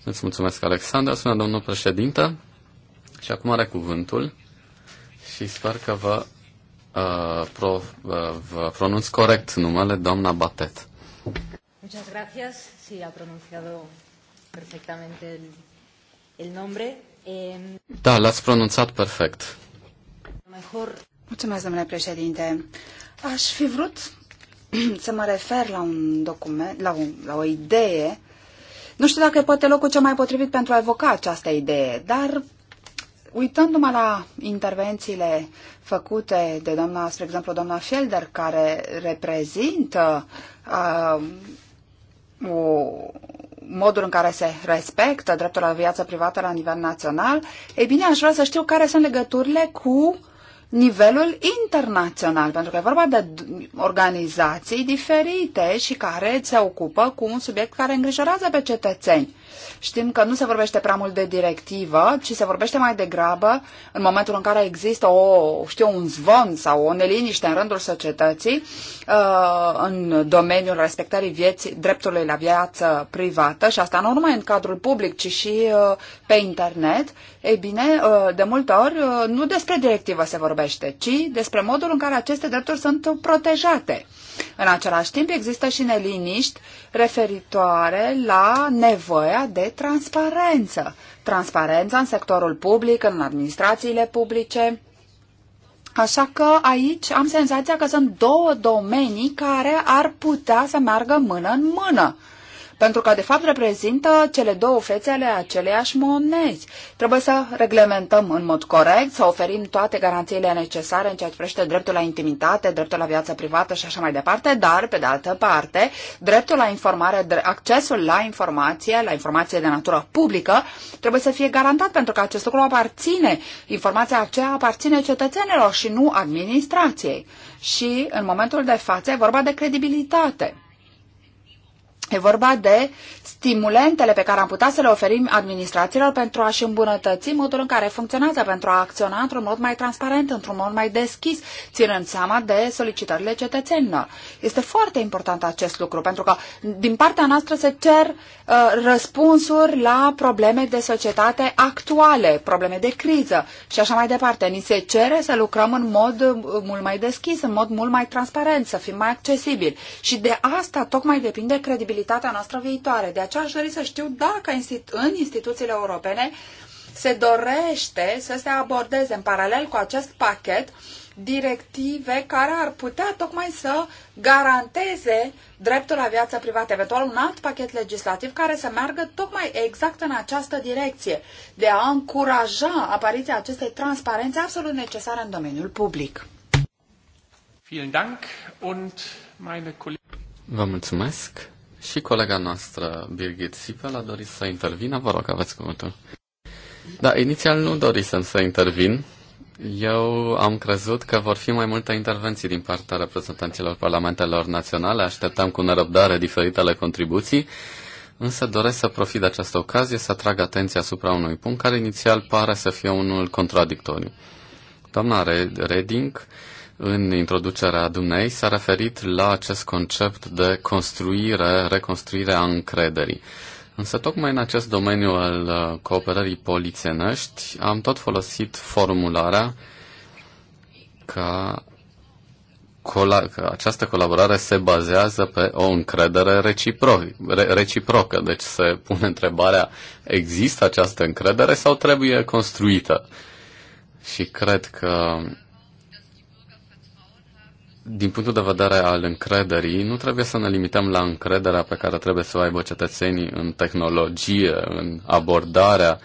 [SPEAKER 4] Îți mulțumesc, Alexandra, sună domnul președinte și acum are cuvântul și sper că vă, uh, pro, uh, vă pronunț corect numele doamna Batet.
[SPEAKER 6] Muchas gracias, sí ha pronunciado perfectamente el, el nombre. Eh...
[SPEAKER 4] Da, l-ați pronunțat perfect.
[SPEAKER 3] Mejor... Mulțumesc, domnule președinte. Aș fi vrut să mă refer la un document, la, un, la o idee. Nu știu dacă e poate locul cel mai potrivit pentru a evoca această idee, dar uitându-mă la intervențiile făcute de doamna, spre exemplu, doamna Fielder, care reprezintă uh, o, modul în care se respectă dreptul la viață privată la nivel național, ei bine, aș vrea să știu care sunt legăturile cu nivelul internațional, pentru că e vorba de organizații diferite și care se ocupă cu un subiect care îngrijorează pe cetățeni. Știm că nu se vorbește prea mult de directivă, ci se vorbește mai degrabă în momentul în care există o, știu, un zvon sau o neliniște în rândul societății uh, în domeniul respectării vieții, dreptului la viață privată și asta nu numai în cadrul public, ci și uh, pe internet. Ei bine, uh, de multe ori nu despre directivă se vorbește, ci despre modul în care aceste drepturi sunt protejate. În același timp, există și neliniști referitoare la nevoia de transparență. Transparența în sectorul public, în administrațiile publice. Așa că aici am senzația că sunt două domenii care ar putea să meargă mână în mână pentru că, de fapt, reprezintă cele două fețe ale aceleiași monezi. Trebuie să reglementăm în mod corect, să oferim toate garanțiile necesare în ceea ce privește dreptul la intimitate, dreptul la viață privată și așa mai departe, dar, pe de altă parte, dreptul la informare, accesul la informație, la informație de natură publică, trebuie să fie garantat, pentru că acest lucru aparține, informația aceea aparține cetățenilor și nu administrației. Și, în momentul de față, e vorba de credibilitate. E vorba de stimulentele pe care am putea să le oferim administrațiilor pentru a-și îmbunătăți modul în care funcționează, pentru a acționa într-un mod mai transparent, într-un mod mai deschis, ținând seama de solicitările cetățenilor. Este foarte important acest lucru, pentru că din partea noastră se cer uh, răspunsuri la probleme de societate actuale, probleme de criză și așa mai departe. Ni se cere să lucrăm în mod uh, mult mai deschis, în mod mult mai transparent, să fim mai accesibili. Și de asta tocmai depinde credibilitatea mobilitatea noastră viitoare. De aceea aș dori să știu dacă în instituțiile europene se dorește să se abordeze în paralel cu acest pachet directive care ar putea tocmai să garanteze dreptul la viață privată, eventual un alt pachet legislativ care să meargă tocmai exact în această direcție, de a încuraja apariția acestei transparențe absolut necesare în domeniul public.
[SPEAKER 4] Vă mulțumesc. Și colega noastră, Birgit Sipel, a dorit să intervină. Vă rog, aveți cuvântul. Da, inițial nu dorisem să intervin. Eu am crezut că vor fi mai multe intervenții din partea reprezentanților parlamentelor naționale. Așteptam cu nerăbdare diferitele contribuții, însă doresc să profit de această ocazie să atrag atenția asupra unui punct care inițial pare să fie unul contradictoriu. Doamna Reding în introducerea dumnei s-a referit la acest concept de construire, reconstruire a încrederii. Însă tocmai în acest domeniu al uh, cooperării polițienești am tot folosit formularea ca că această colaborare se bazează pe o încredere recipro- re- reciprocă. Deci se pune întrebarea, există această încredere sau trebuie construită? Și cred că din punctul de vedere al încrederii, nu trebuie să ne limităm la încrederea pe care trebuie să o aibă cetățenii în tehnologie, în abordarea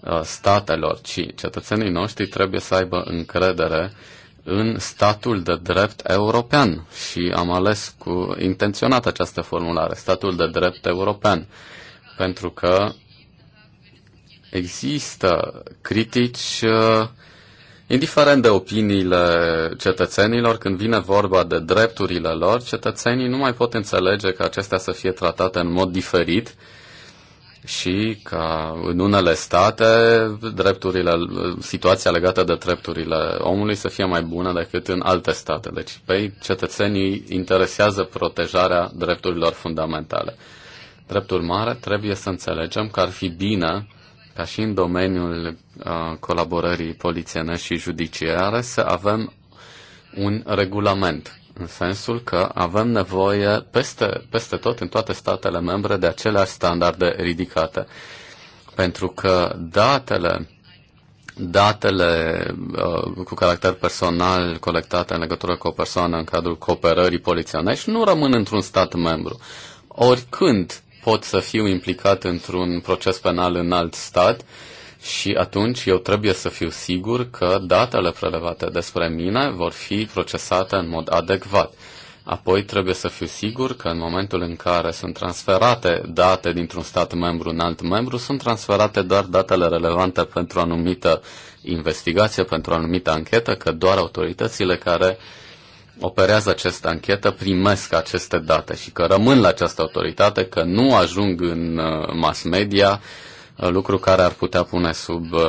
[SPEAKER 4] uh, statelor, ci cetățenii noștri trebuie să aibă încredere în statul de drept european și am ales cu intenționat această formulare, statul de drept european, pentru că există critici uh, Indiferent de opiniile cetățenilor, când vine vorba de drepturile lor, cetățenii nu mai pot înțelege că acestea să fie tratate în mod diferit și că în unele state drepturile, situația legată de drepturile omului să fie mai bună decât în alte state. Deci pe cetățenii interesează protejarea drepturilor fundamentale. Dreptul mare trebuie să înțelegem că ar fi bine ca și în domeniul uh, colaborării polițienești și judiciare, să avem un regulament, în sensul că avem nevoie peste, peste tot, în toate statele membre, de aceleași standarde ridicate. Pentru că datele datele uh, cu caracter personal colectate în legătură cu o persoană în cadrul cooperării poliționești nu rămân într-un stat membru. Oricând pot să fiu implicat într-un proces penal în alt stat și atunci eu trebuie să fiu sigur că datele prelevate despre mine vor fi procesate în mod adecvat. Apoi trebuie să fiu sigur că în momentul în care sunt transferate date dintr-un stat membru în alt membru, sunt transferate doar datele relevante pentru o anumită investigație, pentru o anumită anchetă, că doar autoritățile care uh, operează această anchetă primesc aceste date și că rămân la această autoritate, că nu ajung în uh, mass media, uh, lucru care ar putea pune sub uh,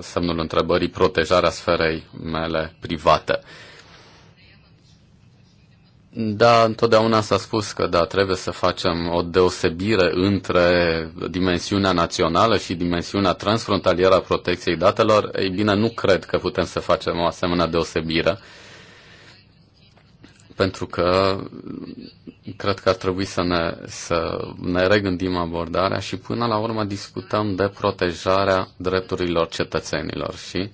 [SPEAKER 4] semnul întrebării protejarea sferei mele private. Da, întotdeauna s-a spus că da, trebuie să facem o deosebire între dimensiunea națională și dimensiunea transfrontalieră a protecției datelor. Ei bine, nu cred că putem să facem o asemenea deosebire. Uh, pentru că cred că ar trebui să ne, să ne regândim abordarea și până la urmă discutăm de protejarea drepturilor cetățenilor și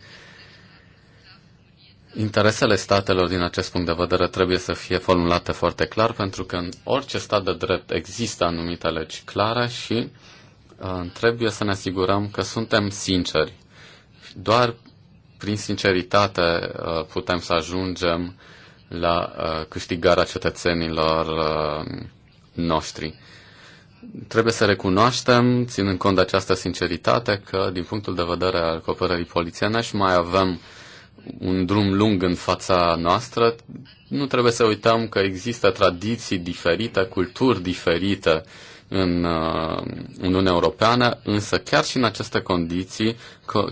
[SPEAKER 4] interesele statelor din acest punct de vedere trebuie să fie formulate foarte clar pentru că în orice stat de drept există anumite legi clare și uh, trebuie să ne asigurăm că suntem sinceri. Doar prin sinceritate uh, putem să ajungem uh, la uh, câștigarea cetățenilor uh, noștri. Trebuie să recunoaștem, ținând cont de această sinceritate, că din punctul de vedere al cooperării polițienești mai avem un drum lung în fața noastră. Nu trebuie să uităm că există tradiții diferite, culturi diferite uh, Uh, în Uniunea Europeană, însă chiar și în aceste condiții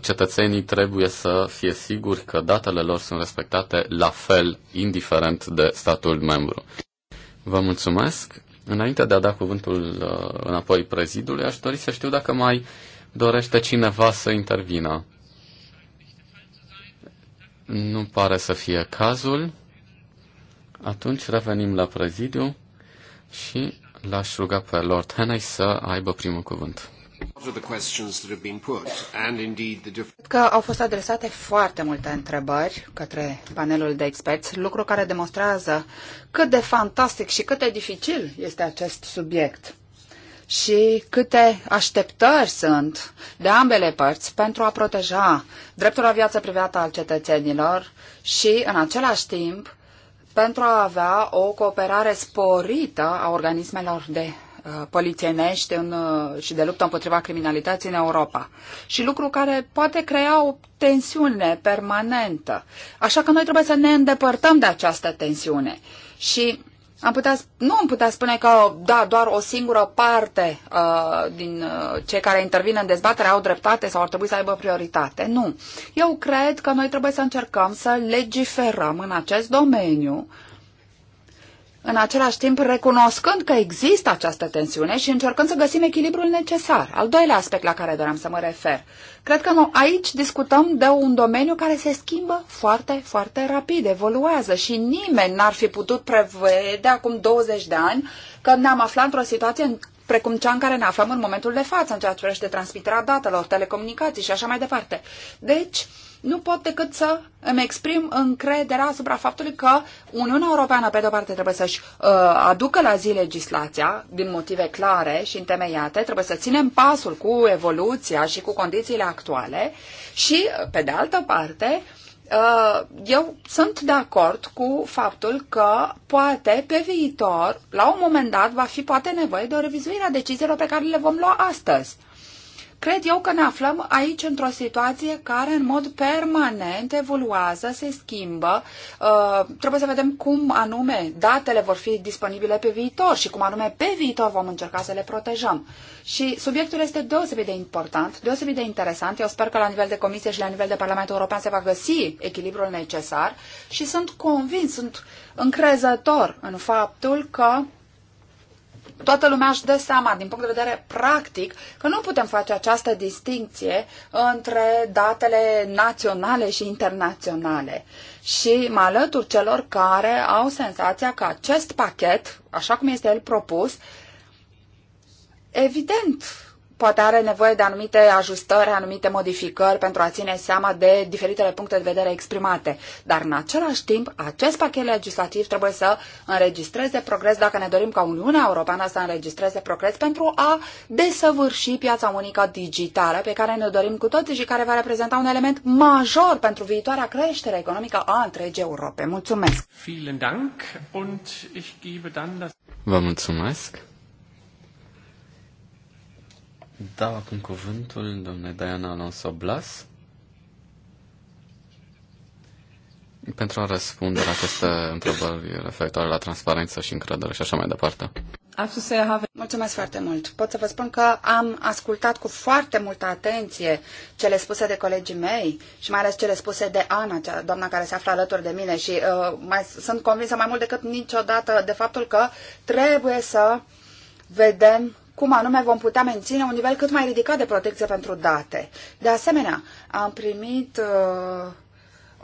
[SPEAKER 4] cetățenii trebuie să fie siguri că datele lor sunt respectate la fel, indiferent de statul membru. Vă mulțumesc. Înainte de a da cuvântul uh, înapoi prezidului, aș dori să știu dacă mai dorește cineva să intervină. Nu pare să fie cazul. Atunci revenim la prezidiu și L-aș ruga pe Lord Henney să aibă primul cuvânt.
[SPEAKER 5] Cred
[SPEAKER 3] că au fost adresate foarte multe întrebări către panelul de experți, lucru care demonstrează cât de fantastic și cât de dificil este acest subiect și câte așteptări sunt de ambele părți pentru a proteja dreptul la viață privată al cetățenilor și, în același timp, pentru a avea o cooperare sporită a organismelor de uh, polițienești în, uh, și de luptă împotriva criminalității în Europa. Și lucru care poate crea o tensiune permanentă. Așa că noi trebuie să ne îndepărtăm de această tensiune. Și am putea, nu am putea spune că, da, doar o singură parte uh, din uh, cei care intervin în dezbatere au dreptate sau ar trebui să aibă prioritate. Nu. Eu cred că noi trebuie să încercăm să legiferăm în acest domeniu, în același timp recunoscând că există această tensiune și încercând să găsim echilibrul necesar. Al doilea aspect la care doream să mă refer. Cred că nu, aici discutăm de un domeniu care se schimbă foarte, foarte rapid, evoluează și nimeni n-ar fi putut prevede acum 20 de ani că ne-am aflat într-o situație în precum cea în care ne aflăm în momentul de față, în ceea ce privește transmiterea datelor, telecomunicații și așa mai departe. Deci, uh, nu pot decât să îmi exprim încrederea asupra faptului că Uniunea Europeană, pe de-o parte, trebuie să-și uh, aducă la zi legislația din motive clare și întemeiate, trebuie să ținem pasul cu evoluția și cu condițiile actuale și, pe de altă parte, uh, eu sunt de acord cu faptul că poate pe viitor, la un moment dat, va fi poate nevoie de o revizuire a deciziilor pe care le vom lua astăzi. Cred eu că ne aflăm aici într-o situație care în mod permanent evoluează, se schimbă. Uh, trebuie să vedem cum anume datele vor fi disponibile pe viitor și cum anume pe viitor vom încerca să le protejăm. Și subiectul este deosebit de important, deosebit de interesant. Eu sper că la nivel de comisie și la nivel de Parlament European se va găsi echilibrul necesar și sunt convins, sunt încrezător în faptul că toată lumea își dă seama, din punct de vedere practic, că nu putem face această distinție între datele naționale și internaționale. Și mă alătur celor care au senzația că acest pachet, așa cum este el propus, evident poate are nevoie de anumite ajustări, anumite modificări pentru a ține seama de diferitele puncte de vedere exprimate. Dar în același timp, acest pachet legislativ trebuie să înregistreze progres dacă ne dorim ca Uniunea Europeană să înregistreze progres pentru a desăvârși piața unică digitală pe care ne dorim cu toții și care va reprezenta un element major pentru viitoarea creștere economică a întregii Europe. Mulțumesc!
[SPEAKER 4] Vă mulțumesc! Dau acum cuvântul domnule Diana Alonso Blas pentru a răspunde la aceste întrebări referitoare la transparență și încredere și așa mai departe.
[SPEAKER 3] Mulțumesc foarte mult. Pot să vă spun că am ascultat cu foarte multă atenție cele spuse de colegii mei și mai ales cele spuse de Ana, cea, doamna care se află alături de mine și uh, mai, sunt convinsă mai mult decât niciodată de faptul că trebuie să vedem cum anume vom putea menține un nivel cât mai ridicat de protecție pentru date. De asemenea, am primit uh,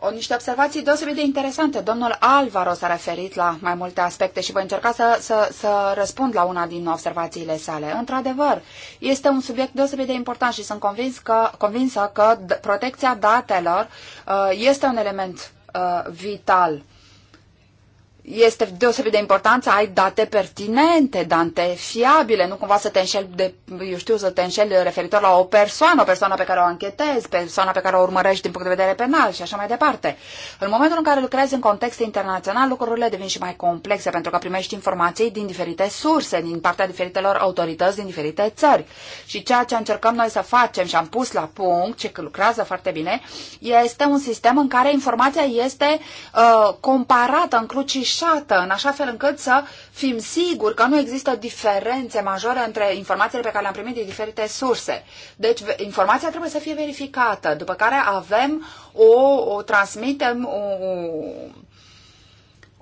[SPEAKER 3] o, niște observații deosebit de interesante. Domnul Alvaro s-a referit la mai multe aspecte și voi încerca să, să, să răspund la una din observațiile sale. Într-adevăr, este un subiect deosebit de important și sunt convins că, convinsă că protecția datelor uh, este un element uh, vital este deosebit de important să ai date pertinente, date fiabile, nu cumva să te înșeli de, eu știu, să te înșeli referitor la o persoană, o persoană pe care o anchetezi, persoana pe care o urmărești din punct de vedere penal și așa mai departe. În momentul în care lucrezi în context internațional, lucrurile devin și mai complexe pentru că primești informații din diferite surse, din partea diferitelor autorități din diferite țări. Și ceea ce încercăm noi să facem și am pus la punct, ce că lucrează foarte bine, este un sistem în care informația este uh, comparată în cruci atașată, în așa fel încât să fim siguri că nu există diferențe majore între informațiile pe care le-am primit din diferite surse. Deci informația trebuie să fie verificată, după care avem o, o transmitem o,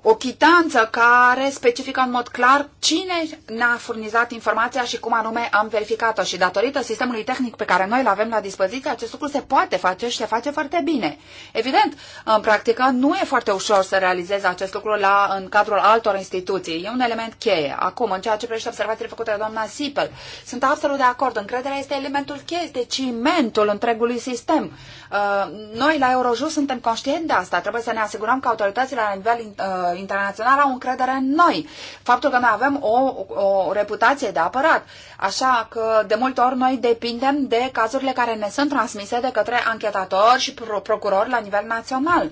[SPEAKER 3] o chitanță care specifică în mod clar cine ne-a furnizat informația și cum anume am verificat-o. Și datorită sistemului tehnic pe care noi îl avem la dispoziție, acest lucru se poate face și se face foarte bine. Evident, în practică nu e foarte ușor să realizezi acest lucru la, în cadrul altor instituții. E un element cheie. Acum, în ceea ce privește observațiile făcute de doamna Sipel, sunt absolut de acord. Încrederea este elementul cheie, este cimentul întregului sistem. Uh, noi la Eurojust suntem conștienți de asta. Trebuie să ne asigurăm că autoritățile la nivel uh, internaționale au încredere în noi. Faptul că noi avem o, o reputație de apărat. Așa că de multe ori noi depindem de cazurile care ne sunt transmise de către anchetatori și procurori la nivel național.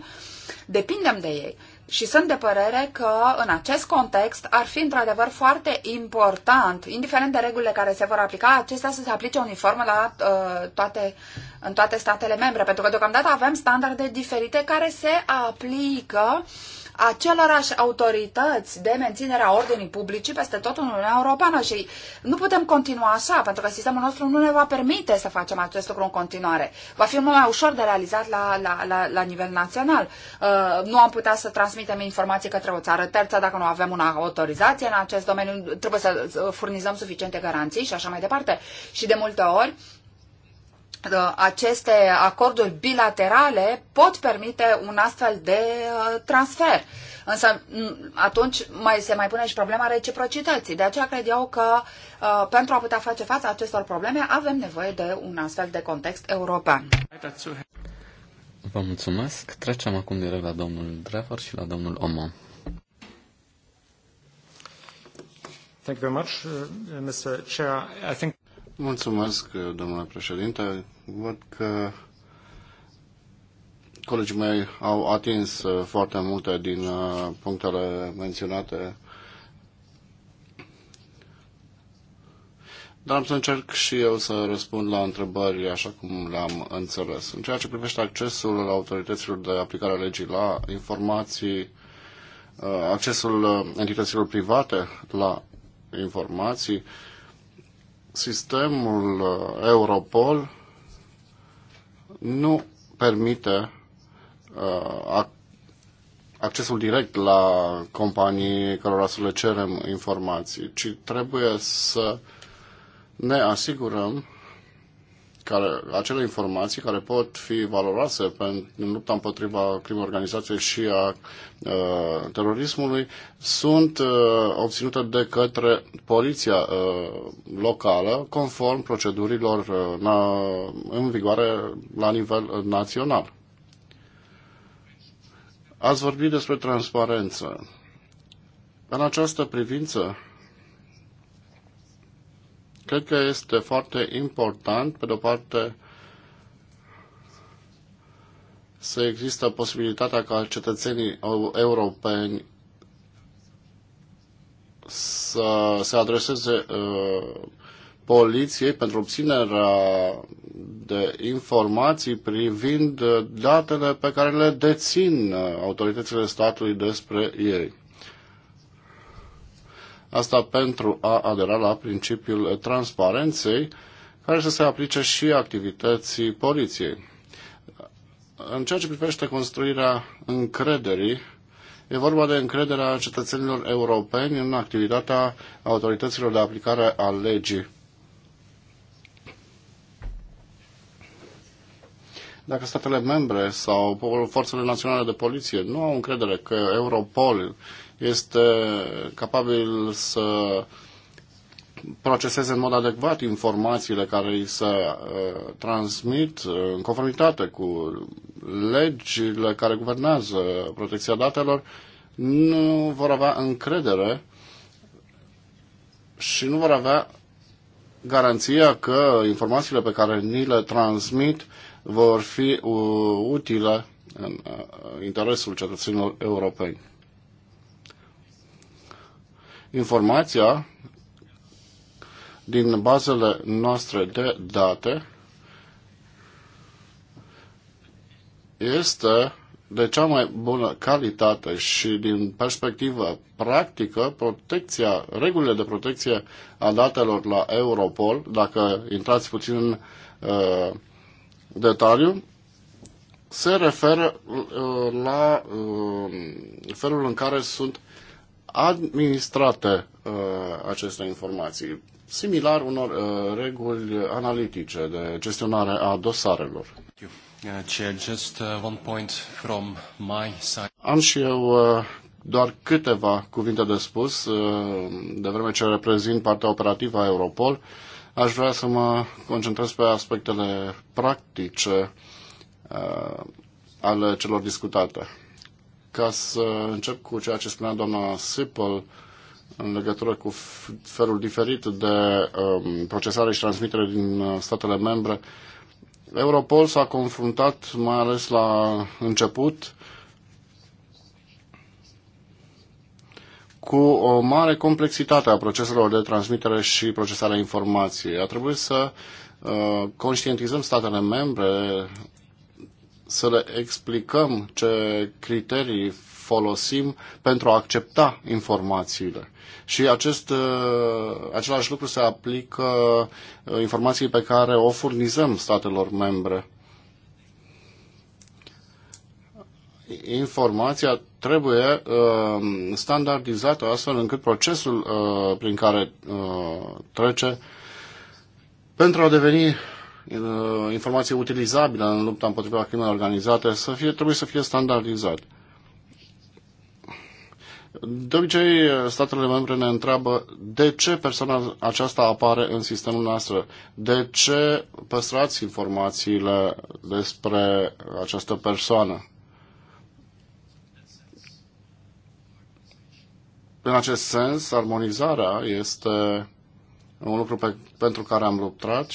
[SPEAKER 3] Depindem de ei. Și sunt de părere că în acest context ar fi într-adevăr foarte important, indiferent de regulile care se vor aplica, acestea să se aplice uniform la uh, toate, în toate statele membre, pentru că deocamdată avem standarde diferite care se aplică uh, acelorași autorități de menținere a ordinii publice peste tot în Uniunea Europeană și nu putem continua așa, pentru că sistemul nostru nu ne va permite să facem acest lucru în continuare. Va fi mult mai ușor de realizat la, la, la, la nivel național. Uh, nu am putea să transmitem informații către o țară terță dacă nu avem una autorizație în acest domeniu, trebuie să furnizăm suficiente garanții și așa mai departe. Și de multe ori, Ă, aceste acorduri bilaterale pot permite un astfel de ă, transfer. Însă atunci mai, se mai pune și problema reciprocității. De aceea cred eu că ă, pentru a putea face față acestor probleme avem nevoie de un astfel de context european.
[SPEAKER 4] Vă mulțumesc. Trecem acum direct la domnul Drever și la domnul Omo.
[SPEAKER 6] Thank you very much, uh, Mr. Chair. I think...
[SPEAKER 2] Mulțumesc, domnule președinte. Văd că colegii mei au atins uh, foarte multe din uh, punctele menționate. Dar am să încerc și eu să răspund la întrebări așa cum le-am înțeles. În ceea ce privește accesul autorităților de aplicare a legii la informații, uh, accesul entităților private la informații, sistemul Europol nu permite uh, accesul direct la companii cărora să le cerem informații, ci trebuie să ne asigurăm care, acele informații care pot fi valoroase pentru, în lupta împotriva crimei organizației și a uh, terorismului sunt uh, obținute de către poliția uh, locală conform procedurilor uh, na, în vigoare la nivel național. Ați vorbit despre transparență. În această privință, Cred că este foarte important, pe de-o parte, să există posibilitatea ca cetățenii europeni să se adreseze uh, poliției pentru obținerea de informații privind uh, datele pe care le dețin uh, autoritățile statului despre ei. Asta pentru a adera la principiul transparenței care să se aplice și activității poliției. În ceea ce privește construirea încrederii, e vorba de încrederea cetățenilor europeni în activitatea autorităților de aplicare a legii. Dacă statele membre sau forțele naționale de poliție nu au încredere că Europol este capabil să proceseze în mod adecvat informațiile care îi se uh, transmit uh, în conformitate cu legile care guvernează protecția datelor, nu vor avea încredere și nu vor avea garanția că informațiile pe care ni le transmit vor fi uh, utile în uh, interesul cetățenilor europeni informația din bazele noastre de date este de cea mai bună calitate și din perspectivă practică, protecția, regulile de protecție a datelor la Europol, dacă intrați puțin în uh, detaliu, se referă uh, la uh, felul în care sunt administrate uh, aceste informații, similar unor uh, reguli analitice de gestionare a dosarelor. Am și eu uh, doar câteva cuvinte de spus, uh, de vreme ce reprezint partea operativă a Europol. Aș vrea să mă concentrez pe aspectele practice uh, ale celor discutate ca să încep cu ceea ce spunea doamna Sipple în legătură cu felul diferit de um, procesare și transmitere din uh, statele membre. Europol s-a confruntat, mai ales la început, cu o mare complexitate a proceselor de transmitere și procesare a informației. A trebuit să uh, conștientizăm statele membre să le explicăm ce criterii folosim pentru a accepta informațiile. Și acest, uh, același lucru se aplică uh, informației pe care o furnizăm statelor membre. Informația trebuie uh, standardizată astfel încât procesul prin care trece pentru a deveni Uh, informație utilizabilă în lupta împotriva crimei organizate să fie, trebuie să fie standardizat. De obicei, statele membre ne întreabă de ce persoana aceasta apare în sistemul nostru, de ce păstrați informațiile despre această persoană. În acest sens, armonizarea este un lucru pe, pentru care am luptat,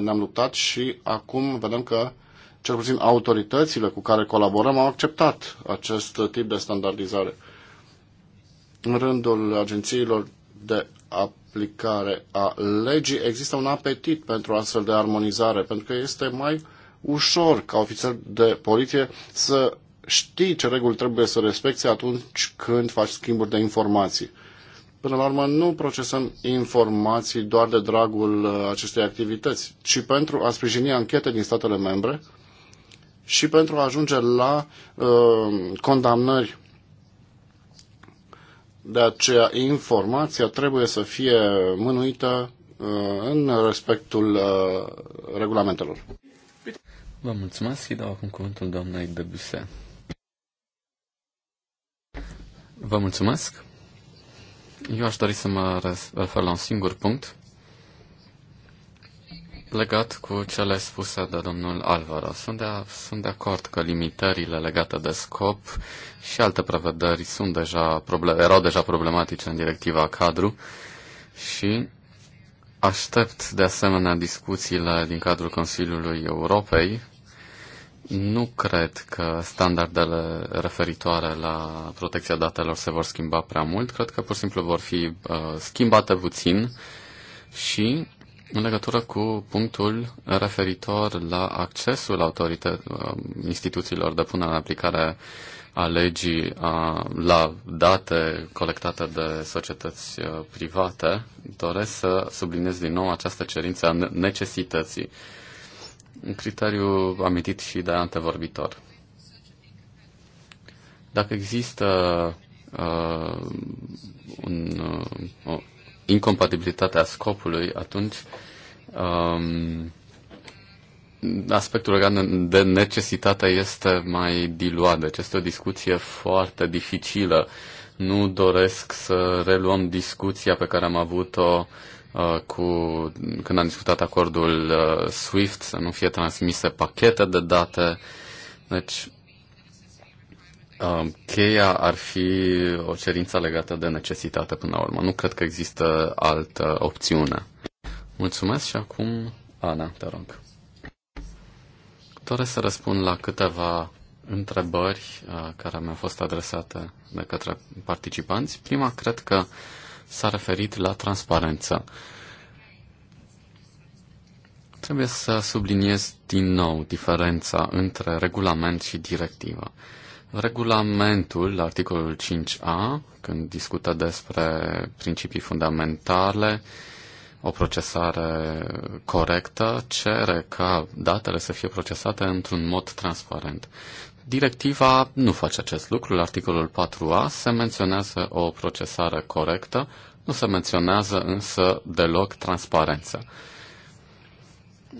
[SPEAKER 2] ne-am luptat și acum vedem că cel puțin autoritățile cu care colaborăm au acceptat acest tip de standardizare. În rândul agențiilor de aplicare a legii există un apetit pentru astfel de armonizare, pentru că este mai ușor ca ofițer de poliție să știi ce reguli trebuie să respecte atunci când faci schimburi de informații. Până la urmă, nu procesăm informații doar de dragul uh, acestei activități, ci pentru a sprijini anchete din statele membre și pentru a ajunge la uh, condamnări. De aceea, informația trebuie să fie mânuită uh, în respectul uh, regulamentelor.
[SPEAKER 4] Vă mulțumesc și dau acum cuvântul doamnei Debuse. Vă mulțumesc. Eu aș dori să mă refer la un singur punct legat cu cele spuse de domnul Alvaro. Sunt de, sunt de acord că limitările legate de scop și alte prevederi sunt deja probleme, erau deja problematice în directiva cadru și aștept de asemenea discuțiile din cadrul Consiliului Europei nu cred că standardele referitoare la protecția datelor se vor schimba prea mult. Cred că pur și simplu vor fi uh, schimbate puțin și în legătură cu punctul referitor la accesul autorită- uh, instituțiilor de punere în aplicare a legii a, uh, la date colectate de societăți uh, private, doresc să subliniez din nou această cerință a necesității. Uh, un criteriu amintit și de antevorbitor. Dacă există uh, un, uh, o incompatibilitate a scopului, atunci um, aspectul legat de necesitate este mai diluat. Deci este o discuție foarte dificilă. Nu doresc să reluăm discuția pe care am avut-o Uh, cu, când am discutat acordul uh, SWIFT, să nu fie transmise pachete de date. Deci, uh, cheia ar fi o cerință legată de necesitate până la urmă. Nu cred că există altă opțiune. Mulțumesc și acum, Ana, te rog. Doresc să răspund la câteva întrebări care mi-au fost adresate de către participanți. Prima, cred că uh, s-a referit la transparență. Trebuie să subliniez din nou diferența între regulament și directivă. Regulamentul, articolul 5a, când discută despre principii fundamentale, o procesare corectă, cere ca datele să fie procesate într-un mod transparent. Directiva nu face acest lucru. La articolul 4a se menționează o procesare corectă, nu se menționează însă deloc transparență.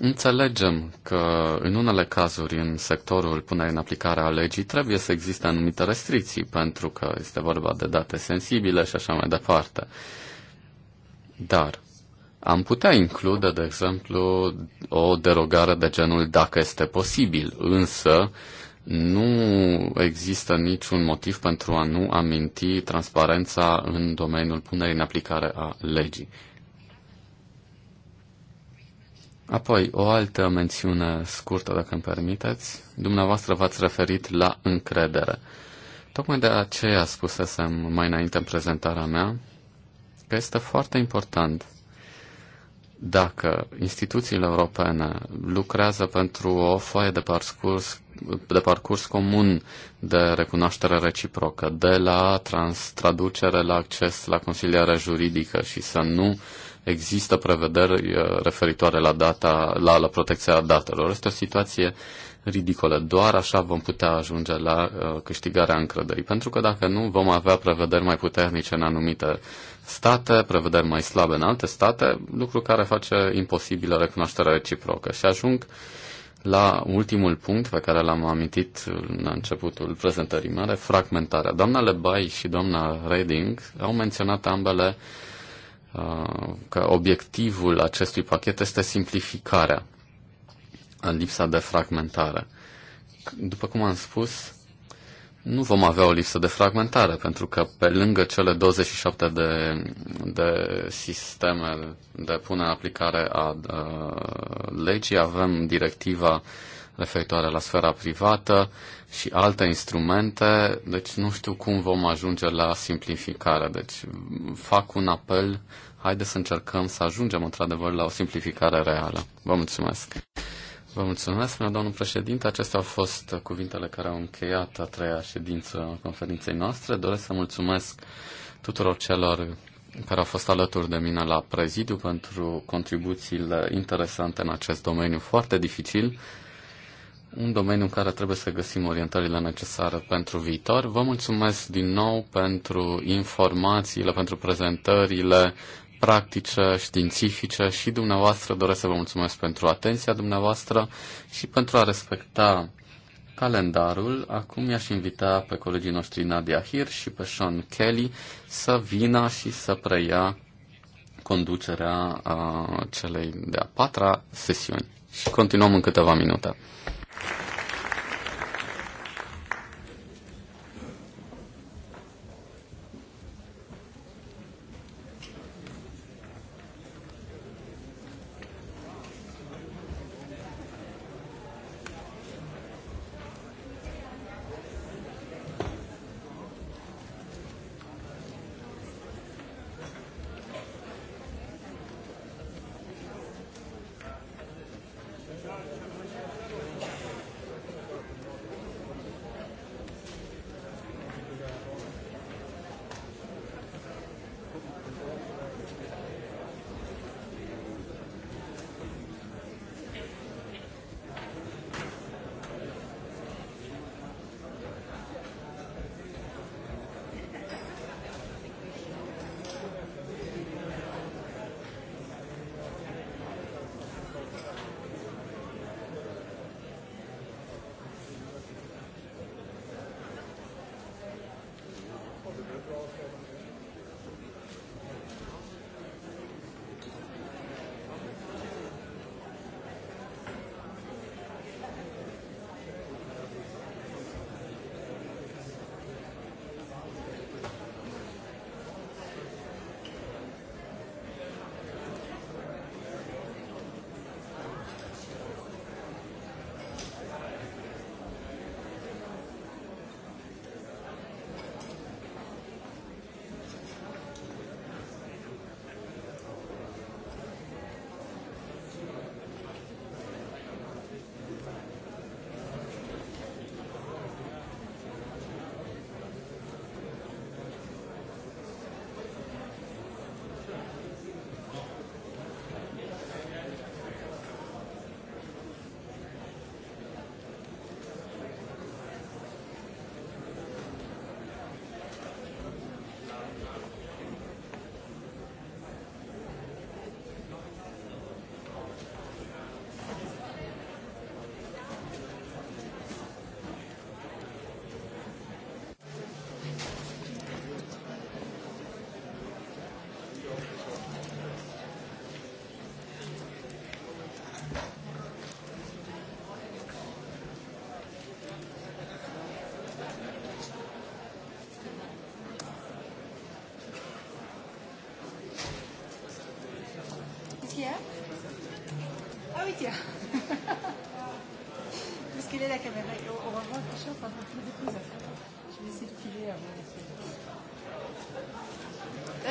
[SPEAKER 4] Înțelegem că în unele cazuri în sectorul punerii în aplicare a legii trebuie să existe anumite restricții pentru că este vorba de date sensibile și așa mai departe. Dar am putea include, de exemplu, o derogare de genul dacă este posibil, însă uh, nu există niciun motiv pentru a nu aminti transparența în domeniul punerii în aplicare a legii. Apoi, o altă mențiune scurtă, dacă îmi permiteți. Dumneavoastră v-ați referit la încredere. Tocmai de aceea spusesem mai înainte în prezentarea mea că este foarte important dacă instituțiile europene lucrează pentru o foaie de parcurs de parcurs comun de recunoaștere reciprocă, de la trans, traducere la acces la consiliere juridică și să nu există prevederi eh, referitoare la, data, la, la protecția datelor. Este o situație ridicolă. Doar așa vom putea ajunge la eh, câștigarea încrederii. Pentru că dacă nu, vom avea prevederi mai puternice în anumite state, prevederi mai slabe în alte state, lucru care face imposibilă recunoașterea reciprocă. Și ajung la ultimul punct pe care l-am amintit în începutul prezentării mele, fragmentarea. Doamna Lebai și doamna Reding au menționat ambele uh, că obiectivul acestui pachet este simplificarea, lipsa de fragmentare. După cum am spus, nu vom avea o lipsă de fragmentare, pentru că pe lângă cele 27 de, de sisteme de pune în aplicare a, a legii, avem directiva referitoare la sfera privată și alte instrumente, deci nu știu cum vom ajunge la simplificare. Deci fac un apel, haide să încercăm să ajungem într-adevăr la o simplificare reală. Vă mulțumesc! Vă mulțumesc, domnul președinte. Acestea au fost cuvintele care au încheiat a treia ședință a conferinței noastre. Doresc să mulțumesc tuturor celor care au fost alături de mine la prezidiu pentru contribuțiile interesante în acest domeniu foarte dificil, un domeniu în care trebuie să găsim orientările necesare pentru viitor. Vă mulțumesc din nou pentru informațiile, pentru prezentările practice științifice și dumneavoastră doresc să vă mulțumesc pentru atenția dumneavoastră și pentru a respecta calendarul. Acum i-aș invita pe colegii noștri Nadia Hir și pe Sean Kelly să vină și să preia conducerea a celei de-a patra sesiuni. Și continuăm în câteva minute.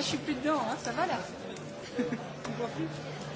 [SPEAKER 5] Là, ah, je suis plus dedans, hein. ça va là Je vous en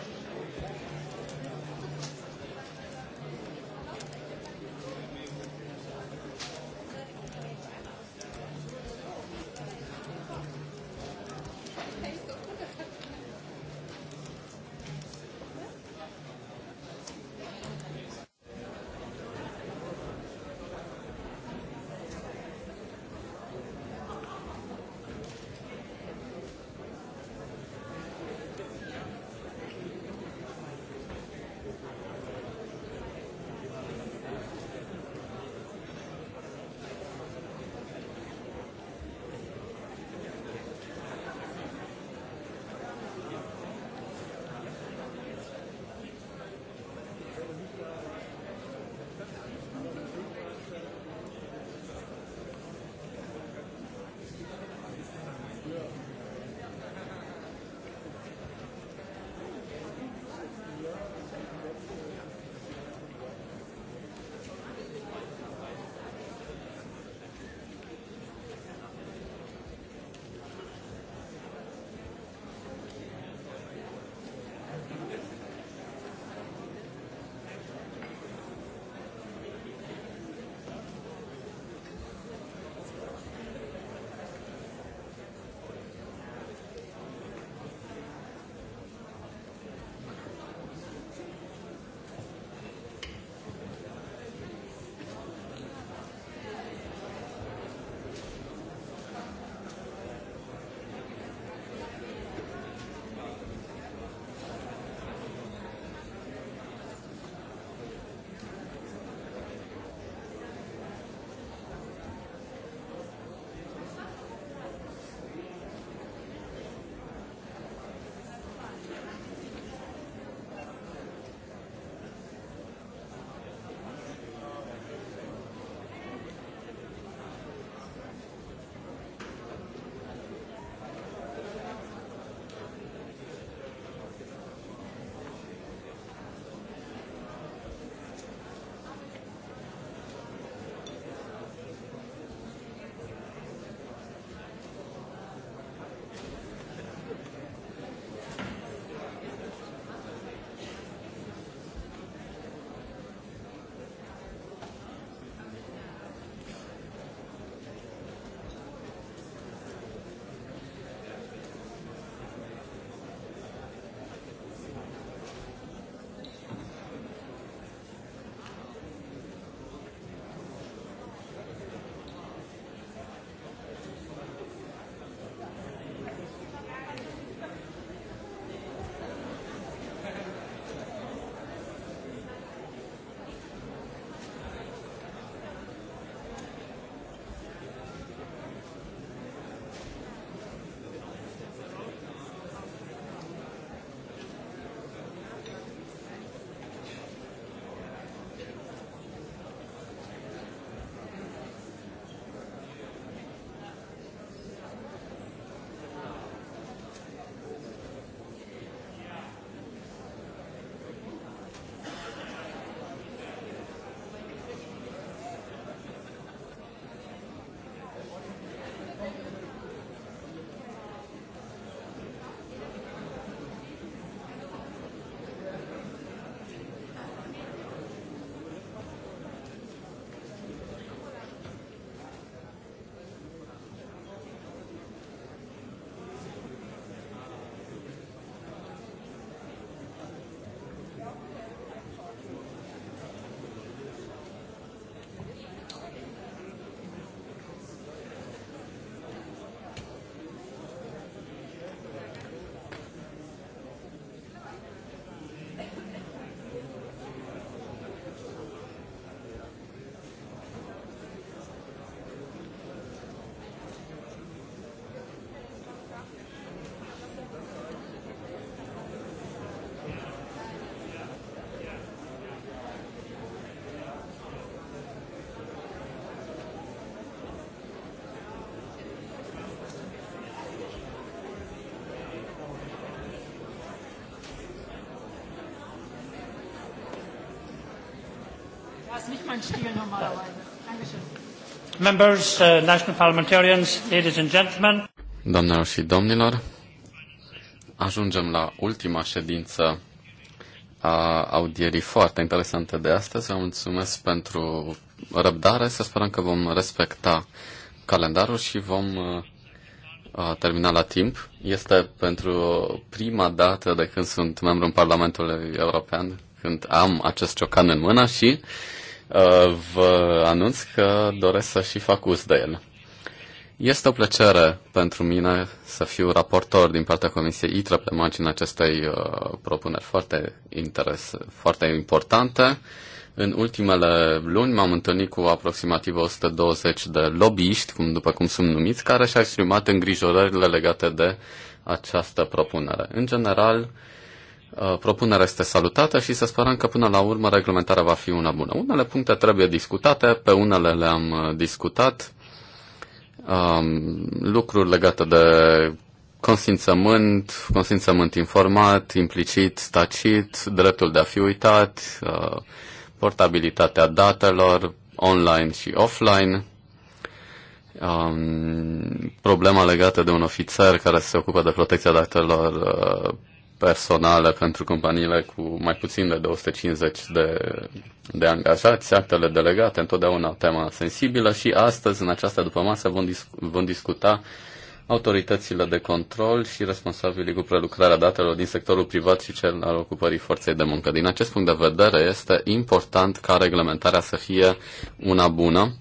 [SPEAKER 1] Members, uh, national parliamentarians, ladies and gentlemen.
[SPEAKER 4] Doamnelor și domnilor, ajungem la ultima ședință a audierii foarte interesante de astăzi. Vă mulțumesc pentru răbdare. Să sperăm că vom respecta calendarul și vom uh, uh termina la timp. Este pentru prima dată de când sunt membru în Parlamentul European, când am acest ciocan în mână și uh, Uh, vă anunț că doresc să și fac uz de el. Este o plăcere pentru mine să fiu raportor din partea Comisiei ITRE pe marginea acestei uh, propuneri foarte, interes, foarte importante. În ultimele luni m-am întâlnit cu aproximativ 120 de lobbyiști, cum, după cum sunt numiți, care și-au exprimat îngrijorările legate de această propunere. În general, uh, Uh, propunerea este salutată și să sperăm că până la urmă reglementarea va fi una bună. Unele puncte trebuie discutate, pe unele le-am uh, discutat, um, lucruri legate de consimțământ, consimțământ informat, implicit, tacit, dreptul de a fi uitat, uh, portabilitatea datelor online și offline, um, problema legată de un ofițer care se ocupă de protecția datelor uh, personală pentru companiile cu mai puțin de 250 de, de angajați, actele delegate, întotdeauna o temă sensibilă și astăzi, în această dupămasă, vom, dis- vom discuta autoritățile de control și responsabilii cu prelucrarea datelor din sectorul privat și cel al ocupării forței de muncă. Din acest punct de vedere, este important ca reglementarea să fie una bună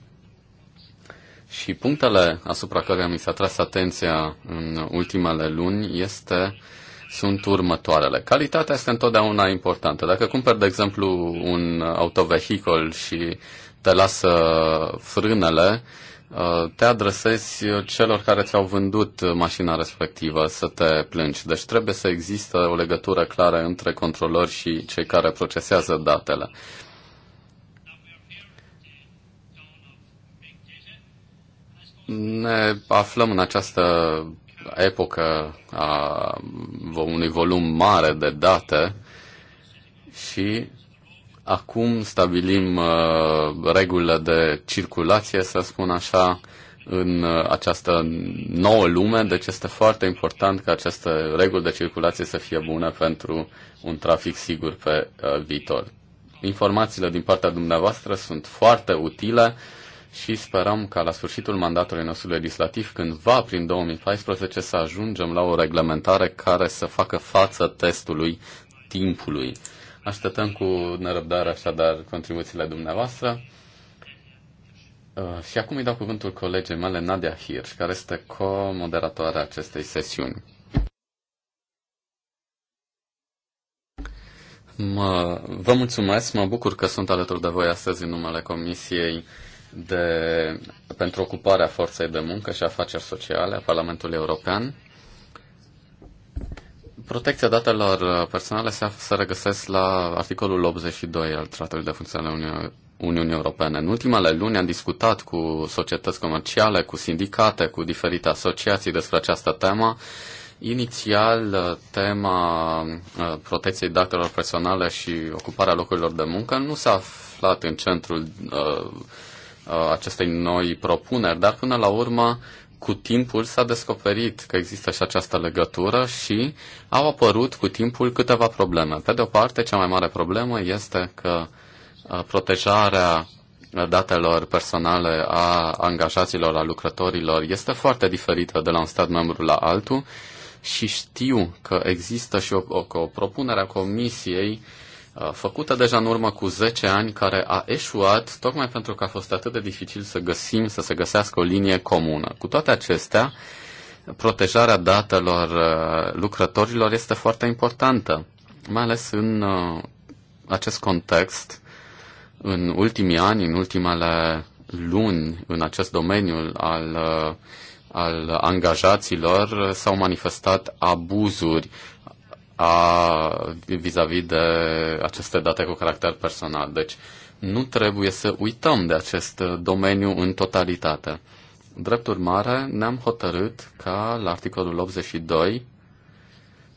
[SPEAKER 4] și punctele asupra care mi s-a tras atenția în ultimele luni este uh, sunt următoarele. Calitatea este întotdeauna importantă. Dacă cumperi, de exemplu, un autovehicol și te lasă frânele, uh, te adresezi celor care ți-au vândut mașina respectivă să te plângi. Deci trebuie să există o legătură clară între controlori și cei care procesează datele. Ne aflăm în această epocă a unui volum mare de date și acum stabilim regulă uh, regulile de circulație, să spun așa, în uh, această nouă lume, deci este foarte important ca aceste reguli de circulație să fie bune pentru un trafic sigur pe uh, viitor. Informațiile din partea dumneavoastră sunt foarte utile și sperăm ca la sfârșitul mandatului nostru legislativ, cândva prin 2014, să ajungem la o reglementare care să facă față testului timpului. Așteptăm cu nerăbdare așadar contribuțiile dumneavoastră. Uh, și acum îi dau cuvântul colegei mele, Nadia Hirsch, care este co-moderatoarea acestei sesiuni. Mă, vă mulțumesc, mă bucur că sunt alături de voi astăzi în numele Comisiei de, pentru ocuparea forței de muncă și afaceri sociale a Parlamentului European. Protecția datelor personale se, se regăsesc la articolul 82 al Tratatului de Funcționare Uniunii Uniunii Europene. În ultimele luni am discutat cu societăți comerciale, cu sindicate, cu diferite asociații despre această temă. Inițial, tema uh, protecției datelor personale și ocuparea locurilor de muncă nu s-a aflat în centrul uh, Uh, acestei noi propuneri, dar până la urmă cu timpul s-a descoperit că există și această legătură și au apărut cu timpul câteva probleme. Pe de o parte, cea mai mare problemă este că uh, protejarea datelor personale a angajaților, a lucrătorilor este foarte diferită de la un stat membru la altul și știu că există și o, o, o propunere a Comisiei uh, Uh, făcută deja în urmă cu 10 ani, care a eșuat tocmai pentru că a fost atât de dificil să găsim, să se găsească o linie comună. Cu toate acestea, protejarea datelor uh, lucrătorilor este foarte importantă, mai ales în uh, acest context. În ultimii ani, în ultimele luni, în acest domeniu al al angajaților s-au manifestat abuzuri a, vis-a-vis -vis de aceste date cu caracter personal. Deci nu trebuie să uităm de acest domeniu în totalitate. Drept urmare, ne-am hotărât ca la articolul 82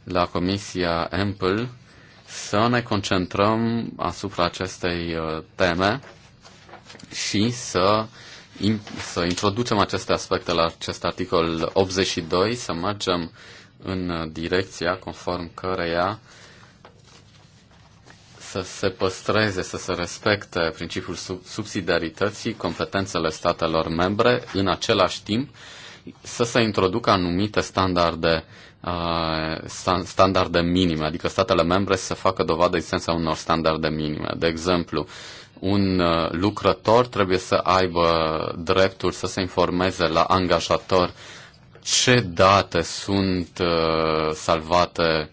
[SPEAKER 4] la Comisia Ample să ne concentrăm asupra acestei uh, teme și să, să introducem aceste aspecte la acest articol 82, să mergem uh, în direcția conform căreia să se păstreze, să se respecte principiul subsidiarității, competențele statelor membre, în același timp să se introducă anumite standarde, uh, standarde minime, adică statele membre să facă dovadă existența unor standarde minime. De exemplu, un uh, lucrător trebuie să aibă dreptul să se informeze la angajator uh, ce date sunt uh, salvate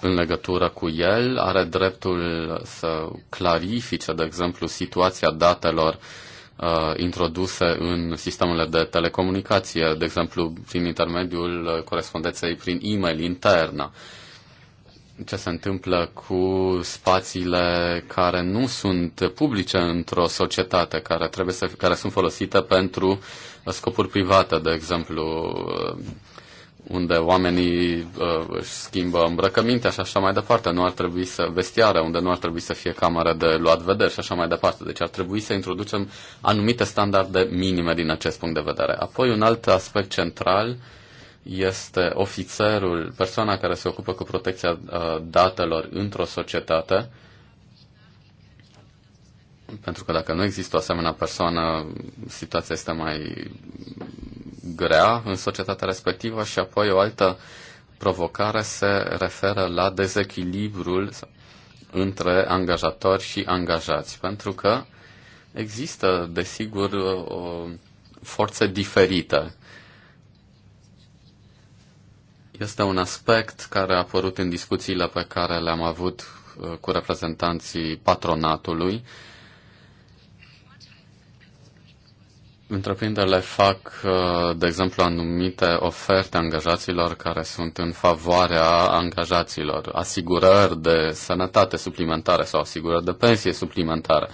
[SPEAKER 4] în legătură cu el, are dreptul să clarifice, de exemplu, situația datelor uh, introduse în sistemele de telecomunicație, de exemplu, prin intermediul corespondenței prin e-mail internă. Ce se întâmplă cu spațiile care nu sunt publice într-o societate, care, trebuie să, care sunt folosite pentru uh, scopuri private, de exemplu, unde oamenii uh, își schimbă îmbrăcămintea și așa mai departe. Nu ar trebui să vestiare, unde nu ar trebui să fie cameră de luat vedere și așa mai departe. Deci ar trebui să introducem anumite standarde minime din acest punct de vedere. Apoi un alt aspect central este ofițerul, persoana care se ocupă cu protecția uh, datelor într-o societate, pentru că dacă nu există o asemenea persoană, situația este mai grea în societatea respectivă și apoi o altă provocare se referă la dezechilibrul între angajatori și angajați, pentru că există, desigur, o forță diferită. Este un aspect care a apărut în discuțiile pe care le-am avut uh, cu reprezentanții patronatului, Întreprinderile fac, uh, de exemplu, anumite oferte angajaților care sunt în favoarea angajaților, asigurări de sănătate suplimentare sau asigurări de pensie suplimentare,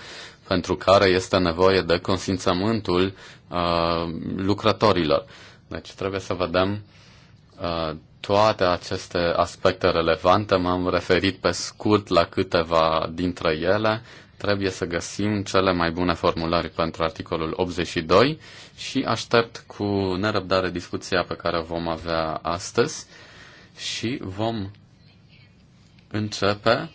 [SPEAKER 4] pentru care este nevoie de consimțământul uh, lucrătorilor. Deci trebuie să vedem uh, toate aceste aspecte relevante. M-am referit pe scurt la câteva dintre ele trebuie să găsim cele mai bune formulări pentru articolul 82 și aștept cu nerăbdare discuția pe care o vom avea astăzi și vom începe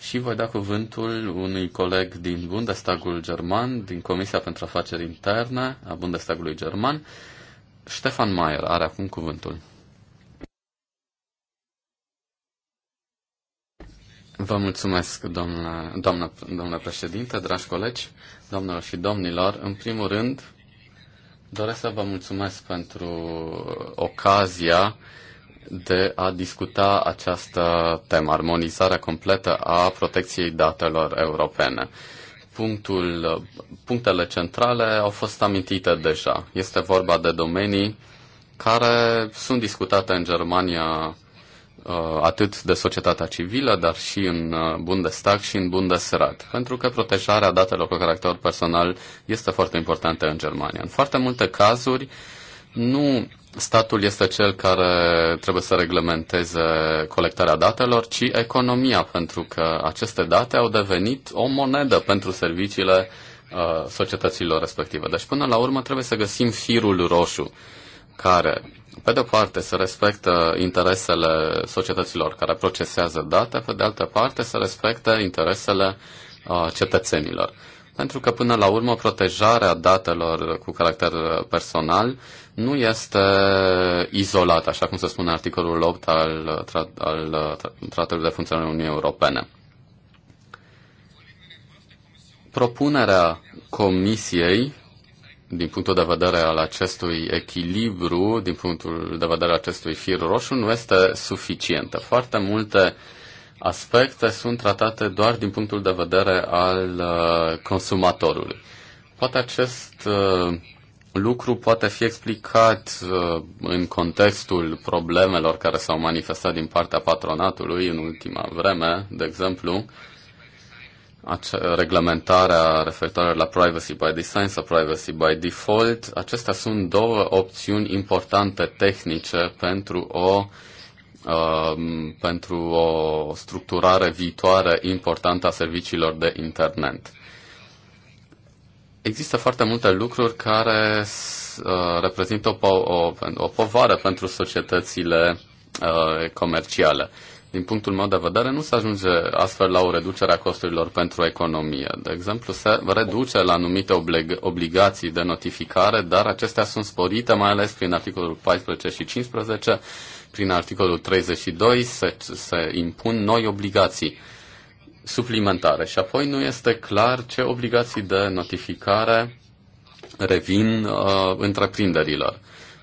[SPEAKER 4] și voi da cuvântul unui coleg din Bundestagul German, din Comisia pentru Afaceri Interne a Bundestagului German. Stefan Mayer are acum cuvântul. Vă mulțumesc, doamna, doamna, doamna președinte, dragi colegi, doamnelor și domnilor. În primul rând, doresc să vă mulțumesc pentru ocazia de a discuta această temă, armonizarea completă a protecției datelor europene. Punctul, punctele centrale au fost amintite deja. Este vorba de domenii care sunt discutate în Germania Uh, atât de societatea civilă, dar și în uh, Bundestag și în Bundesrat, pentru că protejarea datelor cu caracter personal este foarte importantă în Germania. În foarte multe cazuri, nu statul este cel care trebuie să reglementeze colectarea datelor, ci economia, pentru că aceste date au devenit o monedă pentru serviciile uh, societăților respective. Deci, până la urmă, trebuie să găsim firul roșu care pe de o parte, să respectă interesele societăților care procesează date, pe de altă parte, să respectă interesele uh, cetățenilor. Pentru că, până la urmă, protejarea datelor cu caracter personal nu este izolată, așa cum se spune articolul 8 al, tra- al Tratatului de Funcționare Uniunii Europene. Propunerea Comisiei din punctul de vedere al acestui echilibru, din punctul de vedere al acestui fir roșu, nu este suficientă. Foarte multe aspecte sunt tratate doar din punctul de vedere al uh, consumatorului. Poate acest uh, lucru poate fi explicat uh, în contextul problemelor care s-au manifestat din partea patronatului în ultima vreme, de exemplu, reglementarea referitoare la privacy by design sau privacy by default, acestea sunt două opțiuni importante tehnice pentru o uh, pentru o structurare viitoare importantă a serviciilor de internet. Există foarte multe lucruri care uh, reprezintă o, po- o, o povară pentru societățile uh, comerciale din punctul meu de vedere, nu se ajunge astfel la o reducere a costurilor pentru economie. De exemplu, se reduce la anumite obleg- obligații de notificare, dar acestea sunt sporite, mai ales prin articolul 14 și 15, prin articolul 32 se, se impun noi obligații suplimentare și apoi nu este clar ce obligații de notificare revin uh, întreprinderilor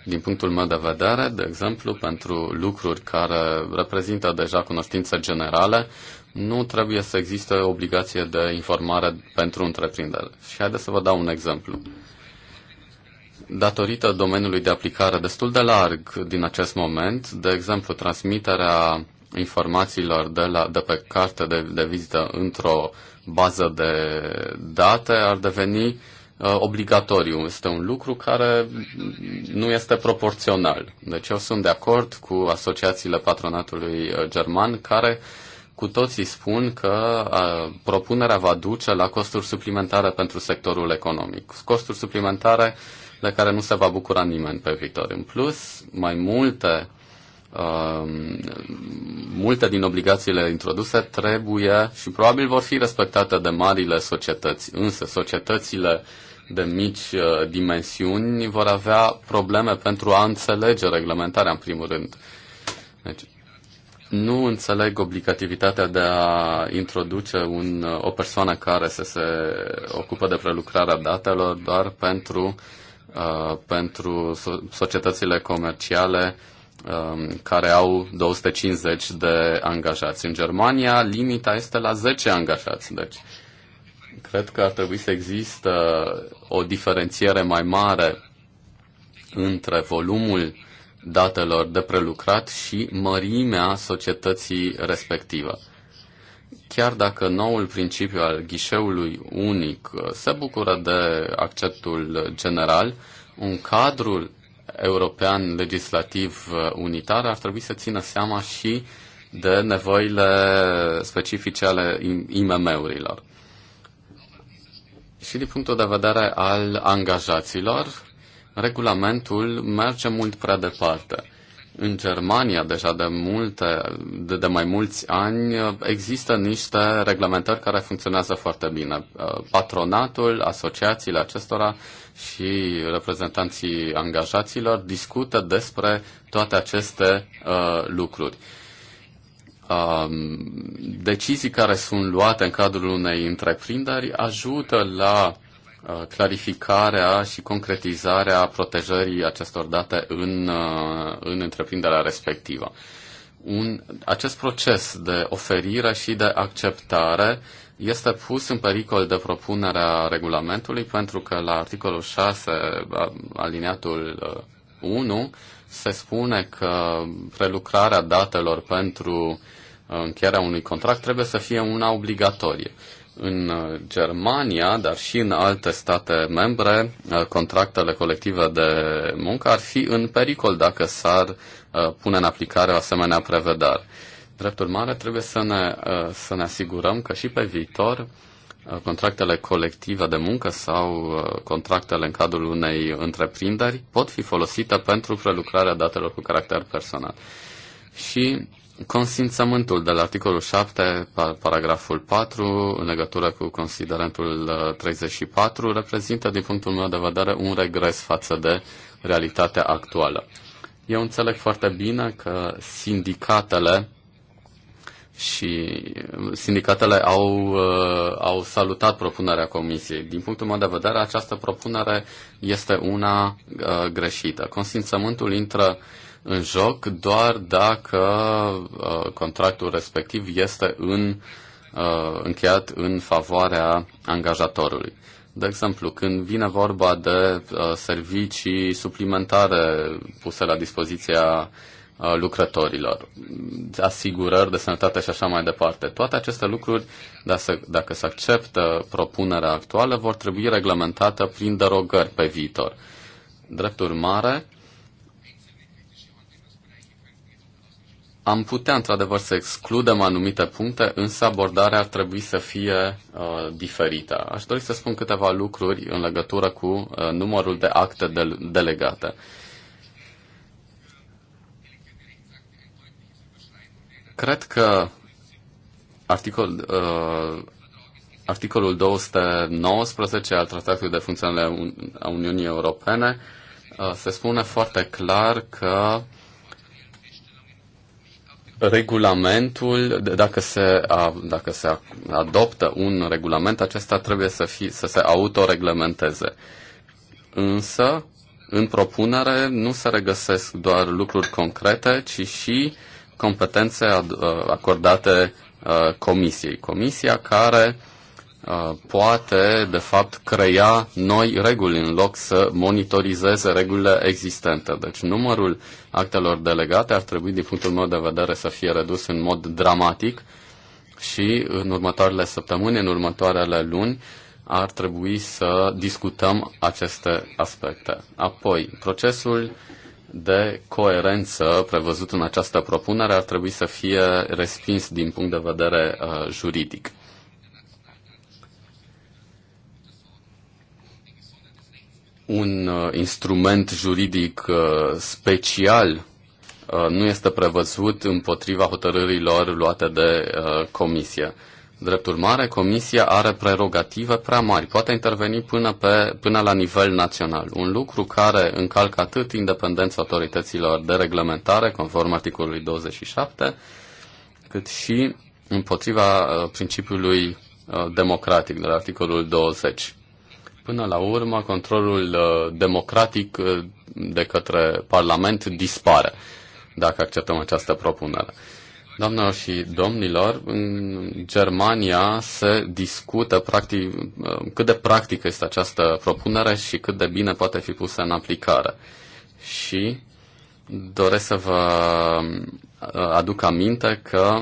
[SPEAKER 4] din punctul meu de vedere, de exemplu, pentru lucruri care reprezintă deja cunoștință generală, nu trebuie să existe obligație de informare pentru întreprindere. Și haideți să vă dau un exemplu. Datorită domeniului de aplicare destul de larg din acest moment, de exemplu, transmiterea informațiilor de, la, de pe carte de, de vizită într-o bază de date ar deveni uh, Uh, obligatoriu. Este un lucru care nu este proporțional. Deci eu sunt de acord cu asociațiile patronatului uh, german care cu toții spun că a, uh, propunerea va duce la costuri suplimentare pentru sectorul economic. Costuri suplimentare de care nu se va bucura nimeni pe viitor. În plus, mai multe, uh, multe din obligațiile introduse trebuie și probabil vor fi respectate de marile societăți. Însă societățile uh, de mici uh, dimensiuni vor avea probleme pentru a înțelege reglementarea, în primul rând. Deci, nu înțeleg obligativitatea de a introduce un, uh, o persoană care să se ocupă de prelucrarea datelor doar pentru, uh, pentru societățile comerciale um, care au 250 de angajați. În Germania, limita este la 10 angajați. Deci, cred că ar trebui să există o diferențiere mai mare între volumul datelor de prelucrat și mărimea societății respective. Chiar dacă noul principiu al ghișeului unic se bucură de acceptul general, un cadru european legislativ unitar ar trebui să țină seama și de nevoile specifice ale IMM-urilor. Și din punctul de vedere al angajaților, regulamentul merge mult prea departe. În Germania, deja de, multe, de, de mai mulți ani, există niște reglementări care funcționează foarte bine. Uh, patronatul, asociațiile acestora și reprezentanții angajaților discută despre toate aceste uh, lucruri. Um, decizii care sunt luate în cadrul unei întreprinderi ajută la uh, clarificarea și concretizarea protejării acestor date în, uh, în întreprinderea respectivă. Un, acest proces de oferire și de acceptare este pus în pericol de propunerea regulamentului pentru că la articolul 6, aliniatul 1, uh, se spune că prelucrarea datelor pentru uh, încheierea unui contract trebuie să fie una obligatorie. În uh, Germania, dar și în alte state membre, uh, contractele colective de muncă ar fi în pericol dacă s-ar pune în aplicare o asemenea prevedere. Drept urmare, trebuie să ne, să ne asigurăm că și pe viitor uh, Uh, contractele colective de muncă sau uh, contractele în cadrul unei întreprinderi pot fi folosite pentru prelucrarea datelor cu caracter personal. Și consimțământul de la articolul 7, paragraful 4, în legătură cu considerentul 34, uh, reprezintă, din punctul meu de vedere, un regres față de realitatea actuală. Eu înțeleg foarte bine că sindicatele și sindicatele au, uh, au salutat propunerea comisiei. Din punctul meu de vedere, această propunere este una uh, greșită. Consimțământul intră în joc doar dacă uh, contractul respectiv este în, uh, încheiat în favoarea angajatorului. De exemplu, când vine vorba de uh, servicii suplimentare puse la dispoziția uh, Uh, lucrătorilor, asigurări de sănătate și așa mai departe. Toate aceste lucruri, dacă, dacă se acceptă propunerea actuală, vor trebui reglementate prin derogări pe viitor. Drept urmare, am putea într-adevăr să excludem anumite puncte, însă abordarea ar trebui să fie uh, diferită. Aș dori să spun câteva lucruri în legătură cu uh, numărul de acte de- delegate. Uh, Cred că articol, uh, articolul 219 al Tratatului de Funcționare a Uniunii Europene uh, se spune foarte clar că regulamentul, dacă se, dacă se adoptă un regulament, acesta trebuie să, fi, să se autoreglementeze. Însă, în propunere nu se regăsesc doar lucruri concrete, ci și uh, competențe uh, acordate uh, comisiei. Comisia care uh, poate, de fapt, crea noi reguli în loc să monitorizeze regulile existente. Deci numărul actelor delegate ar trebui, din punctul meu de vedere, să fie redus în mod dramatic și în următoarele săptămâni, în următoarele luni, ar trebui să discutăm aceste aspecte. Apoi, procesul uh, de coerență prevăzut în această propunere ar trebui să fie respins din punct de vedere uh, juridic. Un uh, instrument juridic uh, special uh, nu este prevăzut împotriva hotărârilor luate de uh, comisie. Drept urmare, Comisia are prerogative prea mari, poate interveni până, pe, până la nivel național, un lucru care încalcă atât independența autorităților de reglementare, conform articolului 27, cât și împotriva uh, principiului uh, democratic de la articolul 20. Până la urmă, controlul uh, democratic de către Parlament dispare dacă acceptăm această propunere. Doamnelor și domnilor, în Germania se discută practic, cât de practică este această propunere și cât de bine poate fi pusă în aplicare. Și doresc să vă uh, aduc aminte că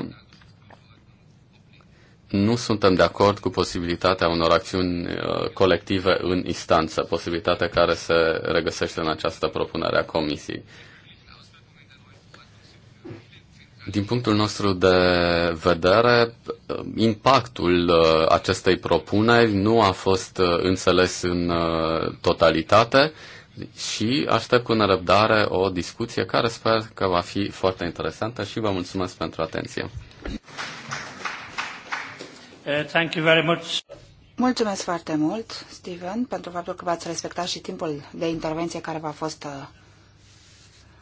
[SPEAKER 4] nu suntem de acord cu posibilitatea unor acțiuni uh, colective în instanță, posibilitatea care se regăsește în această propunere a Comisiei. Din punctul nostru de vedere, impactul uh, acestei propuneri nu a fost uh, înțeles în uh, totalitate și aștept cu nerăbdare o discuție care sper că va fi foarte interesantă și vă mulțumesc pentru atenție.
[SPEAKER 1] Thank you very much.
[SPEAKER 3] Mulțumesc foarte mult, Steven, pentru faptul că v-ați respectat și timpul de intervenție care v-a fost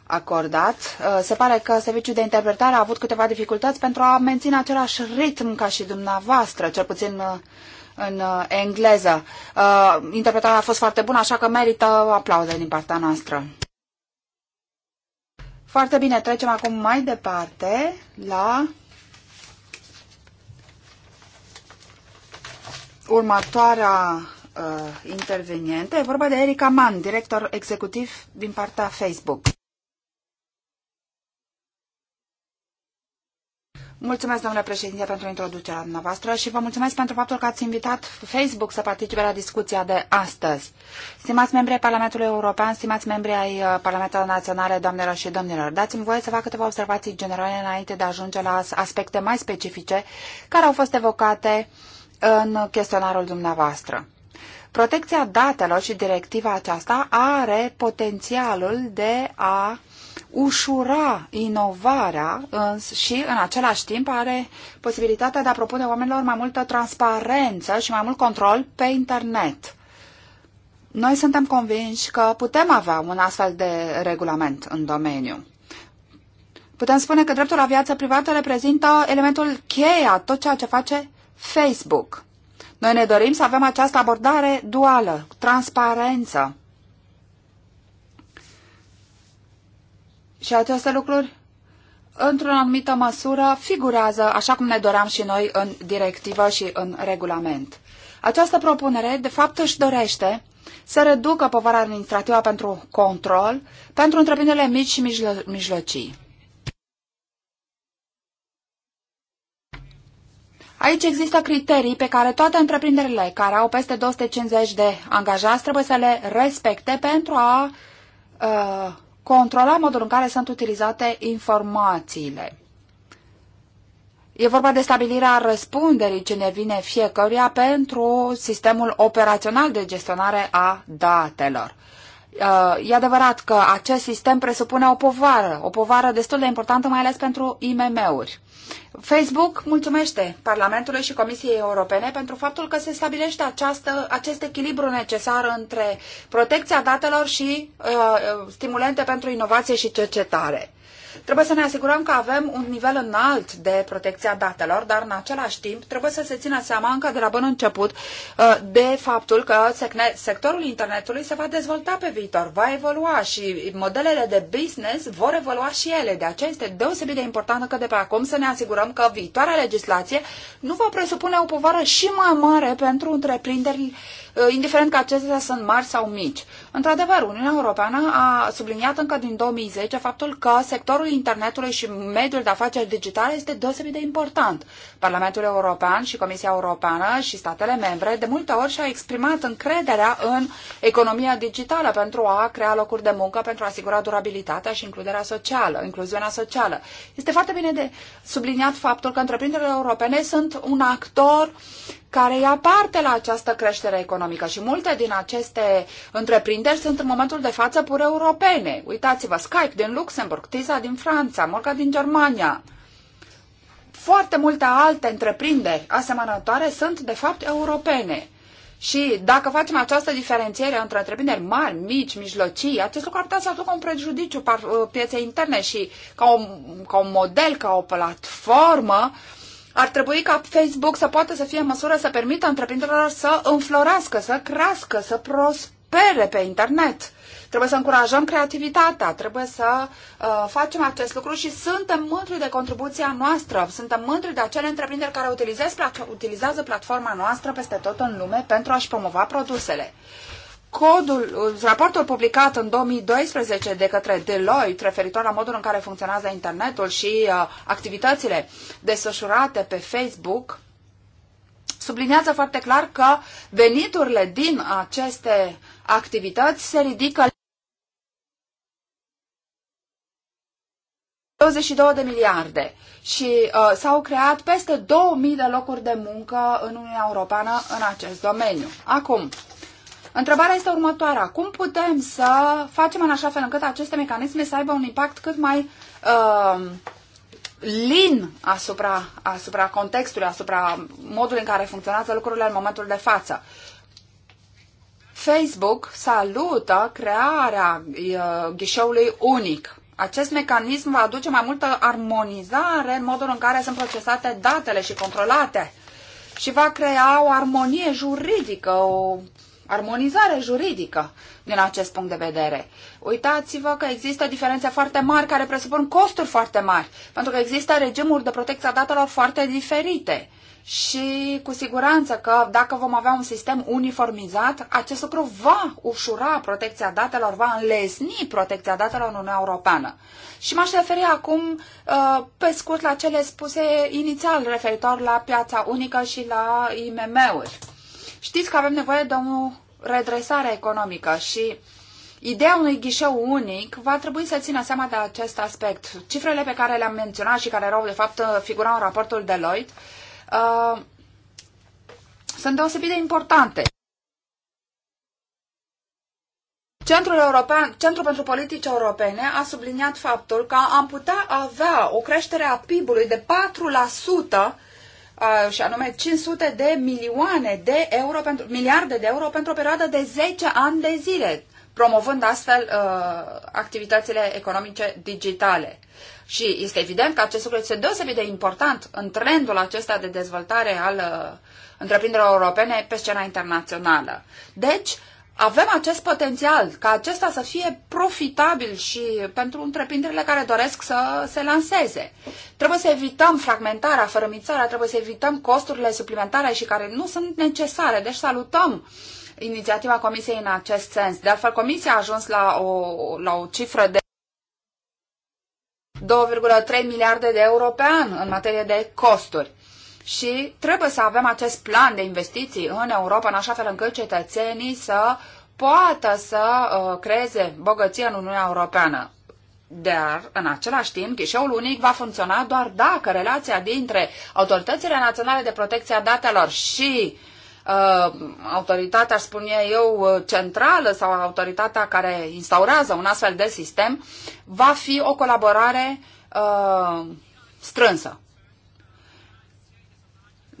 [SPEAKER 3] acordat. Uh, se pare că serviciul de interpretare a avut câteva dificultăți pentru a menține același ritm ca și dumneavoastră, cel puțin uh, în uh, engleză. Interpretarea a fost foarte bună, așa că merită aplauze din partea noastră. Foarte bine, trecem acum mai departe la următoarea uh, intervenientă. E vorba de Erica Mann, director executiv din partea Facebook. Mulțumesc, domnule președinte, pentru introducerea dumneavoastră și vă mulțumesc pentru faptul că ați invitat Facebook să participe la discuția de astăzi. Stimați membri ai Parlamentului European, stimați membri ai uh, Parlamentelor Naționale, doamnelor și domnilor, dați-mi voie să fac câteva observații generale înainte de a ajunge la aspecte mai specifice care au fost evocate în chestionarul dumneavoastră. Protecția datelor și directiva aceasta are potențialul de a uh, ușura inovarea și în același timp are posibilitatea de a propune oamenilor mai multă transparență și mai mult control pe internet. Noi suntem convinși că putem avea un astfel de regulament în domeniu. Putem spune că dreptul la viață privată reprezintă elementul cheie a tot ceea ce face Facebook. Noi ne dorim să avem această abordare duală, transparență, Și aceste lucruri, într-o anumită măsură, figurează, așa cum ne doream și noi, în directivă și în regulament. Această propunere, de fapt, își dorește să reducă povara administrativă pentru control pentru întreprinderile mici și mijlo- mijlocii. Aici există criterii pe care toate întreprinderile care au peste 250 de angajați trebuie să le respecte pentru a uh, controla modul în care sunt utilizate informațiile. E vorba de stabilirea răspunderii ce ne vine fiecăruia pentru sistemul operațional de gestionare a datelor. Uh, e adevărat că acest sistem presupune o povară, o povară destul de importantă, mai ales pentru IMM-uri. Facebook mulțumește Parlamentului și Comisiei Europene pentru faptul că se stabilește această, acest echilibru necesar între protecția datelor și uh, stimulente pentru inovație și cercetare. Trebuie să ne asigurăm că avem un nivel înalt de protecția datelor, dar în același timp trebuie să se țină seama încă de la bun început uh, de faptul că sectorul internetului se va dezvolta pe viitor, va evolua și modelele de business vor evolua și ele. De aceea este deosebit de important că de pe acum să ne asigurăm că viitoarea legislație nu va presupune o povară și mai mare pentru întreprinderi Uh, indiferent că acestea sunt mari sau mici. Într-adevăr, Uniunea Europeană a subliniat încă din 2010 faptul că sectorul internetului și mediul de afaceri digitale este deosebit de important. Parlamentul European și Comisia Europeană și statele membre de multe ori și-au exprimat încrederea în economia digitală pentru a crea locuri de muncă, pentru a asigura durabilitatea și includerea socială, incluziunea socială. Este foarte bine de subliniat faptul că întreprinderile europene sunt un actor care ia parte la această creștere economică și multe din aceste întreprinderi sunt în momentul de față pur europene. Uitați-vă, Skype din Luxemburg, TISA din Franța, Morga din Germania. Foarte multe alte întreprinderi asemănătoare sunt de fapt europene. Și dacă facem această diferențiere între întreprinderi mari, mici, mijlocii, acest lucru ar putea să aducă un prejudiciu uh, pieței interne și ca un, ca un model, ca o platformă, ar trebui ca Facebook să poată să fie în măsură să permită întreprinderilor să înflorească, să crească, să prospere pe internet. Trebuie să încurajăm creativitatea, trebuie să uh, facem acest lucru și suntem mândri de contribuția noastră, suntem mândri de acele întreprinderi care utilizează, platforma noastră peste tot în lume pentru a-și promova produsele codul, raportul publicat în 2012 de către Deloitte referitor la modul în care funcționează internetul și uh, activitățile desfășurate pe Facebook subliniază foarte clar că veniturile din aceste activități se ridică 22 de miliarde și uh, s-au creat peste 2000 de locuri de muncă în Uniunea Europeană în acest domeniu. Acum, Întrebarea este următoarea. Cum putem să facem în așa fel încât aceste mecanisme să aibă un impact cât mai uh, lin asupra, asupra contextului, asupra modului în care funcționează lucrurile în momentul de față? Facebook salută crearea uh, ghișeului unic. Acest mecanism va aduce mai multă armonizare în modul în care sunt procesate datele și controlate și va crea o armonie juridică, o armonizare juridică din acest punct de vedere. Uitați-vă că există diferențe foarte mari care presupun costuri foarte mari, pentru că există regimuri de protecție a datelor foarte diferite. Și cu siguranță că dacă vom avea un sistem uniformizat, acest lucru va ușura protecția datelor, va înlesni protecția datelor în Uniunea Europeană. Și m-aș referi acum uh, pe scurt la cele spuse inițial referitor la piața unică și la IMM-uri. Știți că avem nevoie de o redresare economică și Ideea unui ghișeu unic va trebui să țină seama de acest aspect. Cifrele pe care le-am menționat și care erau, de fapt, figurau în raportul Deloitte, uh, sunt deosebit de importante. Centrul, European, Centrul pentru Politici Europene a subliniat faptul că am putea avea o creștere a PIB-ului de și anume 500 de milioane de euro pentru, miliarde de euro pentru o perioadă de 10 ani de zile, promovând astfel uh, activitățile economice digitale. Și este evident că acest lucru este deosebit de important în trendul acesta de dezvoltare al uh, întreprinderilor europene pe scena internațională. Deci, uh, avem acest potențial, ca acesta să fie profitabil și pentru întreprinderile care doresc să se lanseze. Trebuie să evităm fragmentarea, fărămițarea, trebuie să evităm costurile suplimentare și care nu sunt necesare. Deci salutăm inițiativa Comisiei în acest sens. De altfel, Comisia a ajuns la o, la o cifră de 2,3 miliarde de euro pe an în materie de costuri și trebuie să avem acest plan de investiții în Europa, în așa fel încât cetățenii să poată să uh, creeze bogăție în Uniunea Europeană. Dar, în același timp, ghișeul unic va funcționa doar dacă relația dintre autoritățile naționale de protecție a datelor și uh, autoritatea, spune eu, uh, centrală sau autoritatea care instaurează un astfel de sistem, va fi o colaborare uh, strânsă.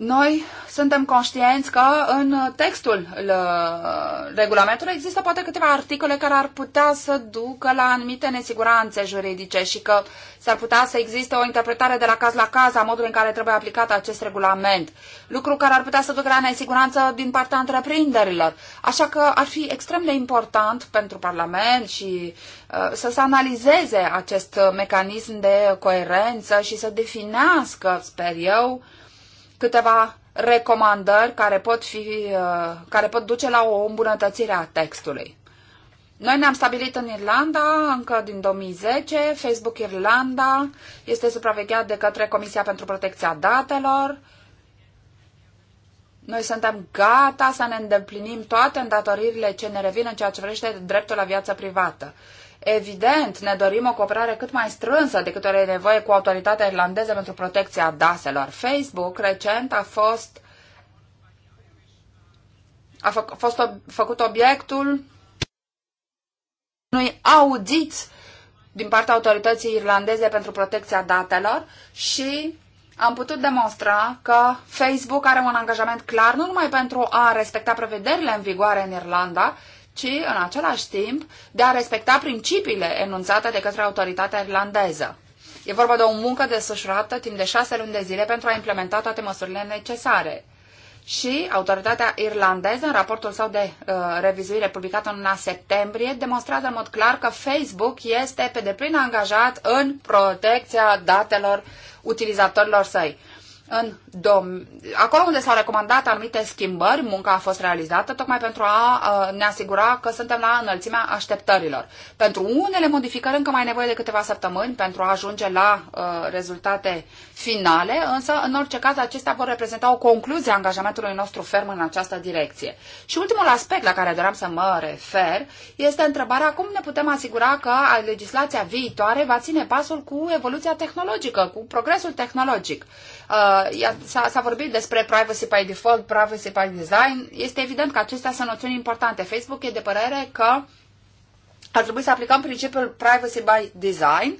[SPEAKER 3] Noi suntem conștienți că în textul uh, regulamentului există poate câteva articole care ar putea să ducă la anumite nesiguranțe juridice și că s-ar putea să existe o interpretare de la caz la caz a modului în care trebuie aplicat acest regulament, lucru care ar putea să ducă la nesiguranță din partea întreprinderilor. Așa că ar fi extrem de important pentru Parlament și uh, să se analizeze acest mecanism de coerență și să definească, sper eu, câteva recomandări care pot, fi, uh, care pot duce la o îmbunătățire a textului. Noi ne-am stabilit în Irlanda încă din 2010. Facebook Irlanda este supravegheat de către Comisia pentru Protecția Datelor. Noi suntem gata să ne îndeplinim toate îndatoririle ce ne revin în ceea ce vrește dreptul la viață privată. Evident, ne dorim o cooperare cât mai strânsă decât are nevoie cu autoritatea irlandeză pentru protecția daselor. Facebook recent a fost a fă, fost ob, făcut obiectul unui audit din partea autorității irlandeze pentru protecția datelor și am putut demonstra că Facebook are un angajament clar nu numai pentru a respecta prevederile în vigoare în Irlanda, ci în același timp de a respecta principiile enunțate de către autoritatea irlandeză. E vorba de o muncă desfășurată timp de șase luni de zile pentru a implementa toate măsurile necesare. Și autoritatea irlandeză, în raportul său de uh, revizuire publicat în luna septembrie, demonstrează în mod clar că Facebook este pe deplin angajat în protecția datelor utilizatorilor săi în dom- acolo unde s-au recomandat anumite schimbări, munca a fost realizată tocmai pentru a ne asigura că suntem la înălțimea așteptărilor. Pentru unele modificări încă mai nevoie de câteva săptămâni pentru a ajunge la uh, rezultate finale, însă în orice caz acestea vor reprezenta o concluzie a angajamentului nostru ferm în această direcție. Și ultimul aspect la care doream să mă refer este întrebarea cum ne putem asigura că legislația viitoare va ține pasul cu evoluția tehnologică, cu progresul tehnologic. Uh, s-a vorbit despre privacy by default, privacy by design. Este evident că acestea sunt noțiuni importante. Facebook e de părere că ar trebui să aplicăm principiul privacy by design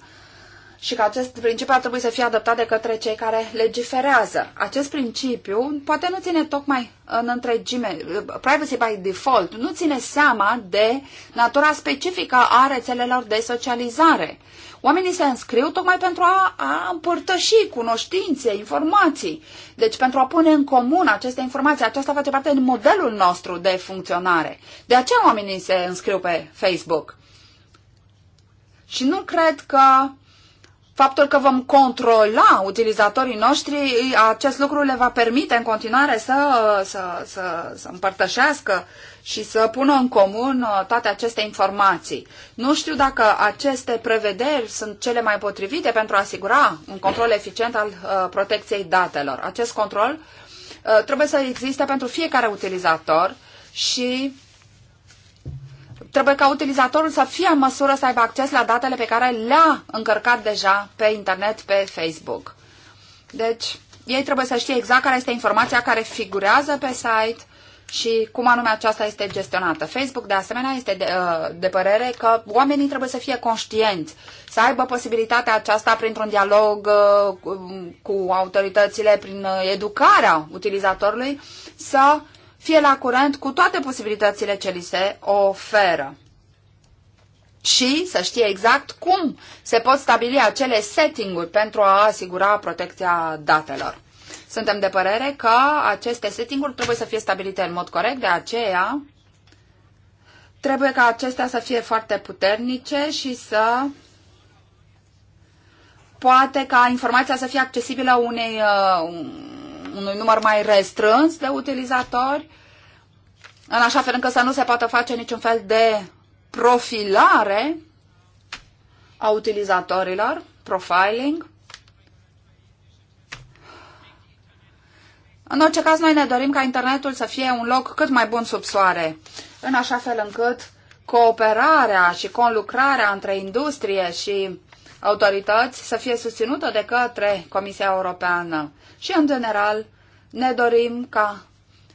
[SPEAKER 3] și că acest principiu ar trebui să fie adoptat de către cei care legiferează. Acest principiu poate nu ține tocmai în întregime, privacy by default, nu ține seama de natura specifică a rețelelor de socializare. Oamenii se înscriu tocmai pentru a, a împărtăși cunoștințe, informații. Deci pentru a pune în comun aceste informații, aceasta face parte din modelul nostru de funcționare. De aceea oamenii se înscriu pe Facebook. Și nu cred că faptul că vom controla utilizatorii noștri, acest lucru le va permite în continuare să, să, să, să împărtășească uh, și să pună în comun uh, toate aceste informații. Nu știu dacă aceste prevederi sunt cele mai potrivite pentru a asigura un control eficient al uh, protecției datelor. Acest control uh, trebuie să existe pentru fiecare utilizator și trebuie ca utilizatorul să fie în măsură să aibă acces la datele pe care le-a încărcat deja pe internet, pe Facebook. Deci, ei trebuie să știe exact care este informația care figurează pe site și cum anume aceasta este gestionată. Facebook, de asemenea, este de, uh, de părere că oamenii trebuie să fie conștienți, să aibă posibilitatea aceasta printr-un dialog uh, cu autoritățile, prin uh, educarea utilizatorului, să fie la curent cu toate posibilitățile ce li se oferă și să știe exact cum se pot stabili acele setting-uri pentru a asigura protecția datelor. Suntem de părere că aceste setting-uri trebuie să fie stabilite în mod corect, de aceea trebuie ca acestea să fie foarte puternice și să poate ca informația să fie accesibilă unei, uh, unui număr mai restrâns de utilizatori, în așa fel încât să nu se poată face niciun fel de profilare a utilizatorilor, profiling, În orice caz, noi ne dorim ca internetul să fie un loc cât mai bun sub soare, în așa fel încât cooperarea și conlucrarea între industrie și autorități să fie susținută de către Comisia Europeană. Și, în general, ne dorim ca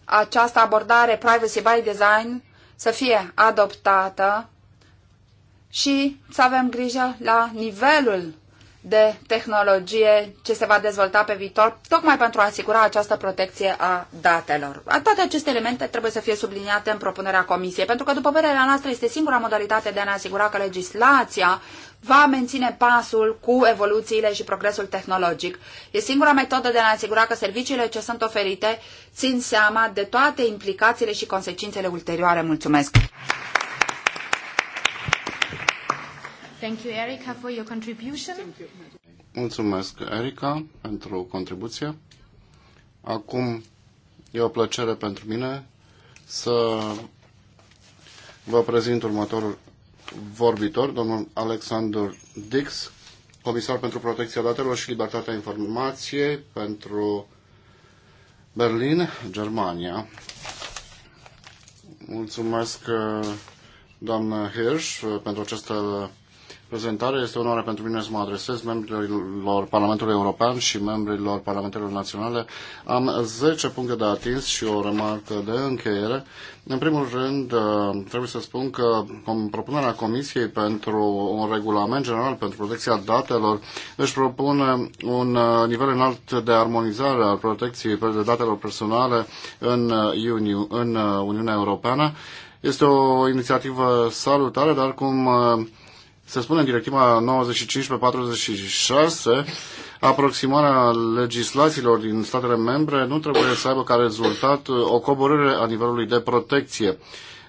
[SPEAKER 3] această abordare Privacy by Design să fie adoptată și să avem grijă la nivelul de tehnologie ce se va dezvolta pe viitor, tocmai pentru a asigura această protecție a datelor. Toate aceste elemente trebuie să fie subliniate în propunerea Comisiei, pentru că, după părerea noastră, este singura modalitate de a ne asigura că legislația va menține pasul cu evoluțiile și progresul tehnologic. E singura metodă de a ne asigura că serviciile ce sunt oferite țin seama de toate implicațiile și consecințele ulterioare. Mulțumesc! Thank you, Erica, for your contribution.
[SPEAKER 2] Mulțumesc, Erica, pentru contribuție. Acum e o plăcere pentru mine să vă prezint următorul vorbitor, domnul Alexander Dix, comisar pentru protecția datelor și libertatea informației pentru Berlin, Germania. Mulțumesc, doamnă Hirsch, pentru această prezentare. Este onoare pentru mine să mă adresez membrilor Parlamentului European și membrilor Parlamentelor Naționale. Am 10 puncte de atins și o remarcă de încheiere. În primul rând, uh, trebuie să spun că propunerea Comisiei pentru un regulament general pentru protecția datelor își propune un uh, nivel înalt de armonizare al protecției datelor personale în, uh, Uni- în Uniunea Europeană. Este o inițiativă salutare, dar cum se spune în directiva 95 pe 46, aproximarea legislațiilor din statele membre nu trebuie să aibă ca rezultat uh, o coborâre a nivelului de protecție.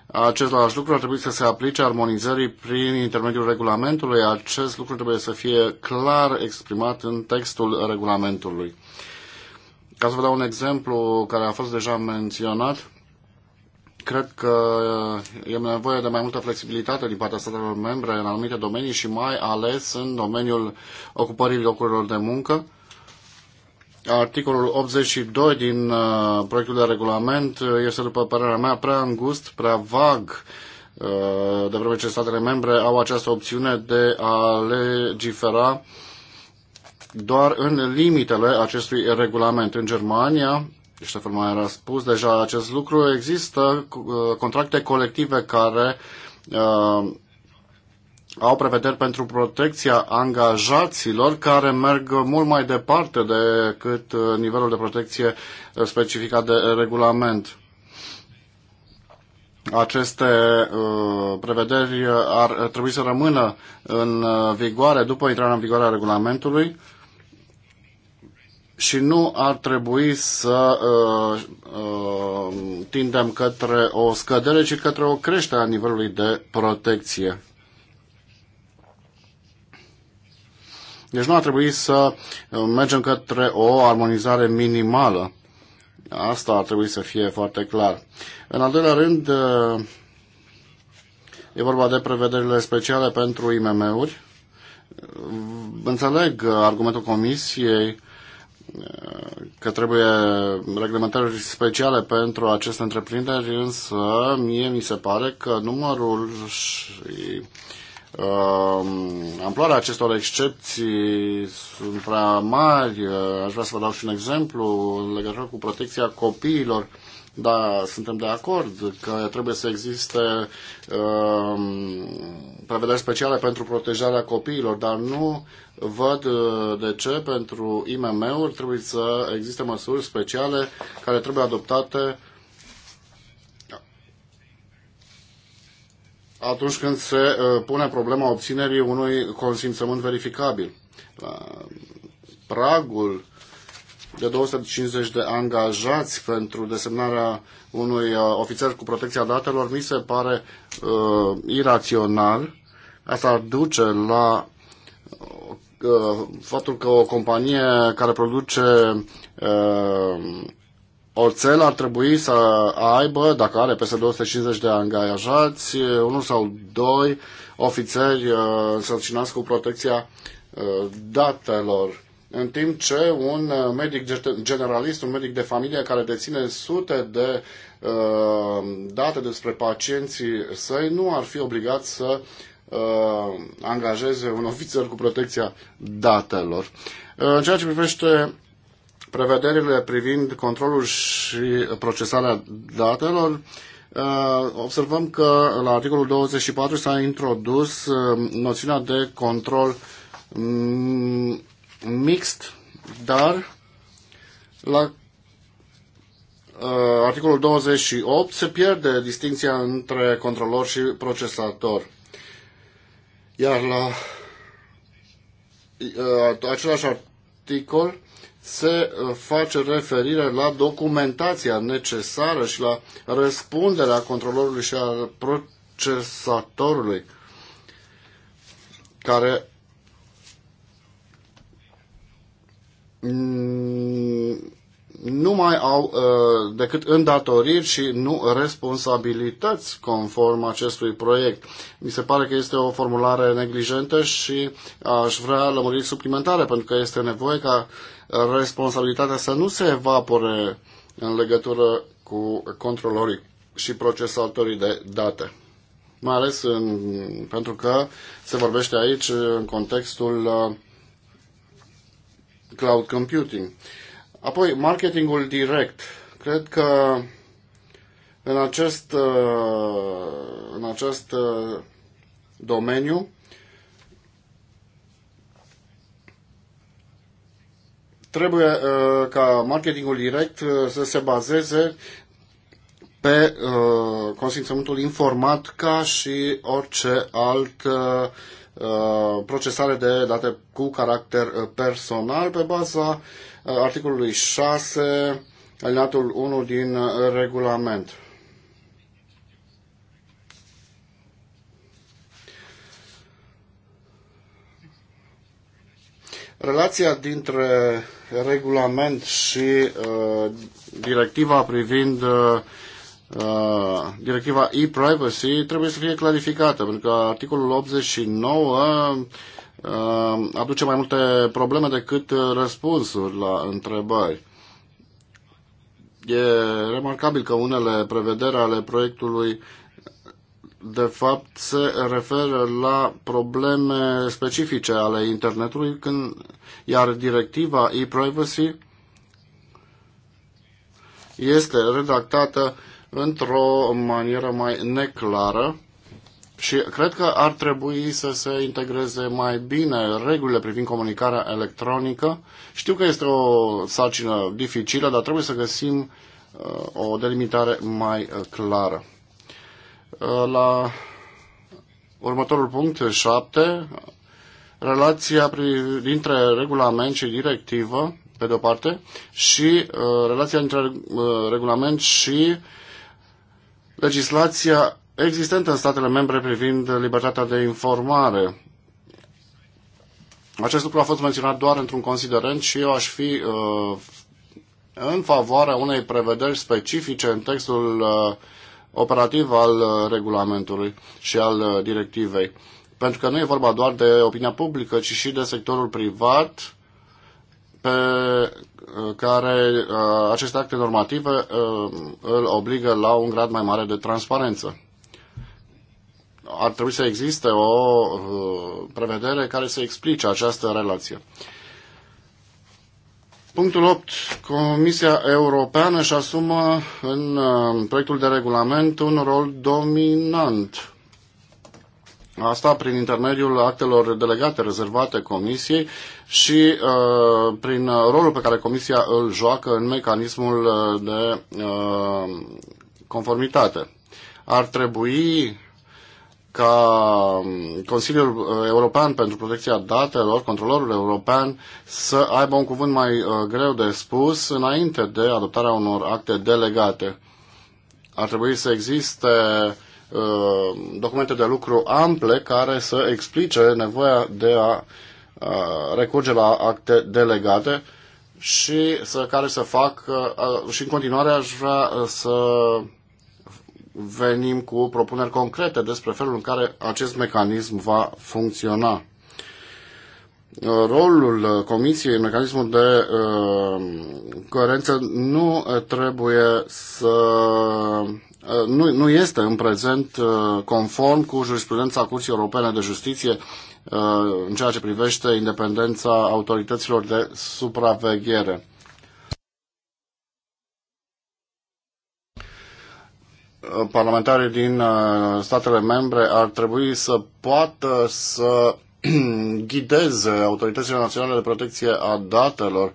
[SPEAKER 2] Acest lucru ar trebui să se aplice armonizării prin intermediul regulamentului. Acest lucru trebuie să fie clar exprimat în textul regulamentului. Ca să vă dau un exemplu care a fost deja menționat, cred că e nevoie de mai multă flexibilitate din partea statelor membre în anumite domenii și mai ales în domeniul ocupării locurilor de muncă. Articolul 82 din uh, proiectul de regulament este, după părerea mea, prea îngust, prea vag, uh, de vreme ce statele membre au această opțiune de a legifera doar în limitele acestui regulament. În Germania, Ștefan mai a spus deja acest lucru. Există uh, contracte colective care uh, au prevederi pentru protecția angajaților care merg mult mai departe decât uh, nivelul de protecție uh, specificat de regulament. Aceste uh, prevederi ar trebui să rămână în vigoare după intrarea în vigoare a regulamentului și nu ar trebui să uh, uh, tindem către o scădere, ci către o creștere a nivelului de protecție. Deci nu ar trebui să uh, mergem către o armonizare minimală. Asta ar trebui să fie foarte clar. În al doilea rând, uh, e vorba de prevederile speciale pentru IMM-uri. Înțeleg uh, argumentul Comisiei că trebuie reglementări speciale pentru aceste întreprinderi, însă mie mi se pare că numărul și uh, amploarea acestor excepții sunt prea mari. Aș vrea să vă dau și un exemplu în legătură cu protecția copiilor. Uh, da, suntem de acord că trebuie să existe um, prevederi speciale pentru protejarea copiilor, dar nu văd uh, de ce pentru IMM-uri trebuie să existe măsuri speciale care trebuie adoptate atunci când se uh, pune problema obținerii unui consimțământ verificabil. Uh, pragul de 250 de angajați pentru desemnarea unui uh, ofițer cu protecția datelor mi se pare uh, irațional. Asta duce la uh, faptul că o companie care produce uh, oțel ar trebui să aibă, dacă are peste 250 de angajați, unul sau doi ofițeri uh, să cu protecția uh, datelor în timp ce un uh, medic generalist, un medic de familie care deține sute de uh, date despre pacienții săi, nu ar fi obligat să uh, angajeze un ofițer cu protecția datelor. Uh, în ceea ce privește prevederile privind controlul și procesarea datelor, uh, observăm că la articolul 24 s-a introdus noțiunea de control mm, mixt, dar la uh, articolul 28 se pierde distinția între controlor și procesator. Iar la uh, același articol se uh, face referire la documentația necesară și la răspunderea controlorului și a procesatorului care Mm, nu mai au uh, decât îndatoriri și nu responsabilități conform acestui proiect. Mi se pare că este o formulare neglijentă și aș vrea lămuriri suplimentare, pentru că este nevoie ca responsabilitatea să nu se evapore în legătură cu controlorii și procesatorii de date. Mai ales în, pentru că se vorbește aici în contextul uh, cloud computing. Apoi, marketingul direct. Cred că în acest, uh, în acest uh, domeniu trebuie uh, ca marketingul direct să se bazeze pe consimțământul informat ca și orice alt Uh, procesare de date cu caracter uh, personal pe baza uh, articolului 6, alineatul 1 din regulament. Relația dintre regulament și uh, directiva privind uh, Uh, directiva e-privacy trebuie să fie clarificată, pentru că articolul 89 uh, aduce mai multe probleme decât uh, răspunsuri la întrebări. E remarcabil că unele prevederi ale proiectului de fapt se referă la probleme specifice ale internetului, când, iar directiva e-privacy este redactată uh, într-o manieră mai neclară și cred că ar trebui să se integreze mai bine regulile privind comunicarea electronică. Știu că este o sarcină dificilă, dar trebuie să găsim uh, o delimitare mai uh, clară. Uh, la următorul punct, 7, relația dintre regulament și directivă, pe de-o parte, și relația dintre regulament și legislația existentă în statele membre privind libertatea de informare. Acest lucru a fost menționat doar într-un considerent și eu aș fi uh, în favoarea unei prevederi specifice în textul uh, operativ al uh, regulamentului și al uh, directivei. Pentru că nu e vorba doar de opinia publică, ci și de sectorul privat pe care uh, aceste acte normative uh, îl obligă la un grad mai mare de transparență. Ar trebui să existe o uh, prevedere care să explice această relație. Punctul 8. Comisia Europeană își asumă în proiectul de regulament un rol dominant. Asta prin intermediul actelor delegate rezervate Comisiei și uh, prin uh, rolul pe care Comisia îl joacă în mecanismul uh, de uh, conformitate. Ar trebui ca Consiliul uh, European pentru Protecția Datelor, Controlorul European, să aibă un cuvânt mai greu de spus înainte de adoptarea unor acte delegate. Ar trebui să existe documente de lucru ample care să explice nevoia de a Uh, recurge la acte delegate și să, care să fac uh, și în continuare aș vrea uh, să venim cu propuneri concrete despre felul în care acest mecanism va funcționa. Rolul Comisiei în mecanismul de coerență nu trebuie să nu, nu este în prezent conform cu jurisprudența Curții Europene de Justiție Uh, în ceea ce privește independența autorităților de supraveghere. Uh, parlamentarii din uh, statele membre ar trebui să poată să ghideze autoritățile naționale de protecție a datelor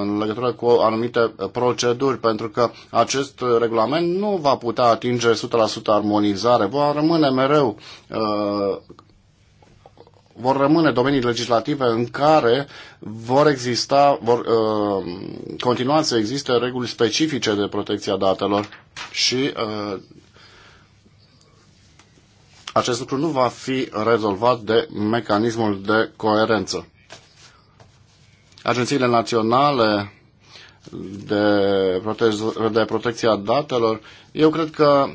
[SPEAKER 2] în legătură cu anumite proceduri, pentru că acest regulament nu va putea atinge 100% armonizare, va rămâne mereu vor rămâne domenii legislative în care vor exista, vor uh, continua să existe reguli specifice de protecția datelor și uh, acest lucru nu va fi rezolvat de mecanismul de coerență. Agențiile naționale de, protez- de protecția datelor, eu cred că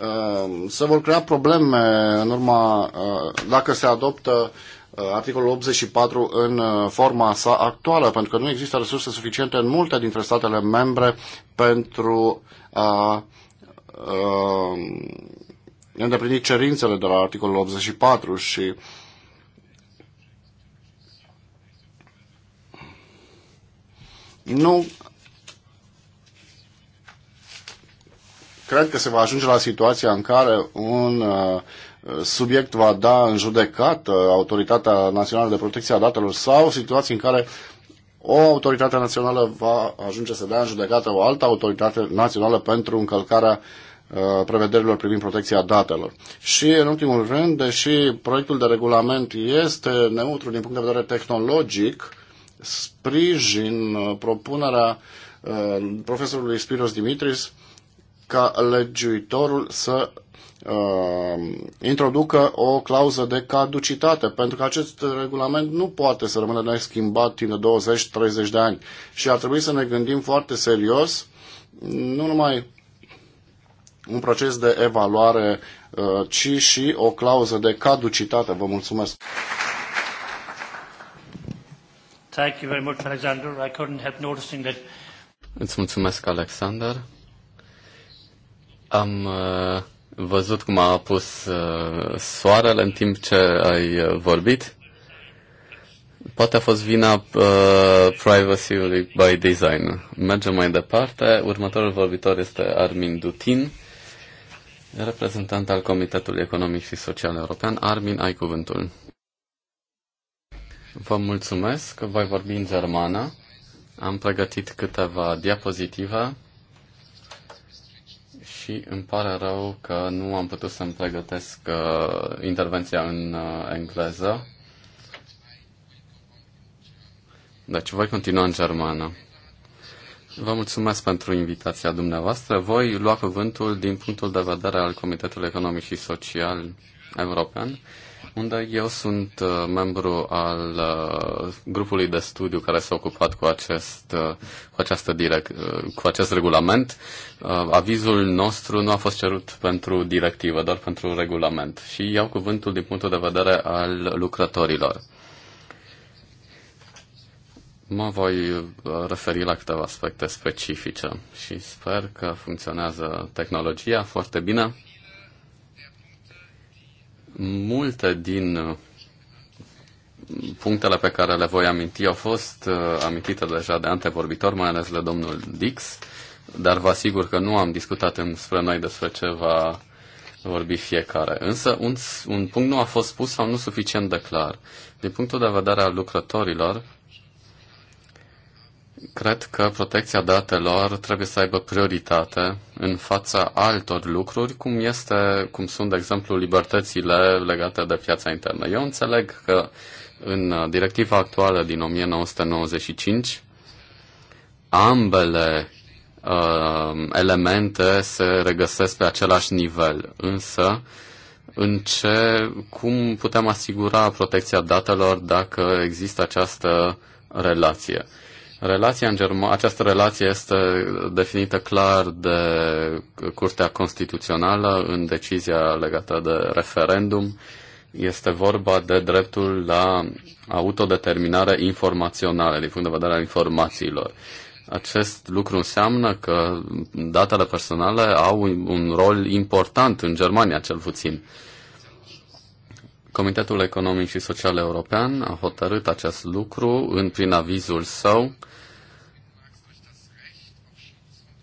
[SPEAKER 2] Ehm, se vor crea probleme în urma, eh, dacă se adoptă eh, articolul 84 în eh, forma sa actuală, pentru că nu există resurse suficiente în multe dintre statele membre pentru a, a ehm, îndeplini cerințele de la articolul 84 și nu cred că se va ajunge la situația în care un uh, subiect va da în judecată uh, Autoritatea Națională de Protecție a Datelor sau situații în care o autoritate națională va ajunge să dea în judecată o altă autoritate națională pentru încălcarea uh, prevederilor privind protecția datelor. Și, în ultimul rând, deși proiectul de regulament este neutru din punct de vedere tehnologic, sprijin propunerea profesorului Spiros Dimitris ca legiuitorul să uh, introducă o clauză de caducitate, pentru că acest regulament nu poate să rămână neschimbat timp de 20-30 de ani. Și ar trebui să ne gândim foarte serios, nu numai un proces de evaluare, uh, ci și o clauză de caducitate. Vă mulțumesc!
[SPEAKER 1] Thank you very much, Alexander. I couldn't help noticing that
[SPEAKER 4] Îți mulțumesc, Alexander. Am uh, văzut cum a apus uh, soarele în timp ce ai uh, vorbit. Poate a fost vina uh, privacy-ului by design. Mergem mai departe. Următorul vorbitor este Armin Dutin, reprezentant al Comitetului Economic și Social European. Armin, ai cuvântul. Vă mulțumesc. Voi vorbi în germană. Am pregătit câteva diapozitive și îmi pare rău că nu am putut să-mi pregătesc uh, intervenția în uh, engleză. Deci voi continua în germană. Vă mulțumesc pentru invitația dumneavoastră. Voi lua cuvântul din punctul de vedere al Comitetului Economic și Social European unde eu sunt uh, membru al uh, grupului de studiu care s-a ocupat cu acest, uh, cu, această direct, cu acest regulament. Avizul nostru nu a fost cerut pentru directivă, doar pentru regulament. Și iau cuvântul din punctul de vedere al lucrătorilor. Mă voi referi la câteva aspecte specifice și sper că funcționează tehnologia foarte bine Multe din uh, punctele pe care le voi aminti au fost uh, amintite deja de antevorbitor, mai ales de domnul Dix, dar vă asigur că nu am discutat despre noi despre ce va vorbi fiecare. Însă un, un punct nu a fost pus sau nu suficient de clar. Din punctul de vedere al lucrătorilor, Cred că protecția datelor trebuie să aibă prioritate în fața altor lucruri, cum, este, cum sunt, de exemplu, libertățile legate de piața internă. Eu înțeleg că în directiva actuală din 1995, ambele uh, elemente se regăsesc pe același nivel, însă în ce, cum putem asigura protecția datelor dacă există această relație? Uh, Relația în Germania, această relație este definită clar de Curtea Constituțională în decizia legată de referendum. Este vorba de dreptul la autodeterminare informațională din punct de vedere al informațiilor. Acest lucru înseamnă că datele personale au un rol important în Germania, cel puțin. Uh, Comitetul Economic și Social European a hotărât acest lucru în, prin avizul său.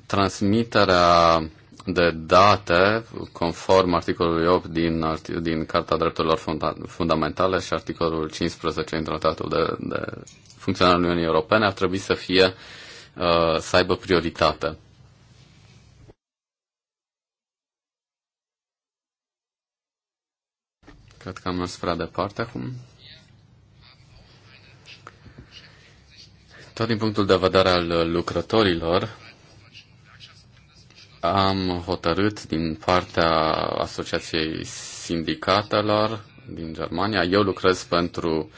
[SPEAKER 4] Transmiterea de date, conform articolului 8 din, din Carta Drepturilor Funda Fundamentale și articolul 15 din Tratatul de, de Funcționare Uniunii Europene, ar trebui să fie uh, să aibă prioritate. Cred că am mers prea departe acum. Tot din punctul de vedere al lucrătorilor, am hotărât din partea Asociației Sindicatelor din Germania. Eu lucrez pentru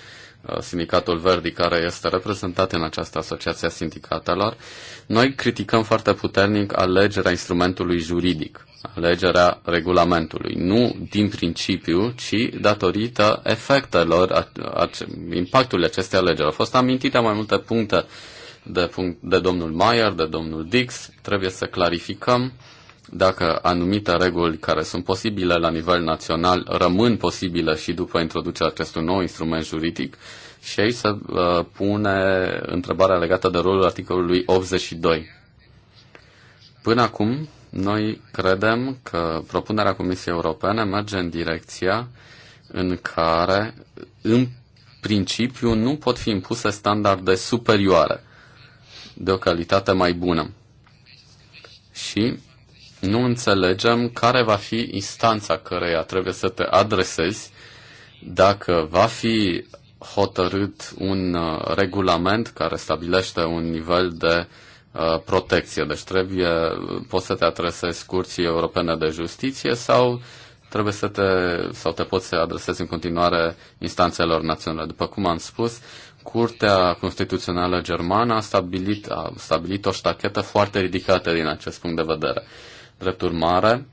[SPEAKER 4] Uh, sindicatul Verdi, care este reprezentat în această asociație a sindicatelor, noi criticăm foarte puternic alegerea instrumentului juridic, alegerea regulamentului, nu din principiu, ci datorită efectelor, impactului acestei alegeri. Au fost amintite mai multe puncte de, punct, de domnul Mayer, de domnul Dix, trebuie să clarificăm uh, dacă anumite reguli care sunt posibile la nivel național rămân posibile și după introducerea acestui nou instrument juridic. Și aici se uh, pune întrebarea legată de rolul articolului 82. Până acum, noi credem că propunerea Comisiei Europene merge în direcția în care, în principiu, nu pot fi impuse standarde superioare de o calitate mai bună. Și nu înțelegem care va fi instanța căreia trebuie să te adresezi dacă va fi hotărât un uh, regulament care stabilește un nivel de uh, protecție. Deci trebuie, poți să te adresezi Curții Europene de Justiție sau trebuie să te, sau te poți să adresezi în continuare instanțelor naționale. După cum am spus, Curtea Constituțională Germană a stabilit, a stabilit o ștachetă foarte ridicată din acest punct de vedere. Drept urmare,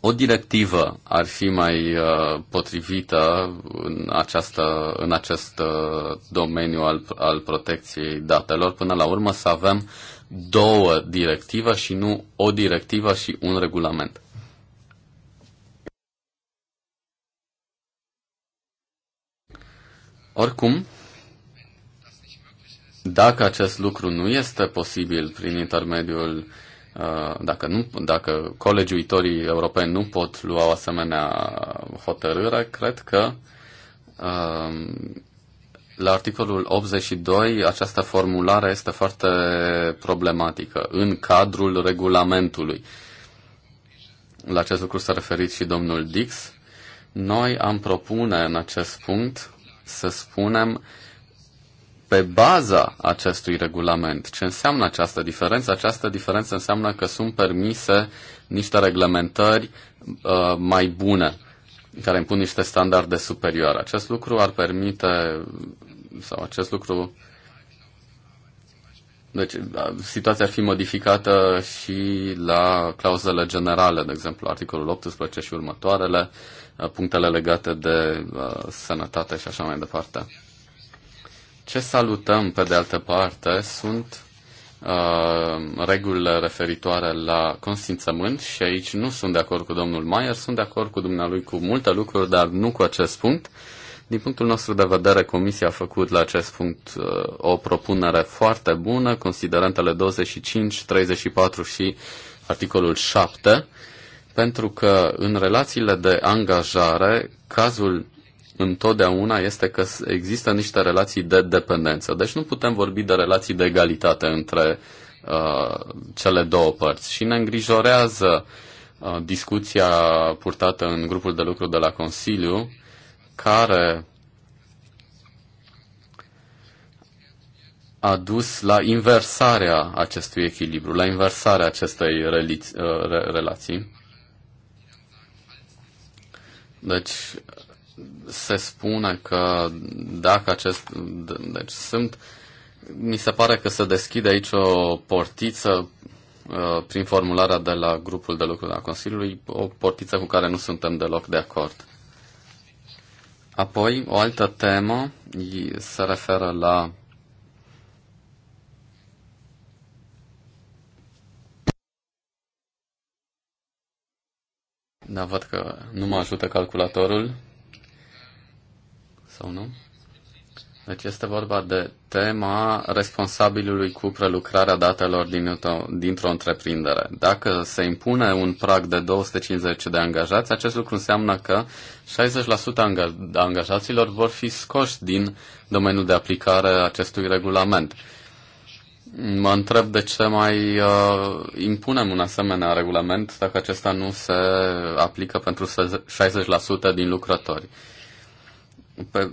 [SPEAKER 4] o directivă ar fi mai uh, potrivită în, această, în acest uh, domeniu al, al protecției datelor. Până la urmă să avem două directive și nu o directivă și un regulament. Oricum, dacă acest lucru nu este posibil prin intermediul Uh, dacă, nu, dacă colegiuitorii europeni nu pot lua o asemenea hotărâre, cred că um, la articolul 82 această formulare este foarte problematică în cadrul regulamentului. La acest lucru s-a referit și domnul Dix. Noi am propune în acest punct să spunem pe baza acestui regulament. Ce înseamnă această diferență? Această diferență înseamnă că sunt permise niște reglementări uh, mai bune, care impun niște standarde superioare. Acest lucru ar permite, sau acest lucru. Deci, uh, situația ar fi modificată și la clauzele generale, de exemplu, articolul 18 și următoarele, uh, punctele legate de uh, sănătate și așa mai departe. Ce salutăm, pe de altă parte, sunt uh, regulile referitoare la consimțământ și aici nu sunt de acord cu domnul Mayer, sunt de acord cu dumnealui cu multe lucruri, dar nu cu acest punct. Din punctul nostru de vedere, Comisia a făcut la acest punct uh, o propunere foarte bună, considerentele 25, 34 și articolul 7, pentru că în relațiile de angajare, cazul întotdeauna este că există niște relații de dependență. Deci nu putem vorbi de relații de egalitate între uh, cele două părți. Și ne îngrijorează uh, discuția purtată în grupul de lucru de la Consiliu, care a dus la inversarea acestui echilibru, la inversarea acestei uh, relații. Deci, se spune că dacă acest... Deci sunt... Mi se pare că se deschide aici o portiță uh, prin formularea de la grupul de lucru de la Consiliului, o portiță cu care nu suntem deloc de acord. Apoi, o altă temă se referă la Da, văd că nu mă ajută calculatorul sau nu? Deci este vorba de tema responsabilului cu prelucrarea datelor din, dintr-o întreprindere. Dacă se impune un prag de 250 de angajați, acest lucru înseamnă că 60% angajaților vor fi scoși din domeniul de aplicare acestui regulament. Mă întreb de ce mai uh, impunem un asemenea regulament dacă acesta nu se aplică pentru 60% din lucrători. Uh, pe,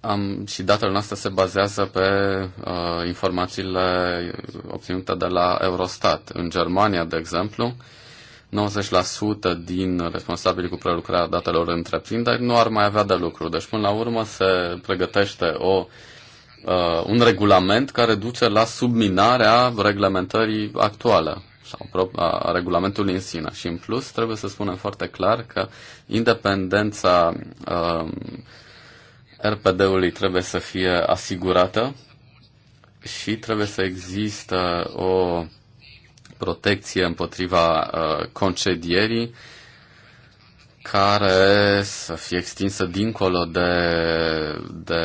[SPEAKER 4] am, și datele noastre se bazează pe uh, informațiile obținute de la Eurostat. În Germania, de exemplu, 90% din responsabilii cu prelucrarea datelor întreprinderi nu ar mai avea de lucru. Deci, până la urmă, se pregătește o, uh, un regulament care duce la subminarea reglementării actuale sau a regulamentului în sine. Și, în plus, trebuie să spunem foarte clar că independența uh, RPD-ului trebuie să fie asigurată și trebuie să există o protecție împotriva uh, concedierii care să fie extinsă dincolo de, de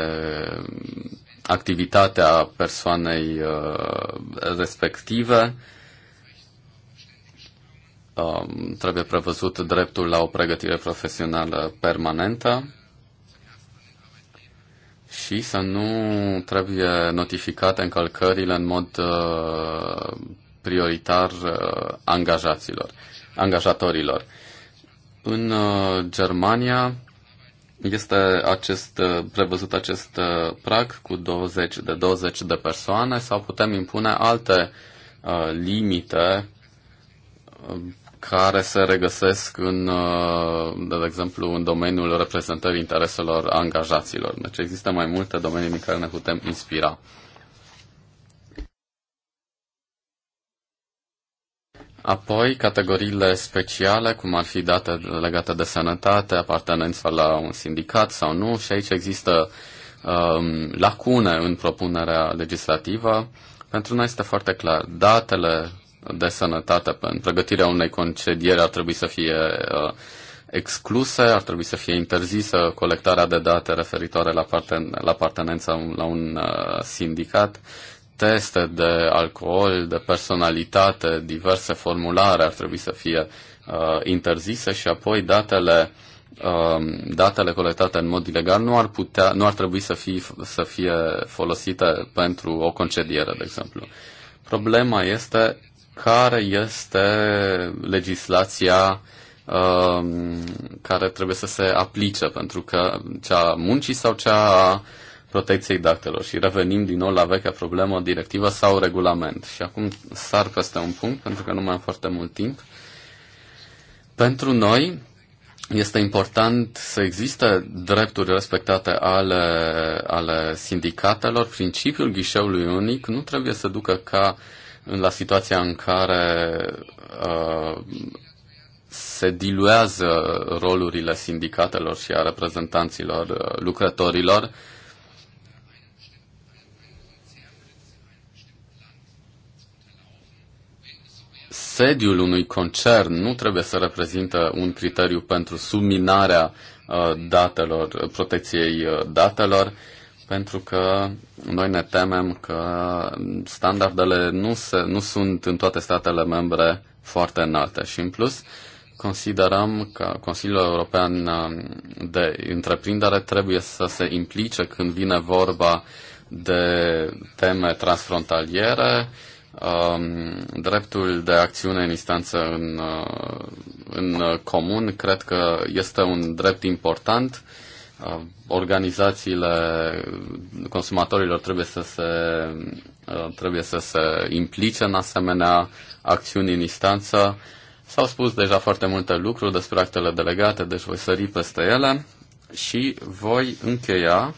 [SPEAKER 4] activitatea persoanei uh, respective. Um, trebuie prevăzut dreptul la o pregătire profesională permanentă și să nu trebuie notificate încălcările în mod uh, prioritar uh, angajaților, angajatorilor. În uh, Germania este acest, prevăzut acest prag cu 20 de 20 de persoane sau putem impune alte limite care se regăsesc în, uh, de exemplu, în domeniul reprezentării intereselor angajaților. Deci există mai multe domenii din care ne putem inspira. Apoi, categoriile speciale, cum ar fi date legate de sănătate, apartenența la un sindicat sau nu, și aici există um, lacune în propunerea legislativă. Pentru noi este foarte clar, datele de sănătate în pregătirea unei concedieri ar trebui să fie uh, excluse, ar trebui să fie interzisă colectarea de date referitoare la, parten- la partenența la un uh, sindicat, teste de alcool, de personalitate, diverse formulare ar trebui să fie uh, interzise și apoi datele uh, datele colectate în mod ilegal nu ar, putea, nu ar trebui să fie, să fie folosite pentru o concediere, de exemplu. Problema este care este legislația um, care trebuie să se aplice, pentru că cea a muncii sau cea a protecției datelor. Și revenim din nou la vechea problemă, directivă sau regulament. Și acum sar peste un punct, pentru că nu mai am foarte mult timp. Pentru noi, este important să existe drepturi respectate ale, ale sindicatelor. Principiul ghișeului unic nu trebuie să ducă ca uh, la situația în care uh, se diluează rolurile sindicatelor și a reprezentanților uh, lucrătorilor. Sediul unui concern nu trebuie să reprezintă un criteriu pentru subminarea uh, datelor, protecției uh, datelor pentru că noi ne temem că standardele nu, se, nu sunt în toate statele membre foarte înalte și în plus considerăm că Consiliul European um, de Întreprindere trebuie să se implice când vine vorba de teme transfrontaliere, um, dreptul de acțiune în instanță în, uh, în comun cred că este un drept important Uh, organizațiile consumatorilor trebuie să se, uh, trebuie să se implice în asemenea acțiuni în instanță. S-au spus deja foarte multe lucruri despre actele delegate, deci voi sări peste ele și voi încheia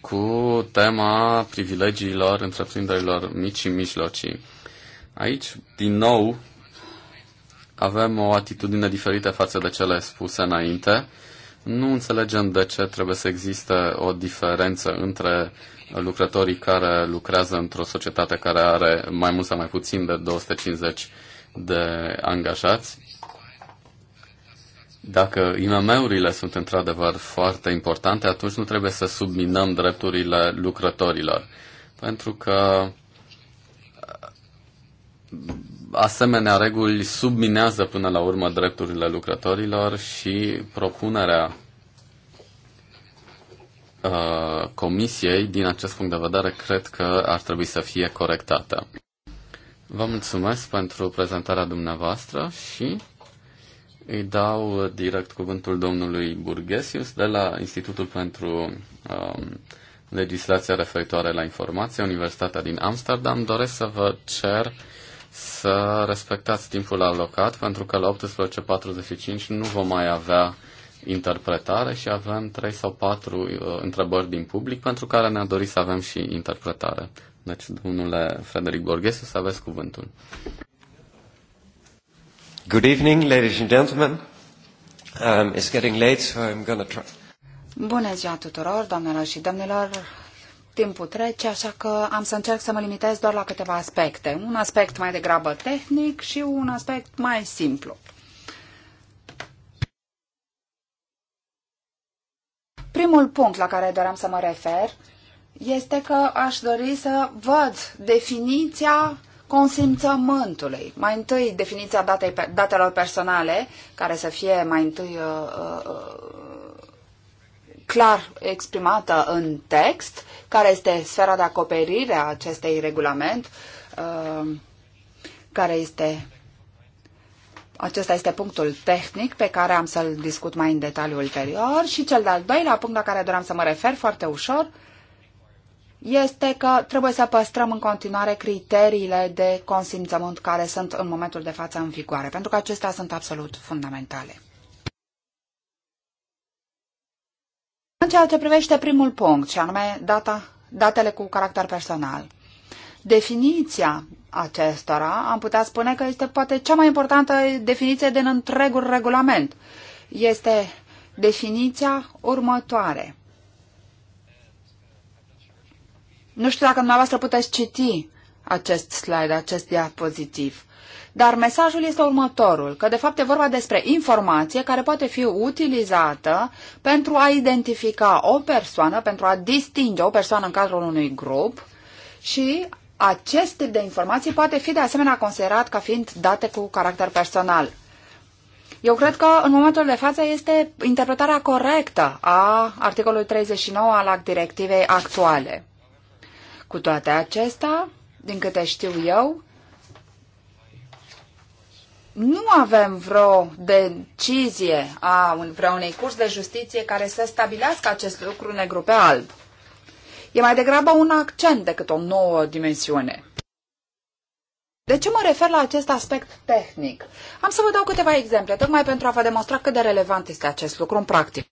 [SPEAKER 4] cu tema privilegiilor întreprinderilor mici și mijlocii. Aici, din nou, avem o atitudine diferită față de cele spuse înainte. Nu înțelegem de ce trebuie să existe o diferență între lucrătorii care lucrează într-o societate care are mai mult sau mai puțin de 250 de angajați. Dacă IMM-urile sunt într-adevăr foarte importante, atunci nu trebuie să subminăm drepturile lucrătorilor. Pentru că asemenea reguli subminează până la urmă drepturile lucrătorilor și propunerea uh, comisiei, din acest punct de vedere, cred că ar trebui să fie corectată. Vă mulțumesc pentru prezentarea dumneavoastră și îi dau direct cuvântul domnului Burghesius de la Institutul pentru um, Legislația referitoare la informație, Universitatea din Amsterdam. Doresc să vă cer uh, să respectați timpul alocat, pentru că la 18.45 nu vom mai avea interpretare și avem 3 sau 4 uh, întrebări din public pentru care ne-a dorit să avem și interpretare. Deci, domnule Frederic Borghesu, să aveți cuvântul. Good evening, ladies and gentlemen. Um, it's getting late, so I'm gonna try.
[SPEAKER 3] Bună ziua tuturor, doamnelor și domnilor timpul trece, așa că am să încerc să mă limitez doar la câteva aspecte. Un aspect mai degrabă tehnic și un aspect mai simplu. Primul punct la care doream să mă refer este că aș dori să văd definiția consimțământului. Mai întâi definiția datei, datelor personale, care să fie mai întâi uh, uh, uh clar exprimată în text, care este sfera de acoperire a acestei regulament, uh, care este acesta este punctul tehnic pe care am să-l discut mai în detaliu ulterior și cel de-al doilea punct la care doream să mă refer foarte ușor este că trebuie să păstrăm în continuare criteriile de consimțământ care sunt în momentul de față în vigoare, pentru că acestea sunt absolut fundamentale. În ceea ce privește primul punct, și anume data, datele cu caracter personal, definiția acestora am putea spune că este poate cea mai importantă definiție din întregul regulament. Este definiția următoare. Nu știu dacă dumneavoastră puteți citi acest slide, acest diapozitiv. Dar mesajul este următorul, că de fapt e vorba despre informație care poate fi utilizată pentru a identifica o persoană, pentru a distinge o persoană în cadrul unui grup și acest tip de informații poate fi de asemenea considerat ca fiind date cu caracter personal. Eu cred că în momentul de față este interpretarea corectă a articolului 39 al act directivei actuale. Cu toate acestea, din câte știu eu, nu avem vreo decizie a vreunei curs de justiție care să stabilească acest lucru negru pe alb. E mai degrabă un accent decât o nouă dimensiune. De ce mă refer la acest aspect tehnic? Am să vă dau câteva exemple, tocmai pentru a vă demonstra cât de relevant este acest lucru în practic.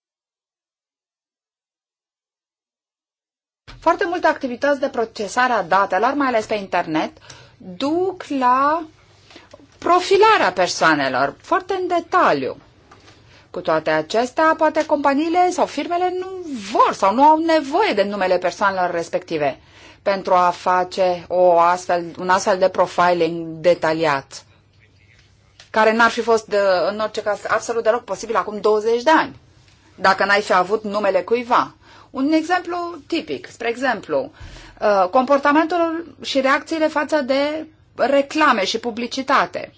[SPEAKER 3] Foarte multe activități de procesare a datelor, mai ales pe internet, duc la profilarea persoanelor, foarte în detaliu. Cu toate acestea, poate companiile sau firmele nu vor sau nu au nevoie de numele persoanelor respective pentru a face o astfel, un astfel de profiling detaliat, care n-ar fi fost de, uh, în orice caz absolut deloc posibil acum 20 de ani, dacă n-ai fi avut numele cuiva. Un exemplu tipic, spre exemplu, uh, comportamentul și reacțiile față de reclame și publicitate.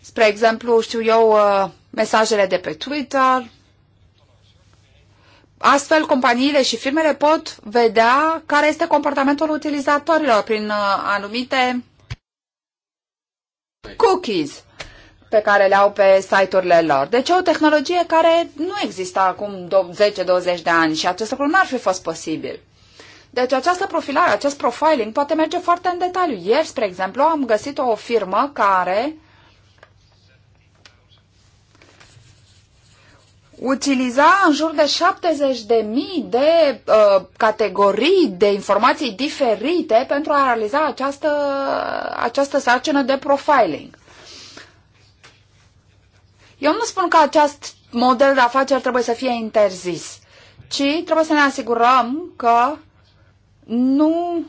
[SPEAKER 3] Spre exemplu, știu eu, uh, mesajele de pe Twitter. Astfel, companiile și firmele pot vedea care este comportamentul utilizatorilor prin uh, anumite cookies pe care le au pe site-urile lor. Deci e o tehnologie care nu exista acum 10-20 de ani și acest lucru n-ar fi fost posibil. Deci această profilare, acest profiling poate merge foarte în detaliu. Ieri, spre exemplu, am găsit o firmă care utiliza în jur de 70.000 de de uh, categorii de informații diferite pentru a realiza această, această sarcină de profiling. Eu nu spun că acest model de afaceri trebuie să fie interzis, ci trebuie să ne asigurăm că nu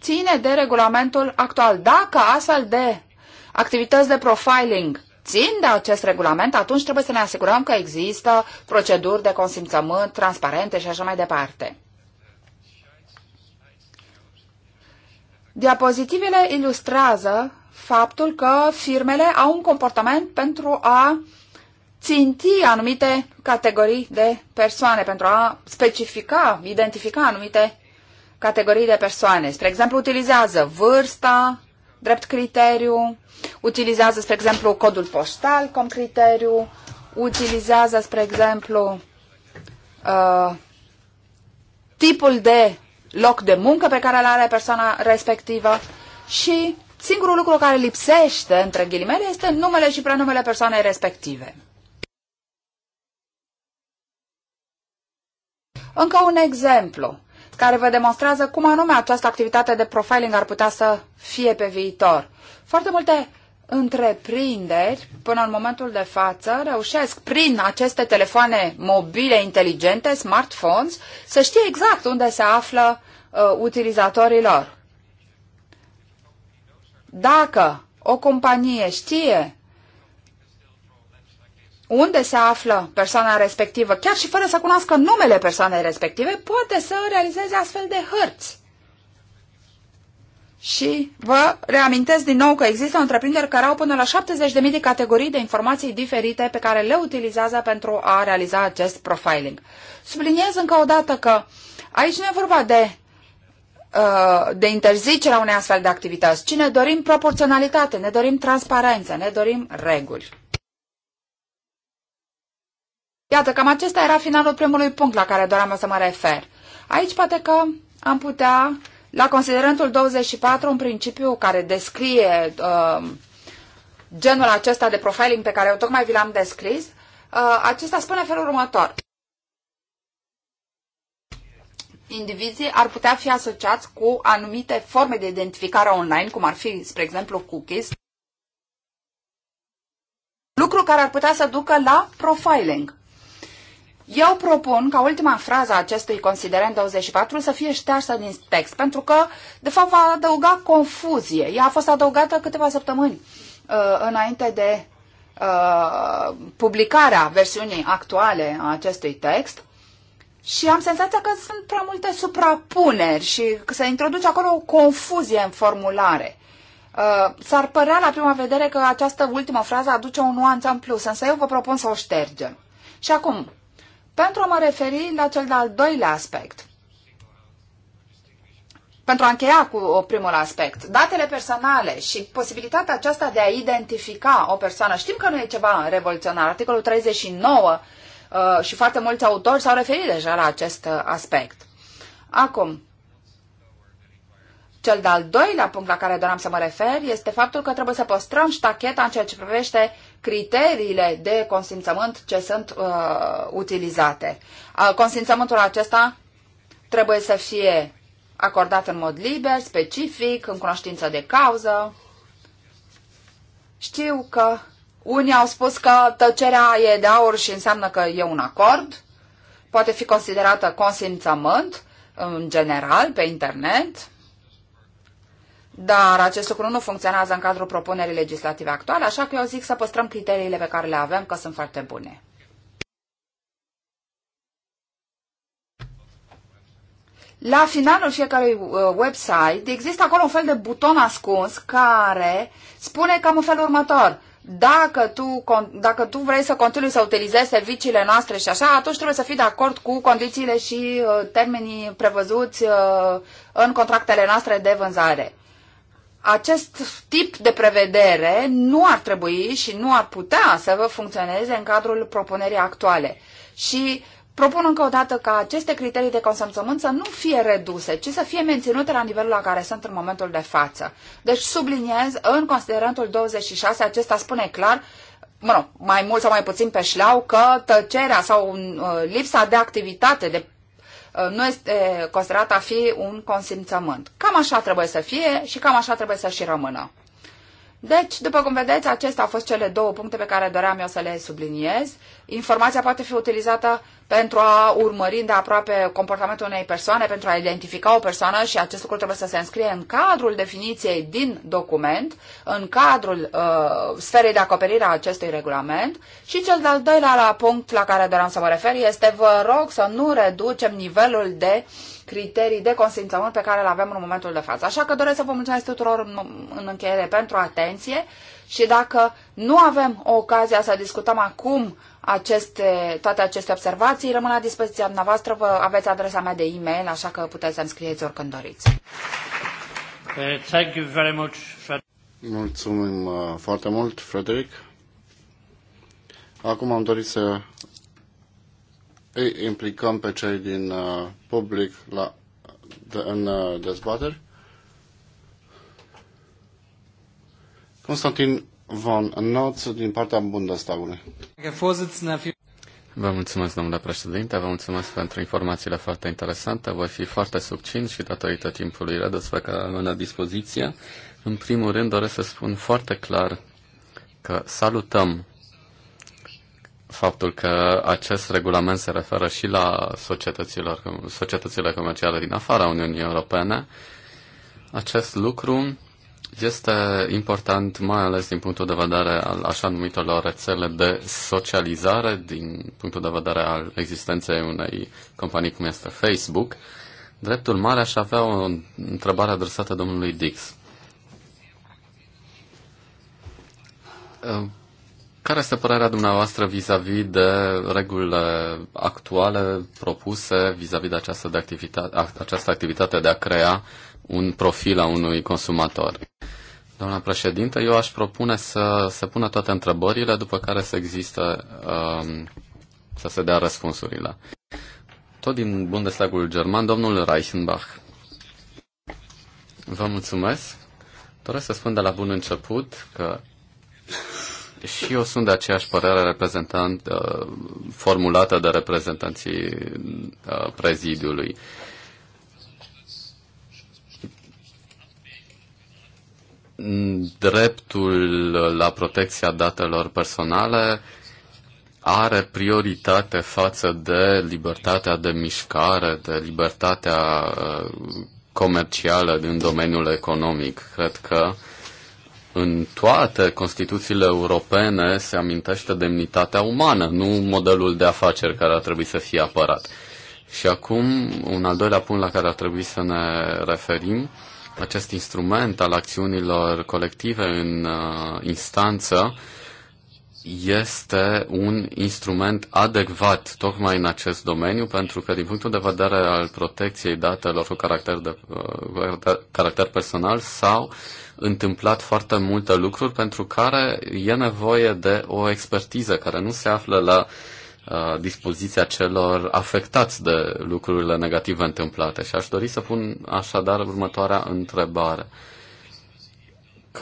[SPEAKER 3] ține de regulamentul actual. Dacă astfel de activități de profiling țin de acest regulament, atunci trebuie să ne asigurăm că există proceduri de consimțământ transparente și așa mai departe. Diapozitivele ilustrează faptul că firmele au un comportament pentru a ținti anumite categorii de persoane, pentru a specifica, identifica anumite categorii de persoane. Spre exemplu, utilizează vârsta drept criteriu, utilizează, spre exemplu, codul postal cum criteriu, utilizează, spre exemplu, uh, tipul de loc de muncă pe care îl are persoana respectivă și singurul lucru care lipsește, între ghilimele, este numele și prenumele persoanei respective. Încă un exemplu care vă demonstrează cum anume această activitate de profiling ar putea să fie pe viitor. Foarte multe întreprinderi, până în momentul de față, reușesc prin aceste telefoane mobile inteligente, smartphones, să știe exact unde se află uh, utilizatorii lor. Dacă o companie știe unde se află persoana respectivă, chiar și fără să cunoască numele persoanei respective, poate să realizeze astfel de hărți. Și vă reamintesc din nou că există întreprinderi care au până la 70.000 de categorii de informații diferite pe care le utilizează pentru a realiza acest profiling. Subliniez încă o dată că aici nu e vorba de, uh, de interzicerea unei astfel de activități, ci ne dorim proporționalitate, ne dorim transparență, ne dorim reguli. Iată, cam acesta era finalul primului punct la care doream să mă refer. Aici poate că am putea, la considerentul 24, un principiu care descrie uh, genul acesta de profiling pe care eu tocmai vi l-am descris, uh, acesta spune felul următor. Indivizii ar putea fi asociați cu anumite forme de identificare online, cum ar fi, spre exemplu, cookies, lucru care ar putea să ducă la profiling. Eu propun ca ultima frază a acestui considerent 24 să fie ștearsă din text, pentru că, de fapt, va adăuga confuzie. Ea a fost adăugată câteva săptămâni uh, înainte de uh, publicarea versiunii actuale a acestui text și am senzația că sunt prea multe suprapuneri și că se introduce acolo o confuzie în formulare. Uh, s-ar părea la prima vedere că această ultimă frază aduce o nuanță în plus, însă eu vă propun să o ștergem. Și acum, pentru a mă referi la cel de-al doilea aspect. Pentru a încheia cu primul aspect, datele personale și posibilitatea aceasta de a identifica o persoană. Știm că nu e ceva revoluționar. Articolul 39 uh, și foarte mulți autori s-au referit deja la acest uh, aspect. Acum, cel de-al doilea punct la care doream să mă refer este faptul că trebuie să păstrăm ștacheta în ceea ce privește criteriile de consimțământ ce sunt uh, utilizate. Uh, consimțământul acesta trebuie să fie acordat în mod liber, specific, în cunoștință de cauză. Știu că unii au spus că tăcerea e de aur și înseamnă că e un acord. Poate fi considerată consimțământ în general pe internet. Dar acest lucru nu funcționează în cadrul propunerii legislative actuale, așa că eu zic să păstrăm criteriile pe care le avem, că sunt foarte bune. La finalul fiecărui uh, website există acolo un fel de buton ascuns care spune cam în felul următor. Dacă tu, dacă tu vrei să continui să utilizezi serviciile noastre și așa, atunci trebuie să fii de acord cu condițiile și uh, termenii prevăzuți uh, în contractele noastre de vânzare acest tip de prevedere nu ar trebui și nu ar putea să vă funcționeze în cadrul propunerii actuale. Și propun încă o dată ca aceste criterii de consămțământ să nu fie reduse, ci să fie menținute la nivelul la care sunt în momentul de față. Deci subliniez în considerentul 26, acesta spune clar mă rog, mai mult sau mai puțin pe șleau, că tăcerea sau uh, lipsa de activitate, de Uh, nu este considerat a fi un consimțământ. Cam așa trebuie să fie și cam așa trebuie să și rămână. Deci, după cum vedeți, acestea au fost cele două puncte pe care doream eu să le subliniez informația poate fi utilizată pentru a urmări de aproape comportamentul unei persoane, pentru a identifica o persoană și acest lucru trebuie să se înscrie în cadrul definiției din document, în cadrul uh, sferei de acoperire a acestui regulament. Și cel de-al doilea la punct la care doream să mă refer este vă rog să nu reducem nivelul de criterii de consimțământ pe care le avem în momentul de față. Așa că doresc să vă mulțumesc tuturor în, în încheiere pentru atenție și dacă nu avem o ocazia să discutăm acum aceste, toate aceste observații, rămân la dispoziția dumneavoastră, vă aveți adresa mea de e-mail, așa că puteți să-mi scrieți oricând doriți.
[SPEAKER 1] Eh, thank you very much, Mulțumim uh,
[SPEAKER 2] foarte mult, Frederic. Acum am dorit să îi implicăm pe cei din uh, public la, de, în uh, dezbateri. Constantin von Notz din partea Bundestagului.
[SPEAKER 4] Vă mulțumesc, domnule președinte, vă mulțumesc pentru informațiile foarte interesante. Voi fi foarte succint și datorită timpului redus pe care am la dispoziție. În primul rând doresc să spun foarte clar că salutăm faptul că acest regulament se referă și la societățile comerciale din afara Uniunii Europene. Acest lucru este important mai ales din punctul de vedere al așa numitelor rețele de socializare, din punctul de vedere al existenței unei companii cum este Facebook. Dreptul mare aș avea o întrebare adresată domnului Dix. Care este părerea dumneavoastră vis-a-vis -vis de regulile actuale propuse vis-a-vis -vis de această, de activitate, această activitate de a crea un profil a unui consumator? Doamna președinte, eu aș propune să se pună toate întrebările, după care să există, um, să se dea răspunsurile. Tot din Bundestagul German, domnul Reichenbach. Vă mulțumesc. Doresc să spun de la bun început că și eu sunt de aceeași părere reprezentant, uh, formulată de reprezentanții uh, prezidiului. Uh, dreptul la protecția datelor personale are prioritate față de libertatea de mișcare, de libertatea uh, comercială din domeniul economic. Cred că în toate constituțiile europene se amintește demnitatea umană, nu modelul de afaceri care ar trebui să fie apărat. Și acum, un al doilea punct la care ar trebui să ne referim acest instrument al acțiunilor colective în uh, instanță este un instrument adecvat tocmai în acest domeniu, pentru că din punctul de vedere al protecției datelor cu caracter, de, uh, caracter personal s-au întâmplat foarte multe lucruri pentru care e nevoie de o expertiză care nu se află la uh, dispoziția celor afectați de lucrurile negative întâmplate. Și aș dori să pun așadar următoarea întrebare.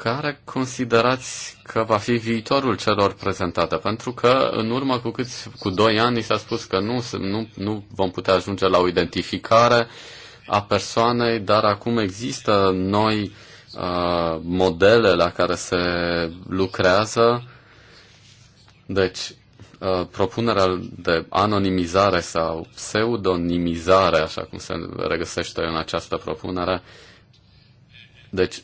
[SPEAKER 4] Care considerați că va fi viitorul celor prezentate? Pentru că în urmă cu câți, cu doi ani s-a spus că nu, nu, nu vom putea ajunge la o identificare a persoanei, dar acum există noi uh, modele la care se lucrează. Deci, Uh, propunerea de anonimizare sau pseudonimizare, așa cum se regăsește în această propunere. Deci,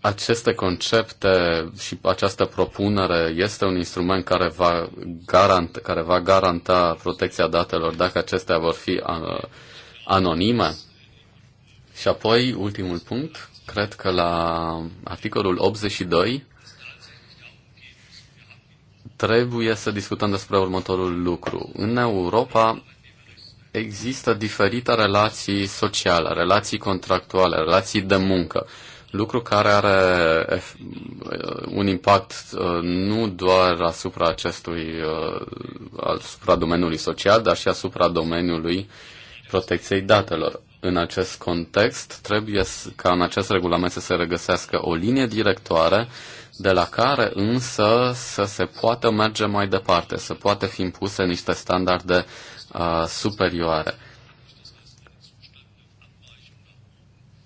[SPEAKER 4] aceste concepte și această propunere este un instrument care va garanta, care va garanta protecția datelor dacă acestea vor fi uh, anonime. Și apoi, ultimul punct, cred că la articolul 82 trebuie să discutăm despre următorul lucru. În Europa există diferite relații sociale, relații contractuale, relații de muncă, lucru care are un impact uh, nu doar asupra acestui, uh, asupra domeniului social, dar și asupra domeniului protecției datelor. În acest context, trebuie ca în acest regulament să se regăsească o linie directoare de la care însă să se poată merge mai departe, să poată fi impuse niște standarde uh, superioare.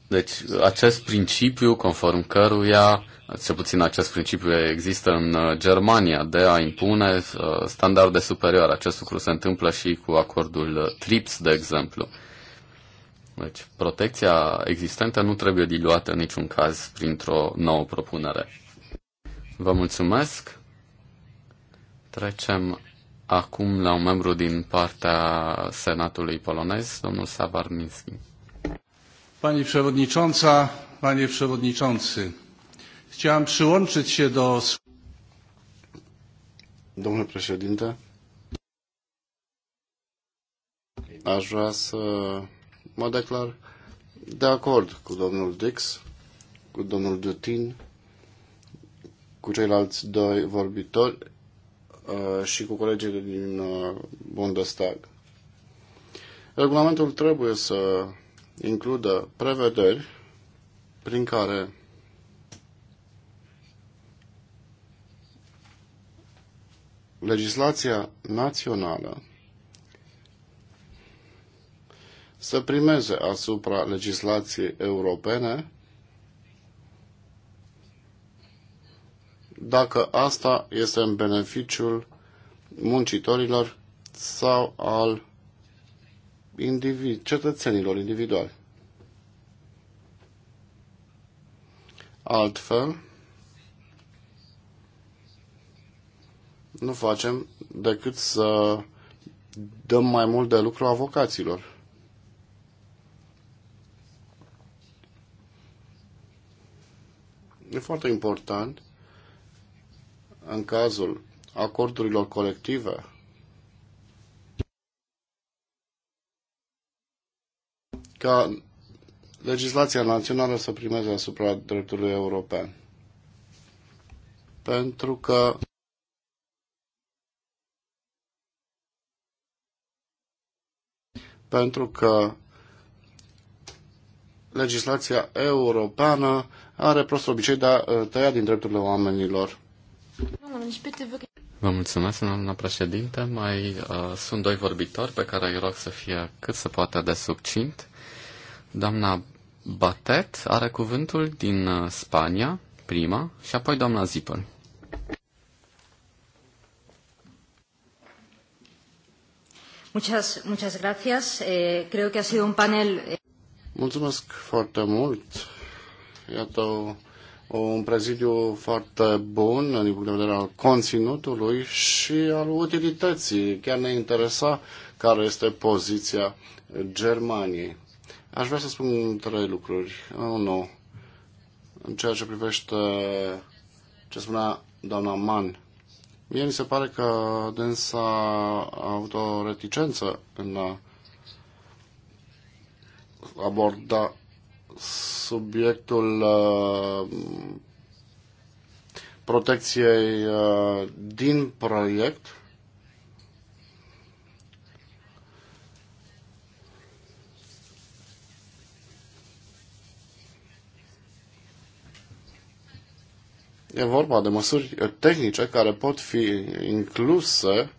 [SPEAKER 4] Deci acest principiu conform căruia, cel puțin acest principiu există în uh, Germania, de a impune uh, standarde superioare. Acest lucru se întâmplă și cu acordul TRIPS, de exemplu. Deci protecția existentă nu trebuie diluată în niciun caz printr-o nouă propunere. Vă mulțumesc. Trecem acum la un membru din partea Senatului polonez, domnul Sawarniński.
[SPEAKER 7] Pani przewodnicząca, panie przewodniczący. Chciałem przyłączyć się do
[SPEAKER 2] Domnule președinte, aș vrea să mă declar de acord cu domnul Dix, cu domnul Dutin cu ceilalți doi vorbitori uh, și cu colegii din uh, Bundestag. Regulamentul trebuie să includă prevederi prin care legislația națională să primeze asupra legislației europene dacă asta este în beneficiul muncitorilor sau al individ, cetățenilor individuali. Altfel, nu facem decât să dăm mai mult de lucru avocaților. E foarte important în cazul acordurilor colective, ca legislația națională să primeze asupra dreptului european. Pentru că pentru că legislația europeană are prost obicei de a tăia din drepturile oamenilor
[SPEAKER 4] Vă mulțumesc, doamna președinte. Mai uh, sunt doi vorbitori pe care îi rog să fie cât se poate de succint. Doamna Batet are cuvântul din uh, Spania, prima, și apoi doamna Zipăl.
[SPEAKER 6] Muchas, muchas gracias. Eh, creo que ha sido un panel... Eh,
[SPEAKER 2] mulțumesc foarte mult. Iată, un prezidiu foarte bun din punct de vedere al conținutului și al utilității. Chiar ne interesa care este poziția Germaniei. Aș vrea să spun trei lucruri. Unu, în ceea ce privește ce spunea doamna Mann, mie mi se pare că dânsa a avut o reticență în a aborda subiectul uh, protecției uh, din proiect. E vorba de măsuri tehnice care pot fi incluse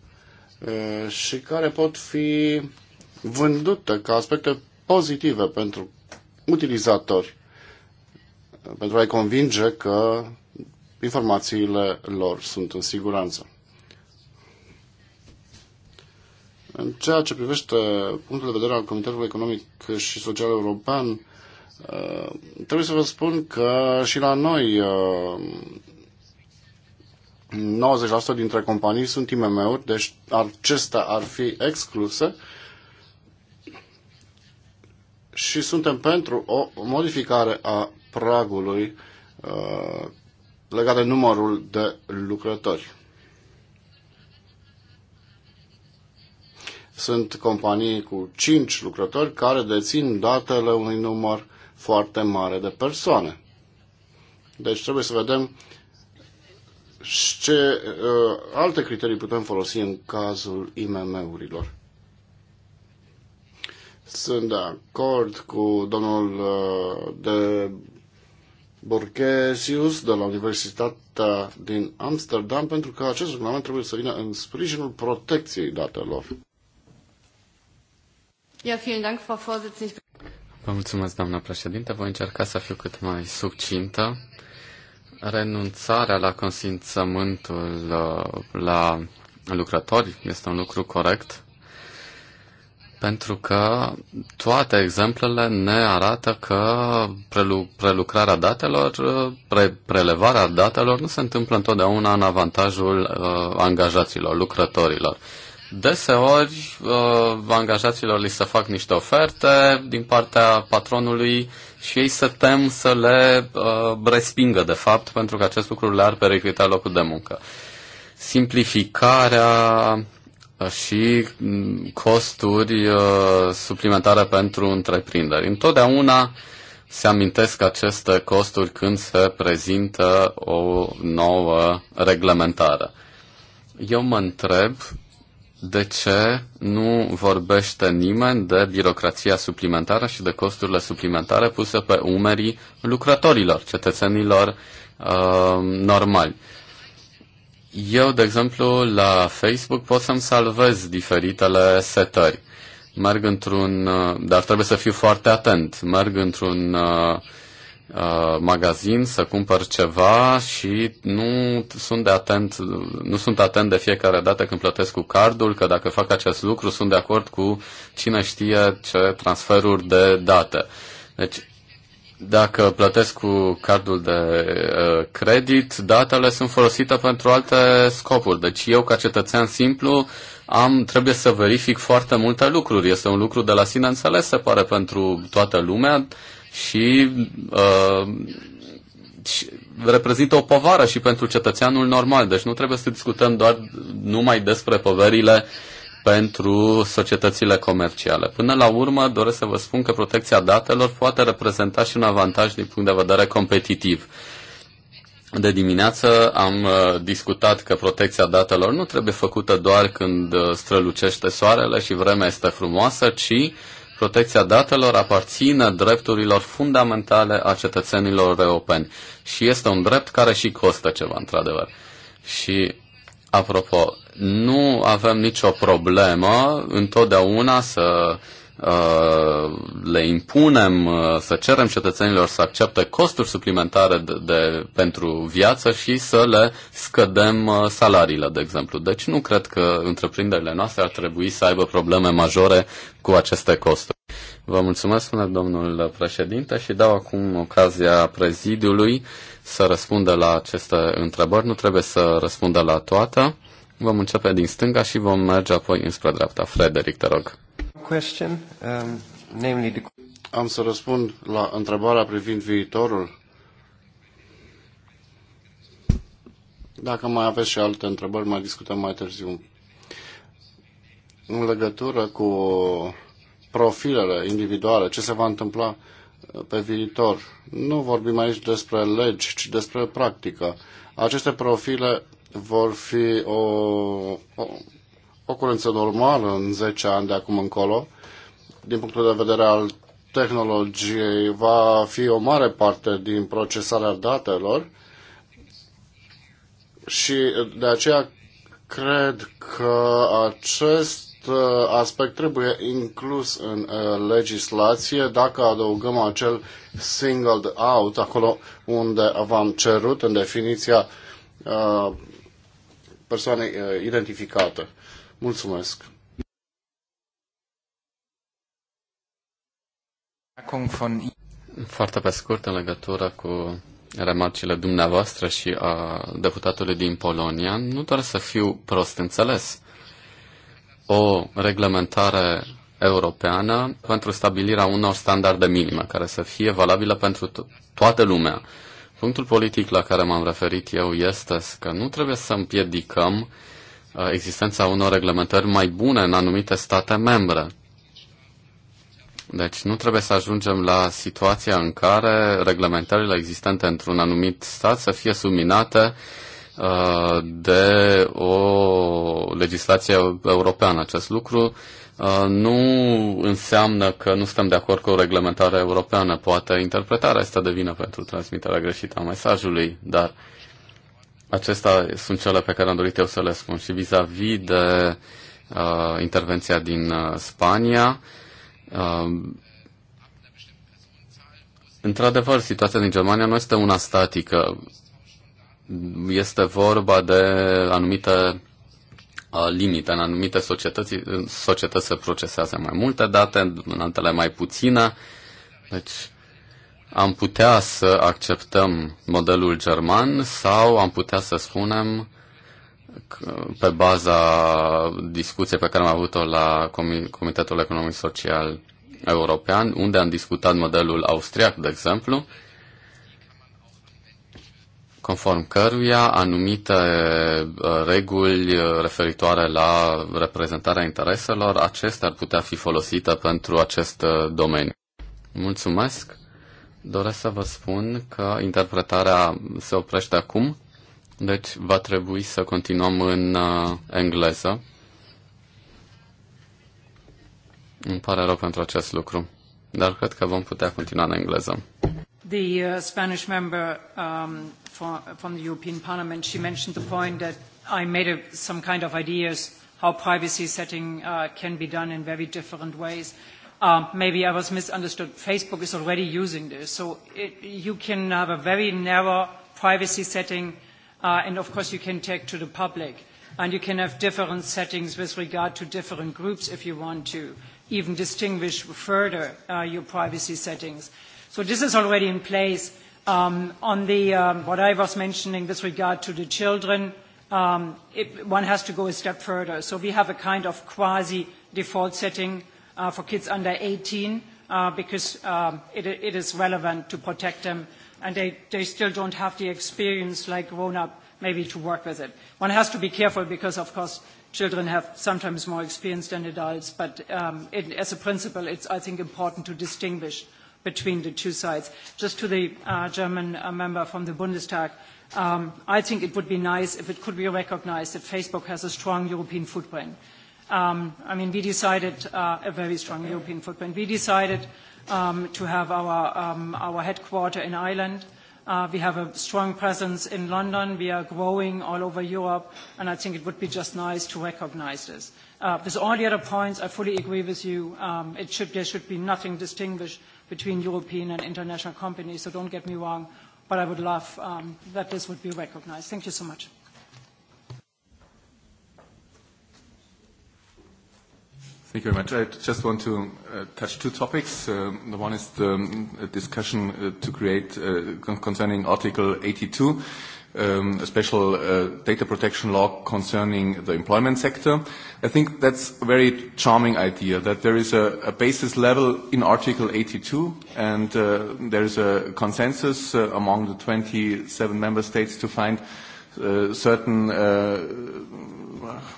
[SPEAKER 2] uh, și care pot fi vândute ca aspecte pozitive pentru utilizatori pentru a-i convinge că informațiile lor sunt în siguranță. În ceea ce privește punctul de vedere al Comitetului Economic și Social European, uh, trebuie să vă spun că și la noi 90% uh, dintre companii sunt IMM-uri, deci acestea ar fi excluse și suntem pentru o modificare a pragului uh, legat de numărul de lucrători. Sunt companii cu 5 lucrători care dețin datele unui număr foarte mare de persoane. Deci trebuie să vedem și ce uh, alte criterii putem folosi în cazul IMM-urilor. Sunt de acord cu domnul uh, de Borgesius de la Universitatea din Amsterdam pentru că acest regulament trebuie să vină în sprijinul protecției datelor.
[SPEAKER 1] Ja, vielen Dank, Frau Vorsitzende.
[SPEAKER 4] Vă mulțumesc, doamna președinte. Voi încerca să fiu cât mai succintă. Renunțarea la consimțământul uh, la lucrători este un lucru corect pentru că toate exemplele ne arată că prelu- prelucrarea datelor, pre- prelevarea datelor nu se întâmplă întotdeauna în avantajul uh, angajaților, lucrătorilor. Deseori, uh, angajaților li se fac niște oferte din partea patronului și ei se tem să le uh, respingă, de fapt, pentru că acest lucru le-ar periclita locul de muncă. Simplificarea Uh, și mm, costuri uh, suplimentare pentru întreprinderi. Întotdeauna se amintesc aceste costuri când se prezintă o nouă reglementare. Eu mă întreb de ce nu vorbește nimeni de birocrația suplimentară și de costurile suplimentare puse pe umerii lucrătorilor, cetățenilor uh, normali. Eu, de exemplu, la Facebook pot să-mi salvez diferitele setări. Merg într-un... Uh, dar trebuie să fiu foarte atent. Merg într-un uh, uh, magazin să cumpăr ceva și nu sunt de atent, nu sunt atent de fiecare dată când plătesc cu cardul, că dacă fac acest lucru sunt de acord cu cine știe ce transferuri de date. Deci dacă plătesc cu cardul de uh, credit, datele sunt folosite pentru alte scopuri. Deci eu, ca cetățean simplu, am, trebuie să verific foarte multe lucruri. Este un lucru de la sine înțeles, se pare, pentru toată lumea și, uh, și reprezintă o povară și pentru cetățeanul normal. Deci nu trebuie să discutăm doar numai despre poverile uh, pentru societățile comerciale. Până la urmă, doresc să vă spun că protecția datelor poate reprezenta și un avantaj din punct de vedere competitiv. De dimineață am uh, discutat că protecția datelor nu trebuie făcută doar când uh, strălucește soarele și vremea este frumoasă, ci protecția datelor aparține drepturilor fundamentale a cetățenilor europeni. Și este un drept care și costă ceva, într-adevăr. Și, apropo, nu avem nicio problemă întotdeauna să uh, le impunem uh, să cerem cetățenilor să accepte costuri suplimentare de, de, pentru viață și să le scădem uh, salariile, de exemplu. Deci nu cred că întreprinderile noastre ar trebui să aibă probleme majore cu aceste costuri. Vă mulțumesc, spune domnul președinte, și dau acum ocazia prezidiului să răspundă la aceste întrebări. Nu trebuie să răspundă la toată. Vom începe din stânga și vom merge apoi înspre dreapta. Frederic, te rog.
[SPEAKER 5] Question,
[SPEAKER 2] um, namely the... Am să răspund la întrebarea privind viitorul. Dacă mai aveți și alte întrebări, mai discutăm mai târziu. În legătură cu profilele individuale, ce se va întâmpla uh, pe viitor. Nu vorbim aici despre legi, ci despre practică. Aceste profile vor fi o, o curență normală în 10 ani de acum încolo. Din punctul de vedere al tehnologiei, va fi o mare parte din procesarea datelor și de aceea cred că acest uh, aspect trebuie inclus în uh, legislație dacă adăugăm acel singled out acolo unde v-am cerut în definiția uh, persoane uh, identificate. Mulțumesc!
[SPEAKER 4] Foarte pe scurt, în legătură cu remarcile dumneavoastră și a deputatului din Polonia, nu doar să fiu prost înțeles. O reglementare europeană pentru stabilirea unor standarde minime, care să fie valabilă pentru to- toată lumea. Punctul politic la care m-am referit eu este că nu trebuie să împiedicăm uh, existența unor reglementări mai bune în anumite state membre. Deci nu trebuie să ajungem la situația în care reglementările existente într-un anumit stat să fie subminate uh, de o legislație europeană. Acest lucru Uh, nu înseamnă că nu suntem de acord cu o reglementare europeană. Poate interpretarea este de vină pentru transmiterea greșită a mesajului, dar acestea sunt cele pe care am dorit eu să le spun. Și vis-a-vis -vis de uh, intervenția din uh, Spania, uh, într-adevăr, situația din Germania nu este una statică. Este vorba de anumite Uh, limite. În anumite societăți, societăți se procesează mai multe date, în altele mai puține. Deci am putea să acceptăm modelul german sau am putea să spunem pe baza discuției pe care am avut-o la Comitetul Economic Social European, unde am discutat modelul austriac, de exemplu, conform căruia anumite uh, reguli uh, referitoare la reprezentarea intereselor, acestea ar putea fi folosite pentru acest uh, domeniu. Mulțumesc! Doresc să vă spun că interpretarea se oprește acum, deci va trebui să continuăm în engleză. Îmi pare rău pentru acest lucru, dar cred că vom putea continua în engleză.
[SPEAKER 6] The uh, Spanish member um, for, from the European Parliament, she mentioned the point that I made a, some kind of ideas how privacy setting uh, can be done in very different ways. Um, maybe I was misunderstood. Facebook is already using this. So it, you can have a very narrow privacy setting, uh, and of course you can take to the public. And you can have different settings with regard to different groups if you want to even distinguish further uh, your privacy settings. So this is already in place. Um, on the, um, what I was mentioning with regard to the children, um, it, one has to go a step further. So we have a kind of quasi-default setting uh, for kids under 18 uh, because um, it, it is relevant to protect them and they, they still don't have the experience like grown-up maybe to work with it. One has to be careful because, of course, children have sometimes more experience than adults, but um, it, as a principle, it's, I think, important to distinguish between the two sides. Just to the uh, German uh, member from the Bundestag, um, I think it would be nice if it could be recognized that Facebook has a strong European footprint. Um, I mean, we decided uh, a very strong European footprint. We decided um, to have our, um, our headquarter in Ireland. Uh, we have a strong presence in London. We are growing all over Europe, and I think it would be just nice to recognize this. Uh, with all the other points, I fully agree with you. Um, it should, there should be nothing distinguished between European and international companies, so don't get me wrong, but I would love um, that this would be recognized. Thank you so much.
[SPEAKER 4] Thank you
[SPEAKER 7] very much. I just want to uh, touch two topics. Um, the one is the um, discussion uh, to create uh, concerning Article 82 um, a special uh, data protection law concerning the employment sector. I think that's a very charming idea that there is a, a basis level in Article 82 and uh, there is a consensus uh, among the 27 member states to find uh, certain uh,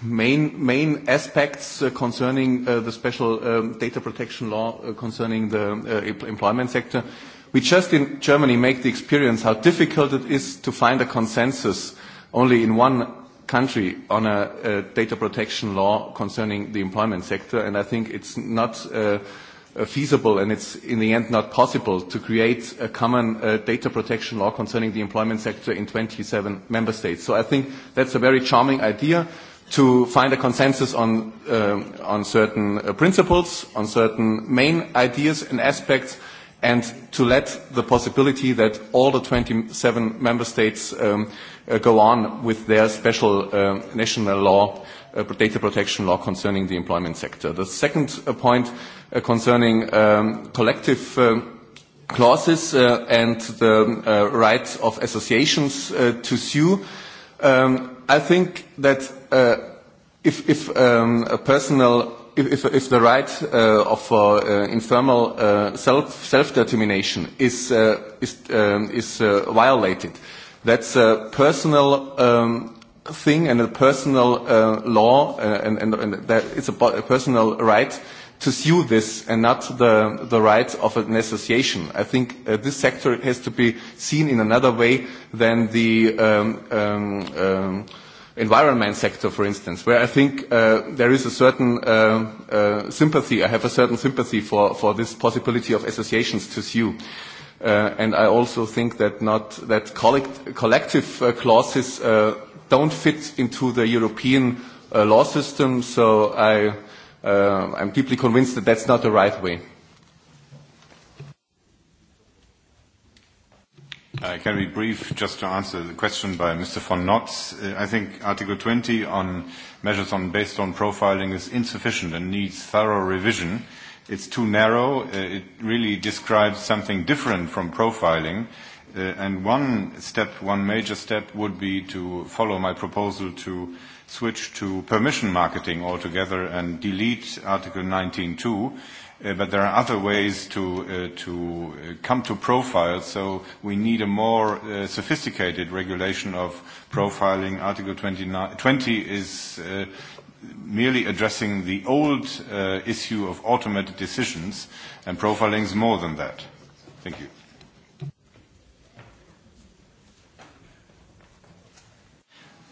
[SPEAKER 7] main, main aspects uh, concerning uh, the special um, data protection law uh, concerning the uh, employment sector We just in Germany make the experience how difficult it is to find a consensus only in one country on a, a data protection law concerning the employment sector, and I think it's not uh, feasible and it's in the end not possible to create a common uh, data protection law concerning the employment sector in 27 member states. So I think that's a very charming idea to find a consensus on, um, on certain uh, principles, on certain main ideas and aspects, and to let the possibility that all the 27 member states um, uh, go on with their special uh, national law, uh, data protection law concerning the employment sector. The second uh, point uh, concerning um, collective uh, clauses uh, and the uh, rights of associations uh, to sue, um, I think that uh, if, if um, a personal if, if the right uh, of uh, uh informal uh, self self determination is uh, is um, is uh, violated, that's a personal um, thing and a personal uh, law, uh, and, and, and that it's a, a personal right to sue this and not the, the right of an association. I think uh, this sector has to be seen in another way than the um, um, um, environment sector, for instance, where I think uh, there is a certain uh, uh, sympathy, I have a certain sympathy for, for this possibility of associations to sue. Uh, and I also think that, not, that collect, collective uh, clauses uh, don't fit into the European uh, law system, so I, uh, I'm deeply convinced that that's not the right way. I uh, can be brief just to answer the question by Mr. von Notz. Uh, I think Article 20 on measures on based on profiling is insufficient and needs thorough revision. It's too narrow. Uh, it really describes something different from profiling. Uh, and one step, one major step would be to follow my proposal to switch to permission marketing altogether and delete Article 19.2 Uh, but there are other ways to, uh, to uh, come to profiles, so we need a more uh, sophisticated regulation of profiling. Article 29, 20 is uh, merely addressing the old uh, issue of automated decisions, and profiling is more than that. Thank you.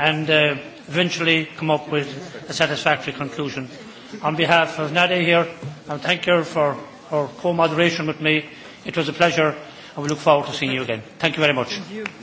[SPEAKER 1] and uh, eventually come up with a satisfactory conclusion. On behalf of Nadia here, I thank her for her co-moderation with me. It was a pleasure, and we look forward to seeing you again. Thank you very much. Thank you.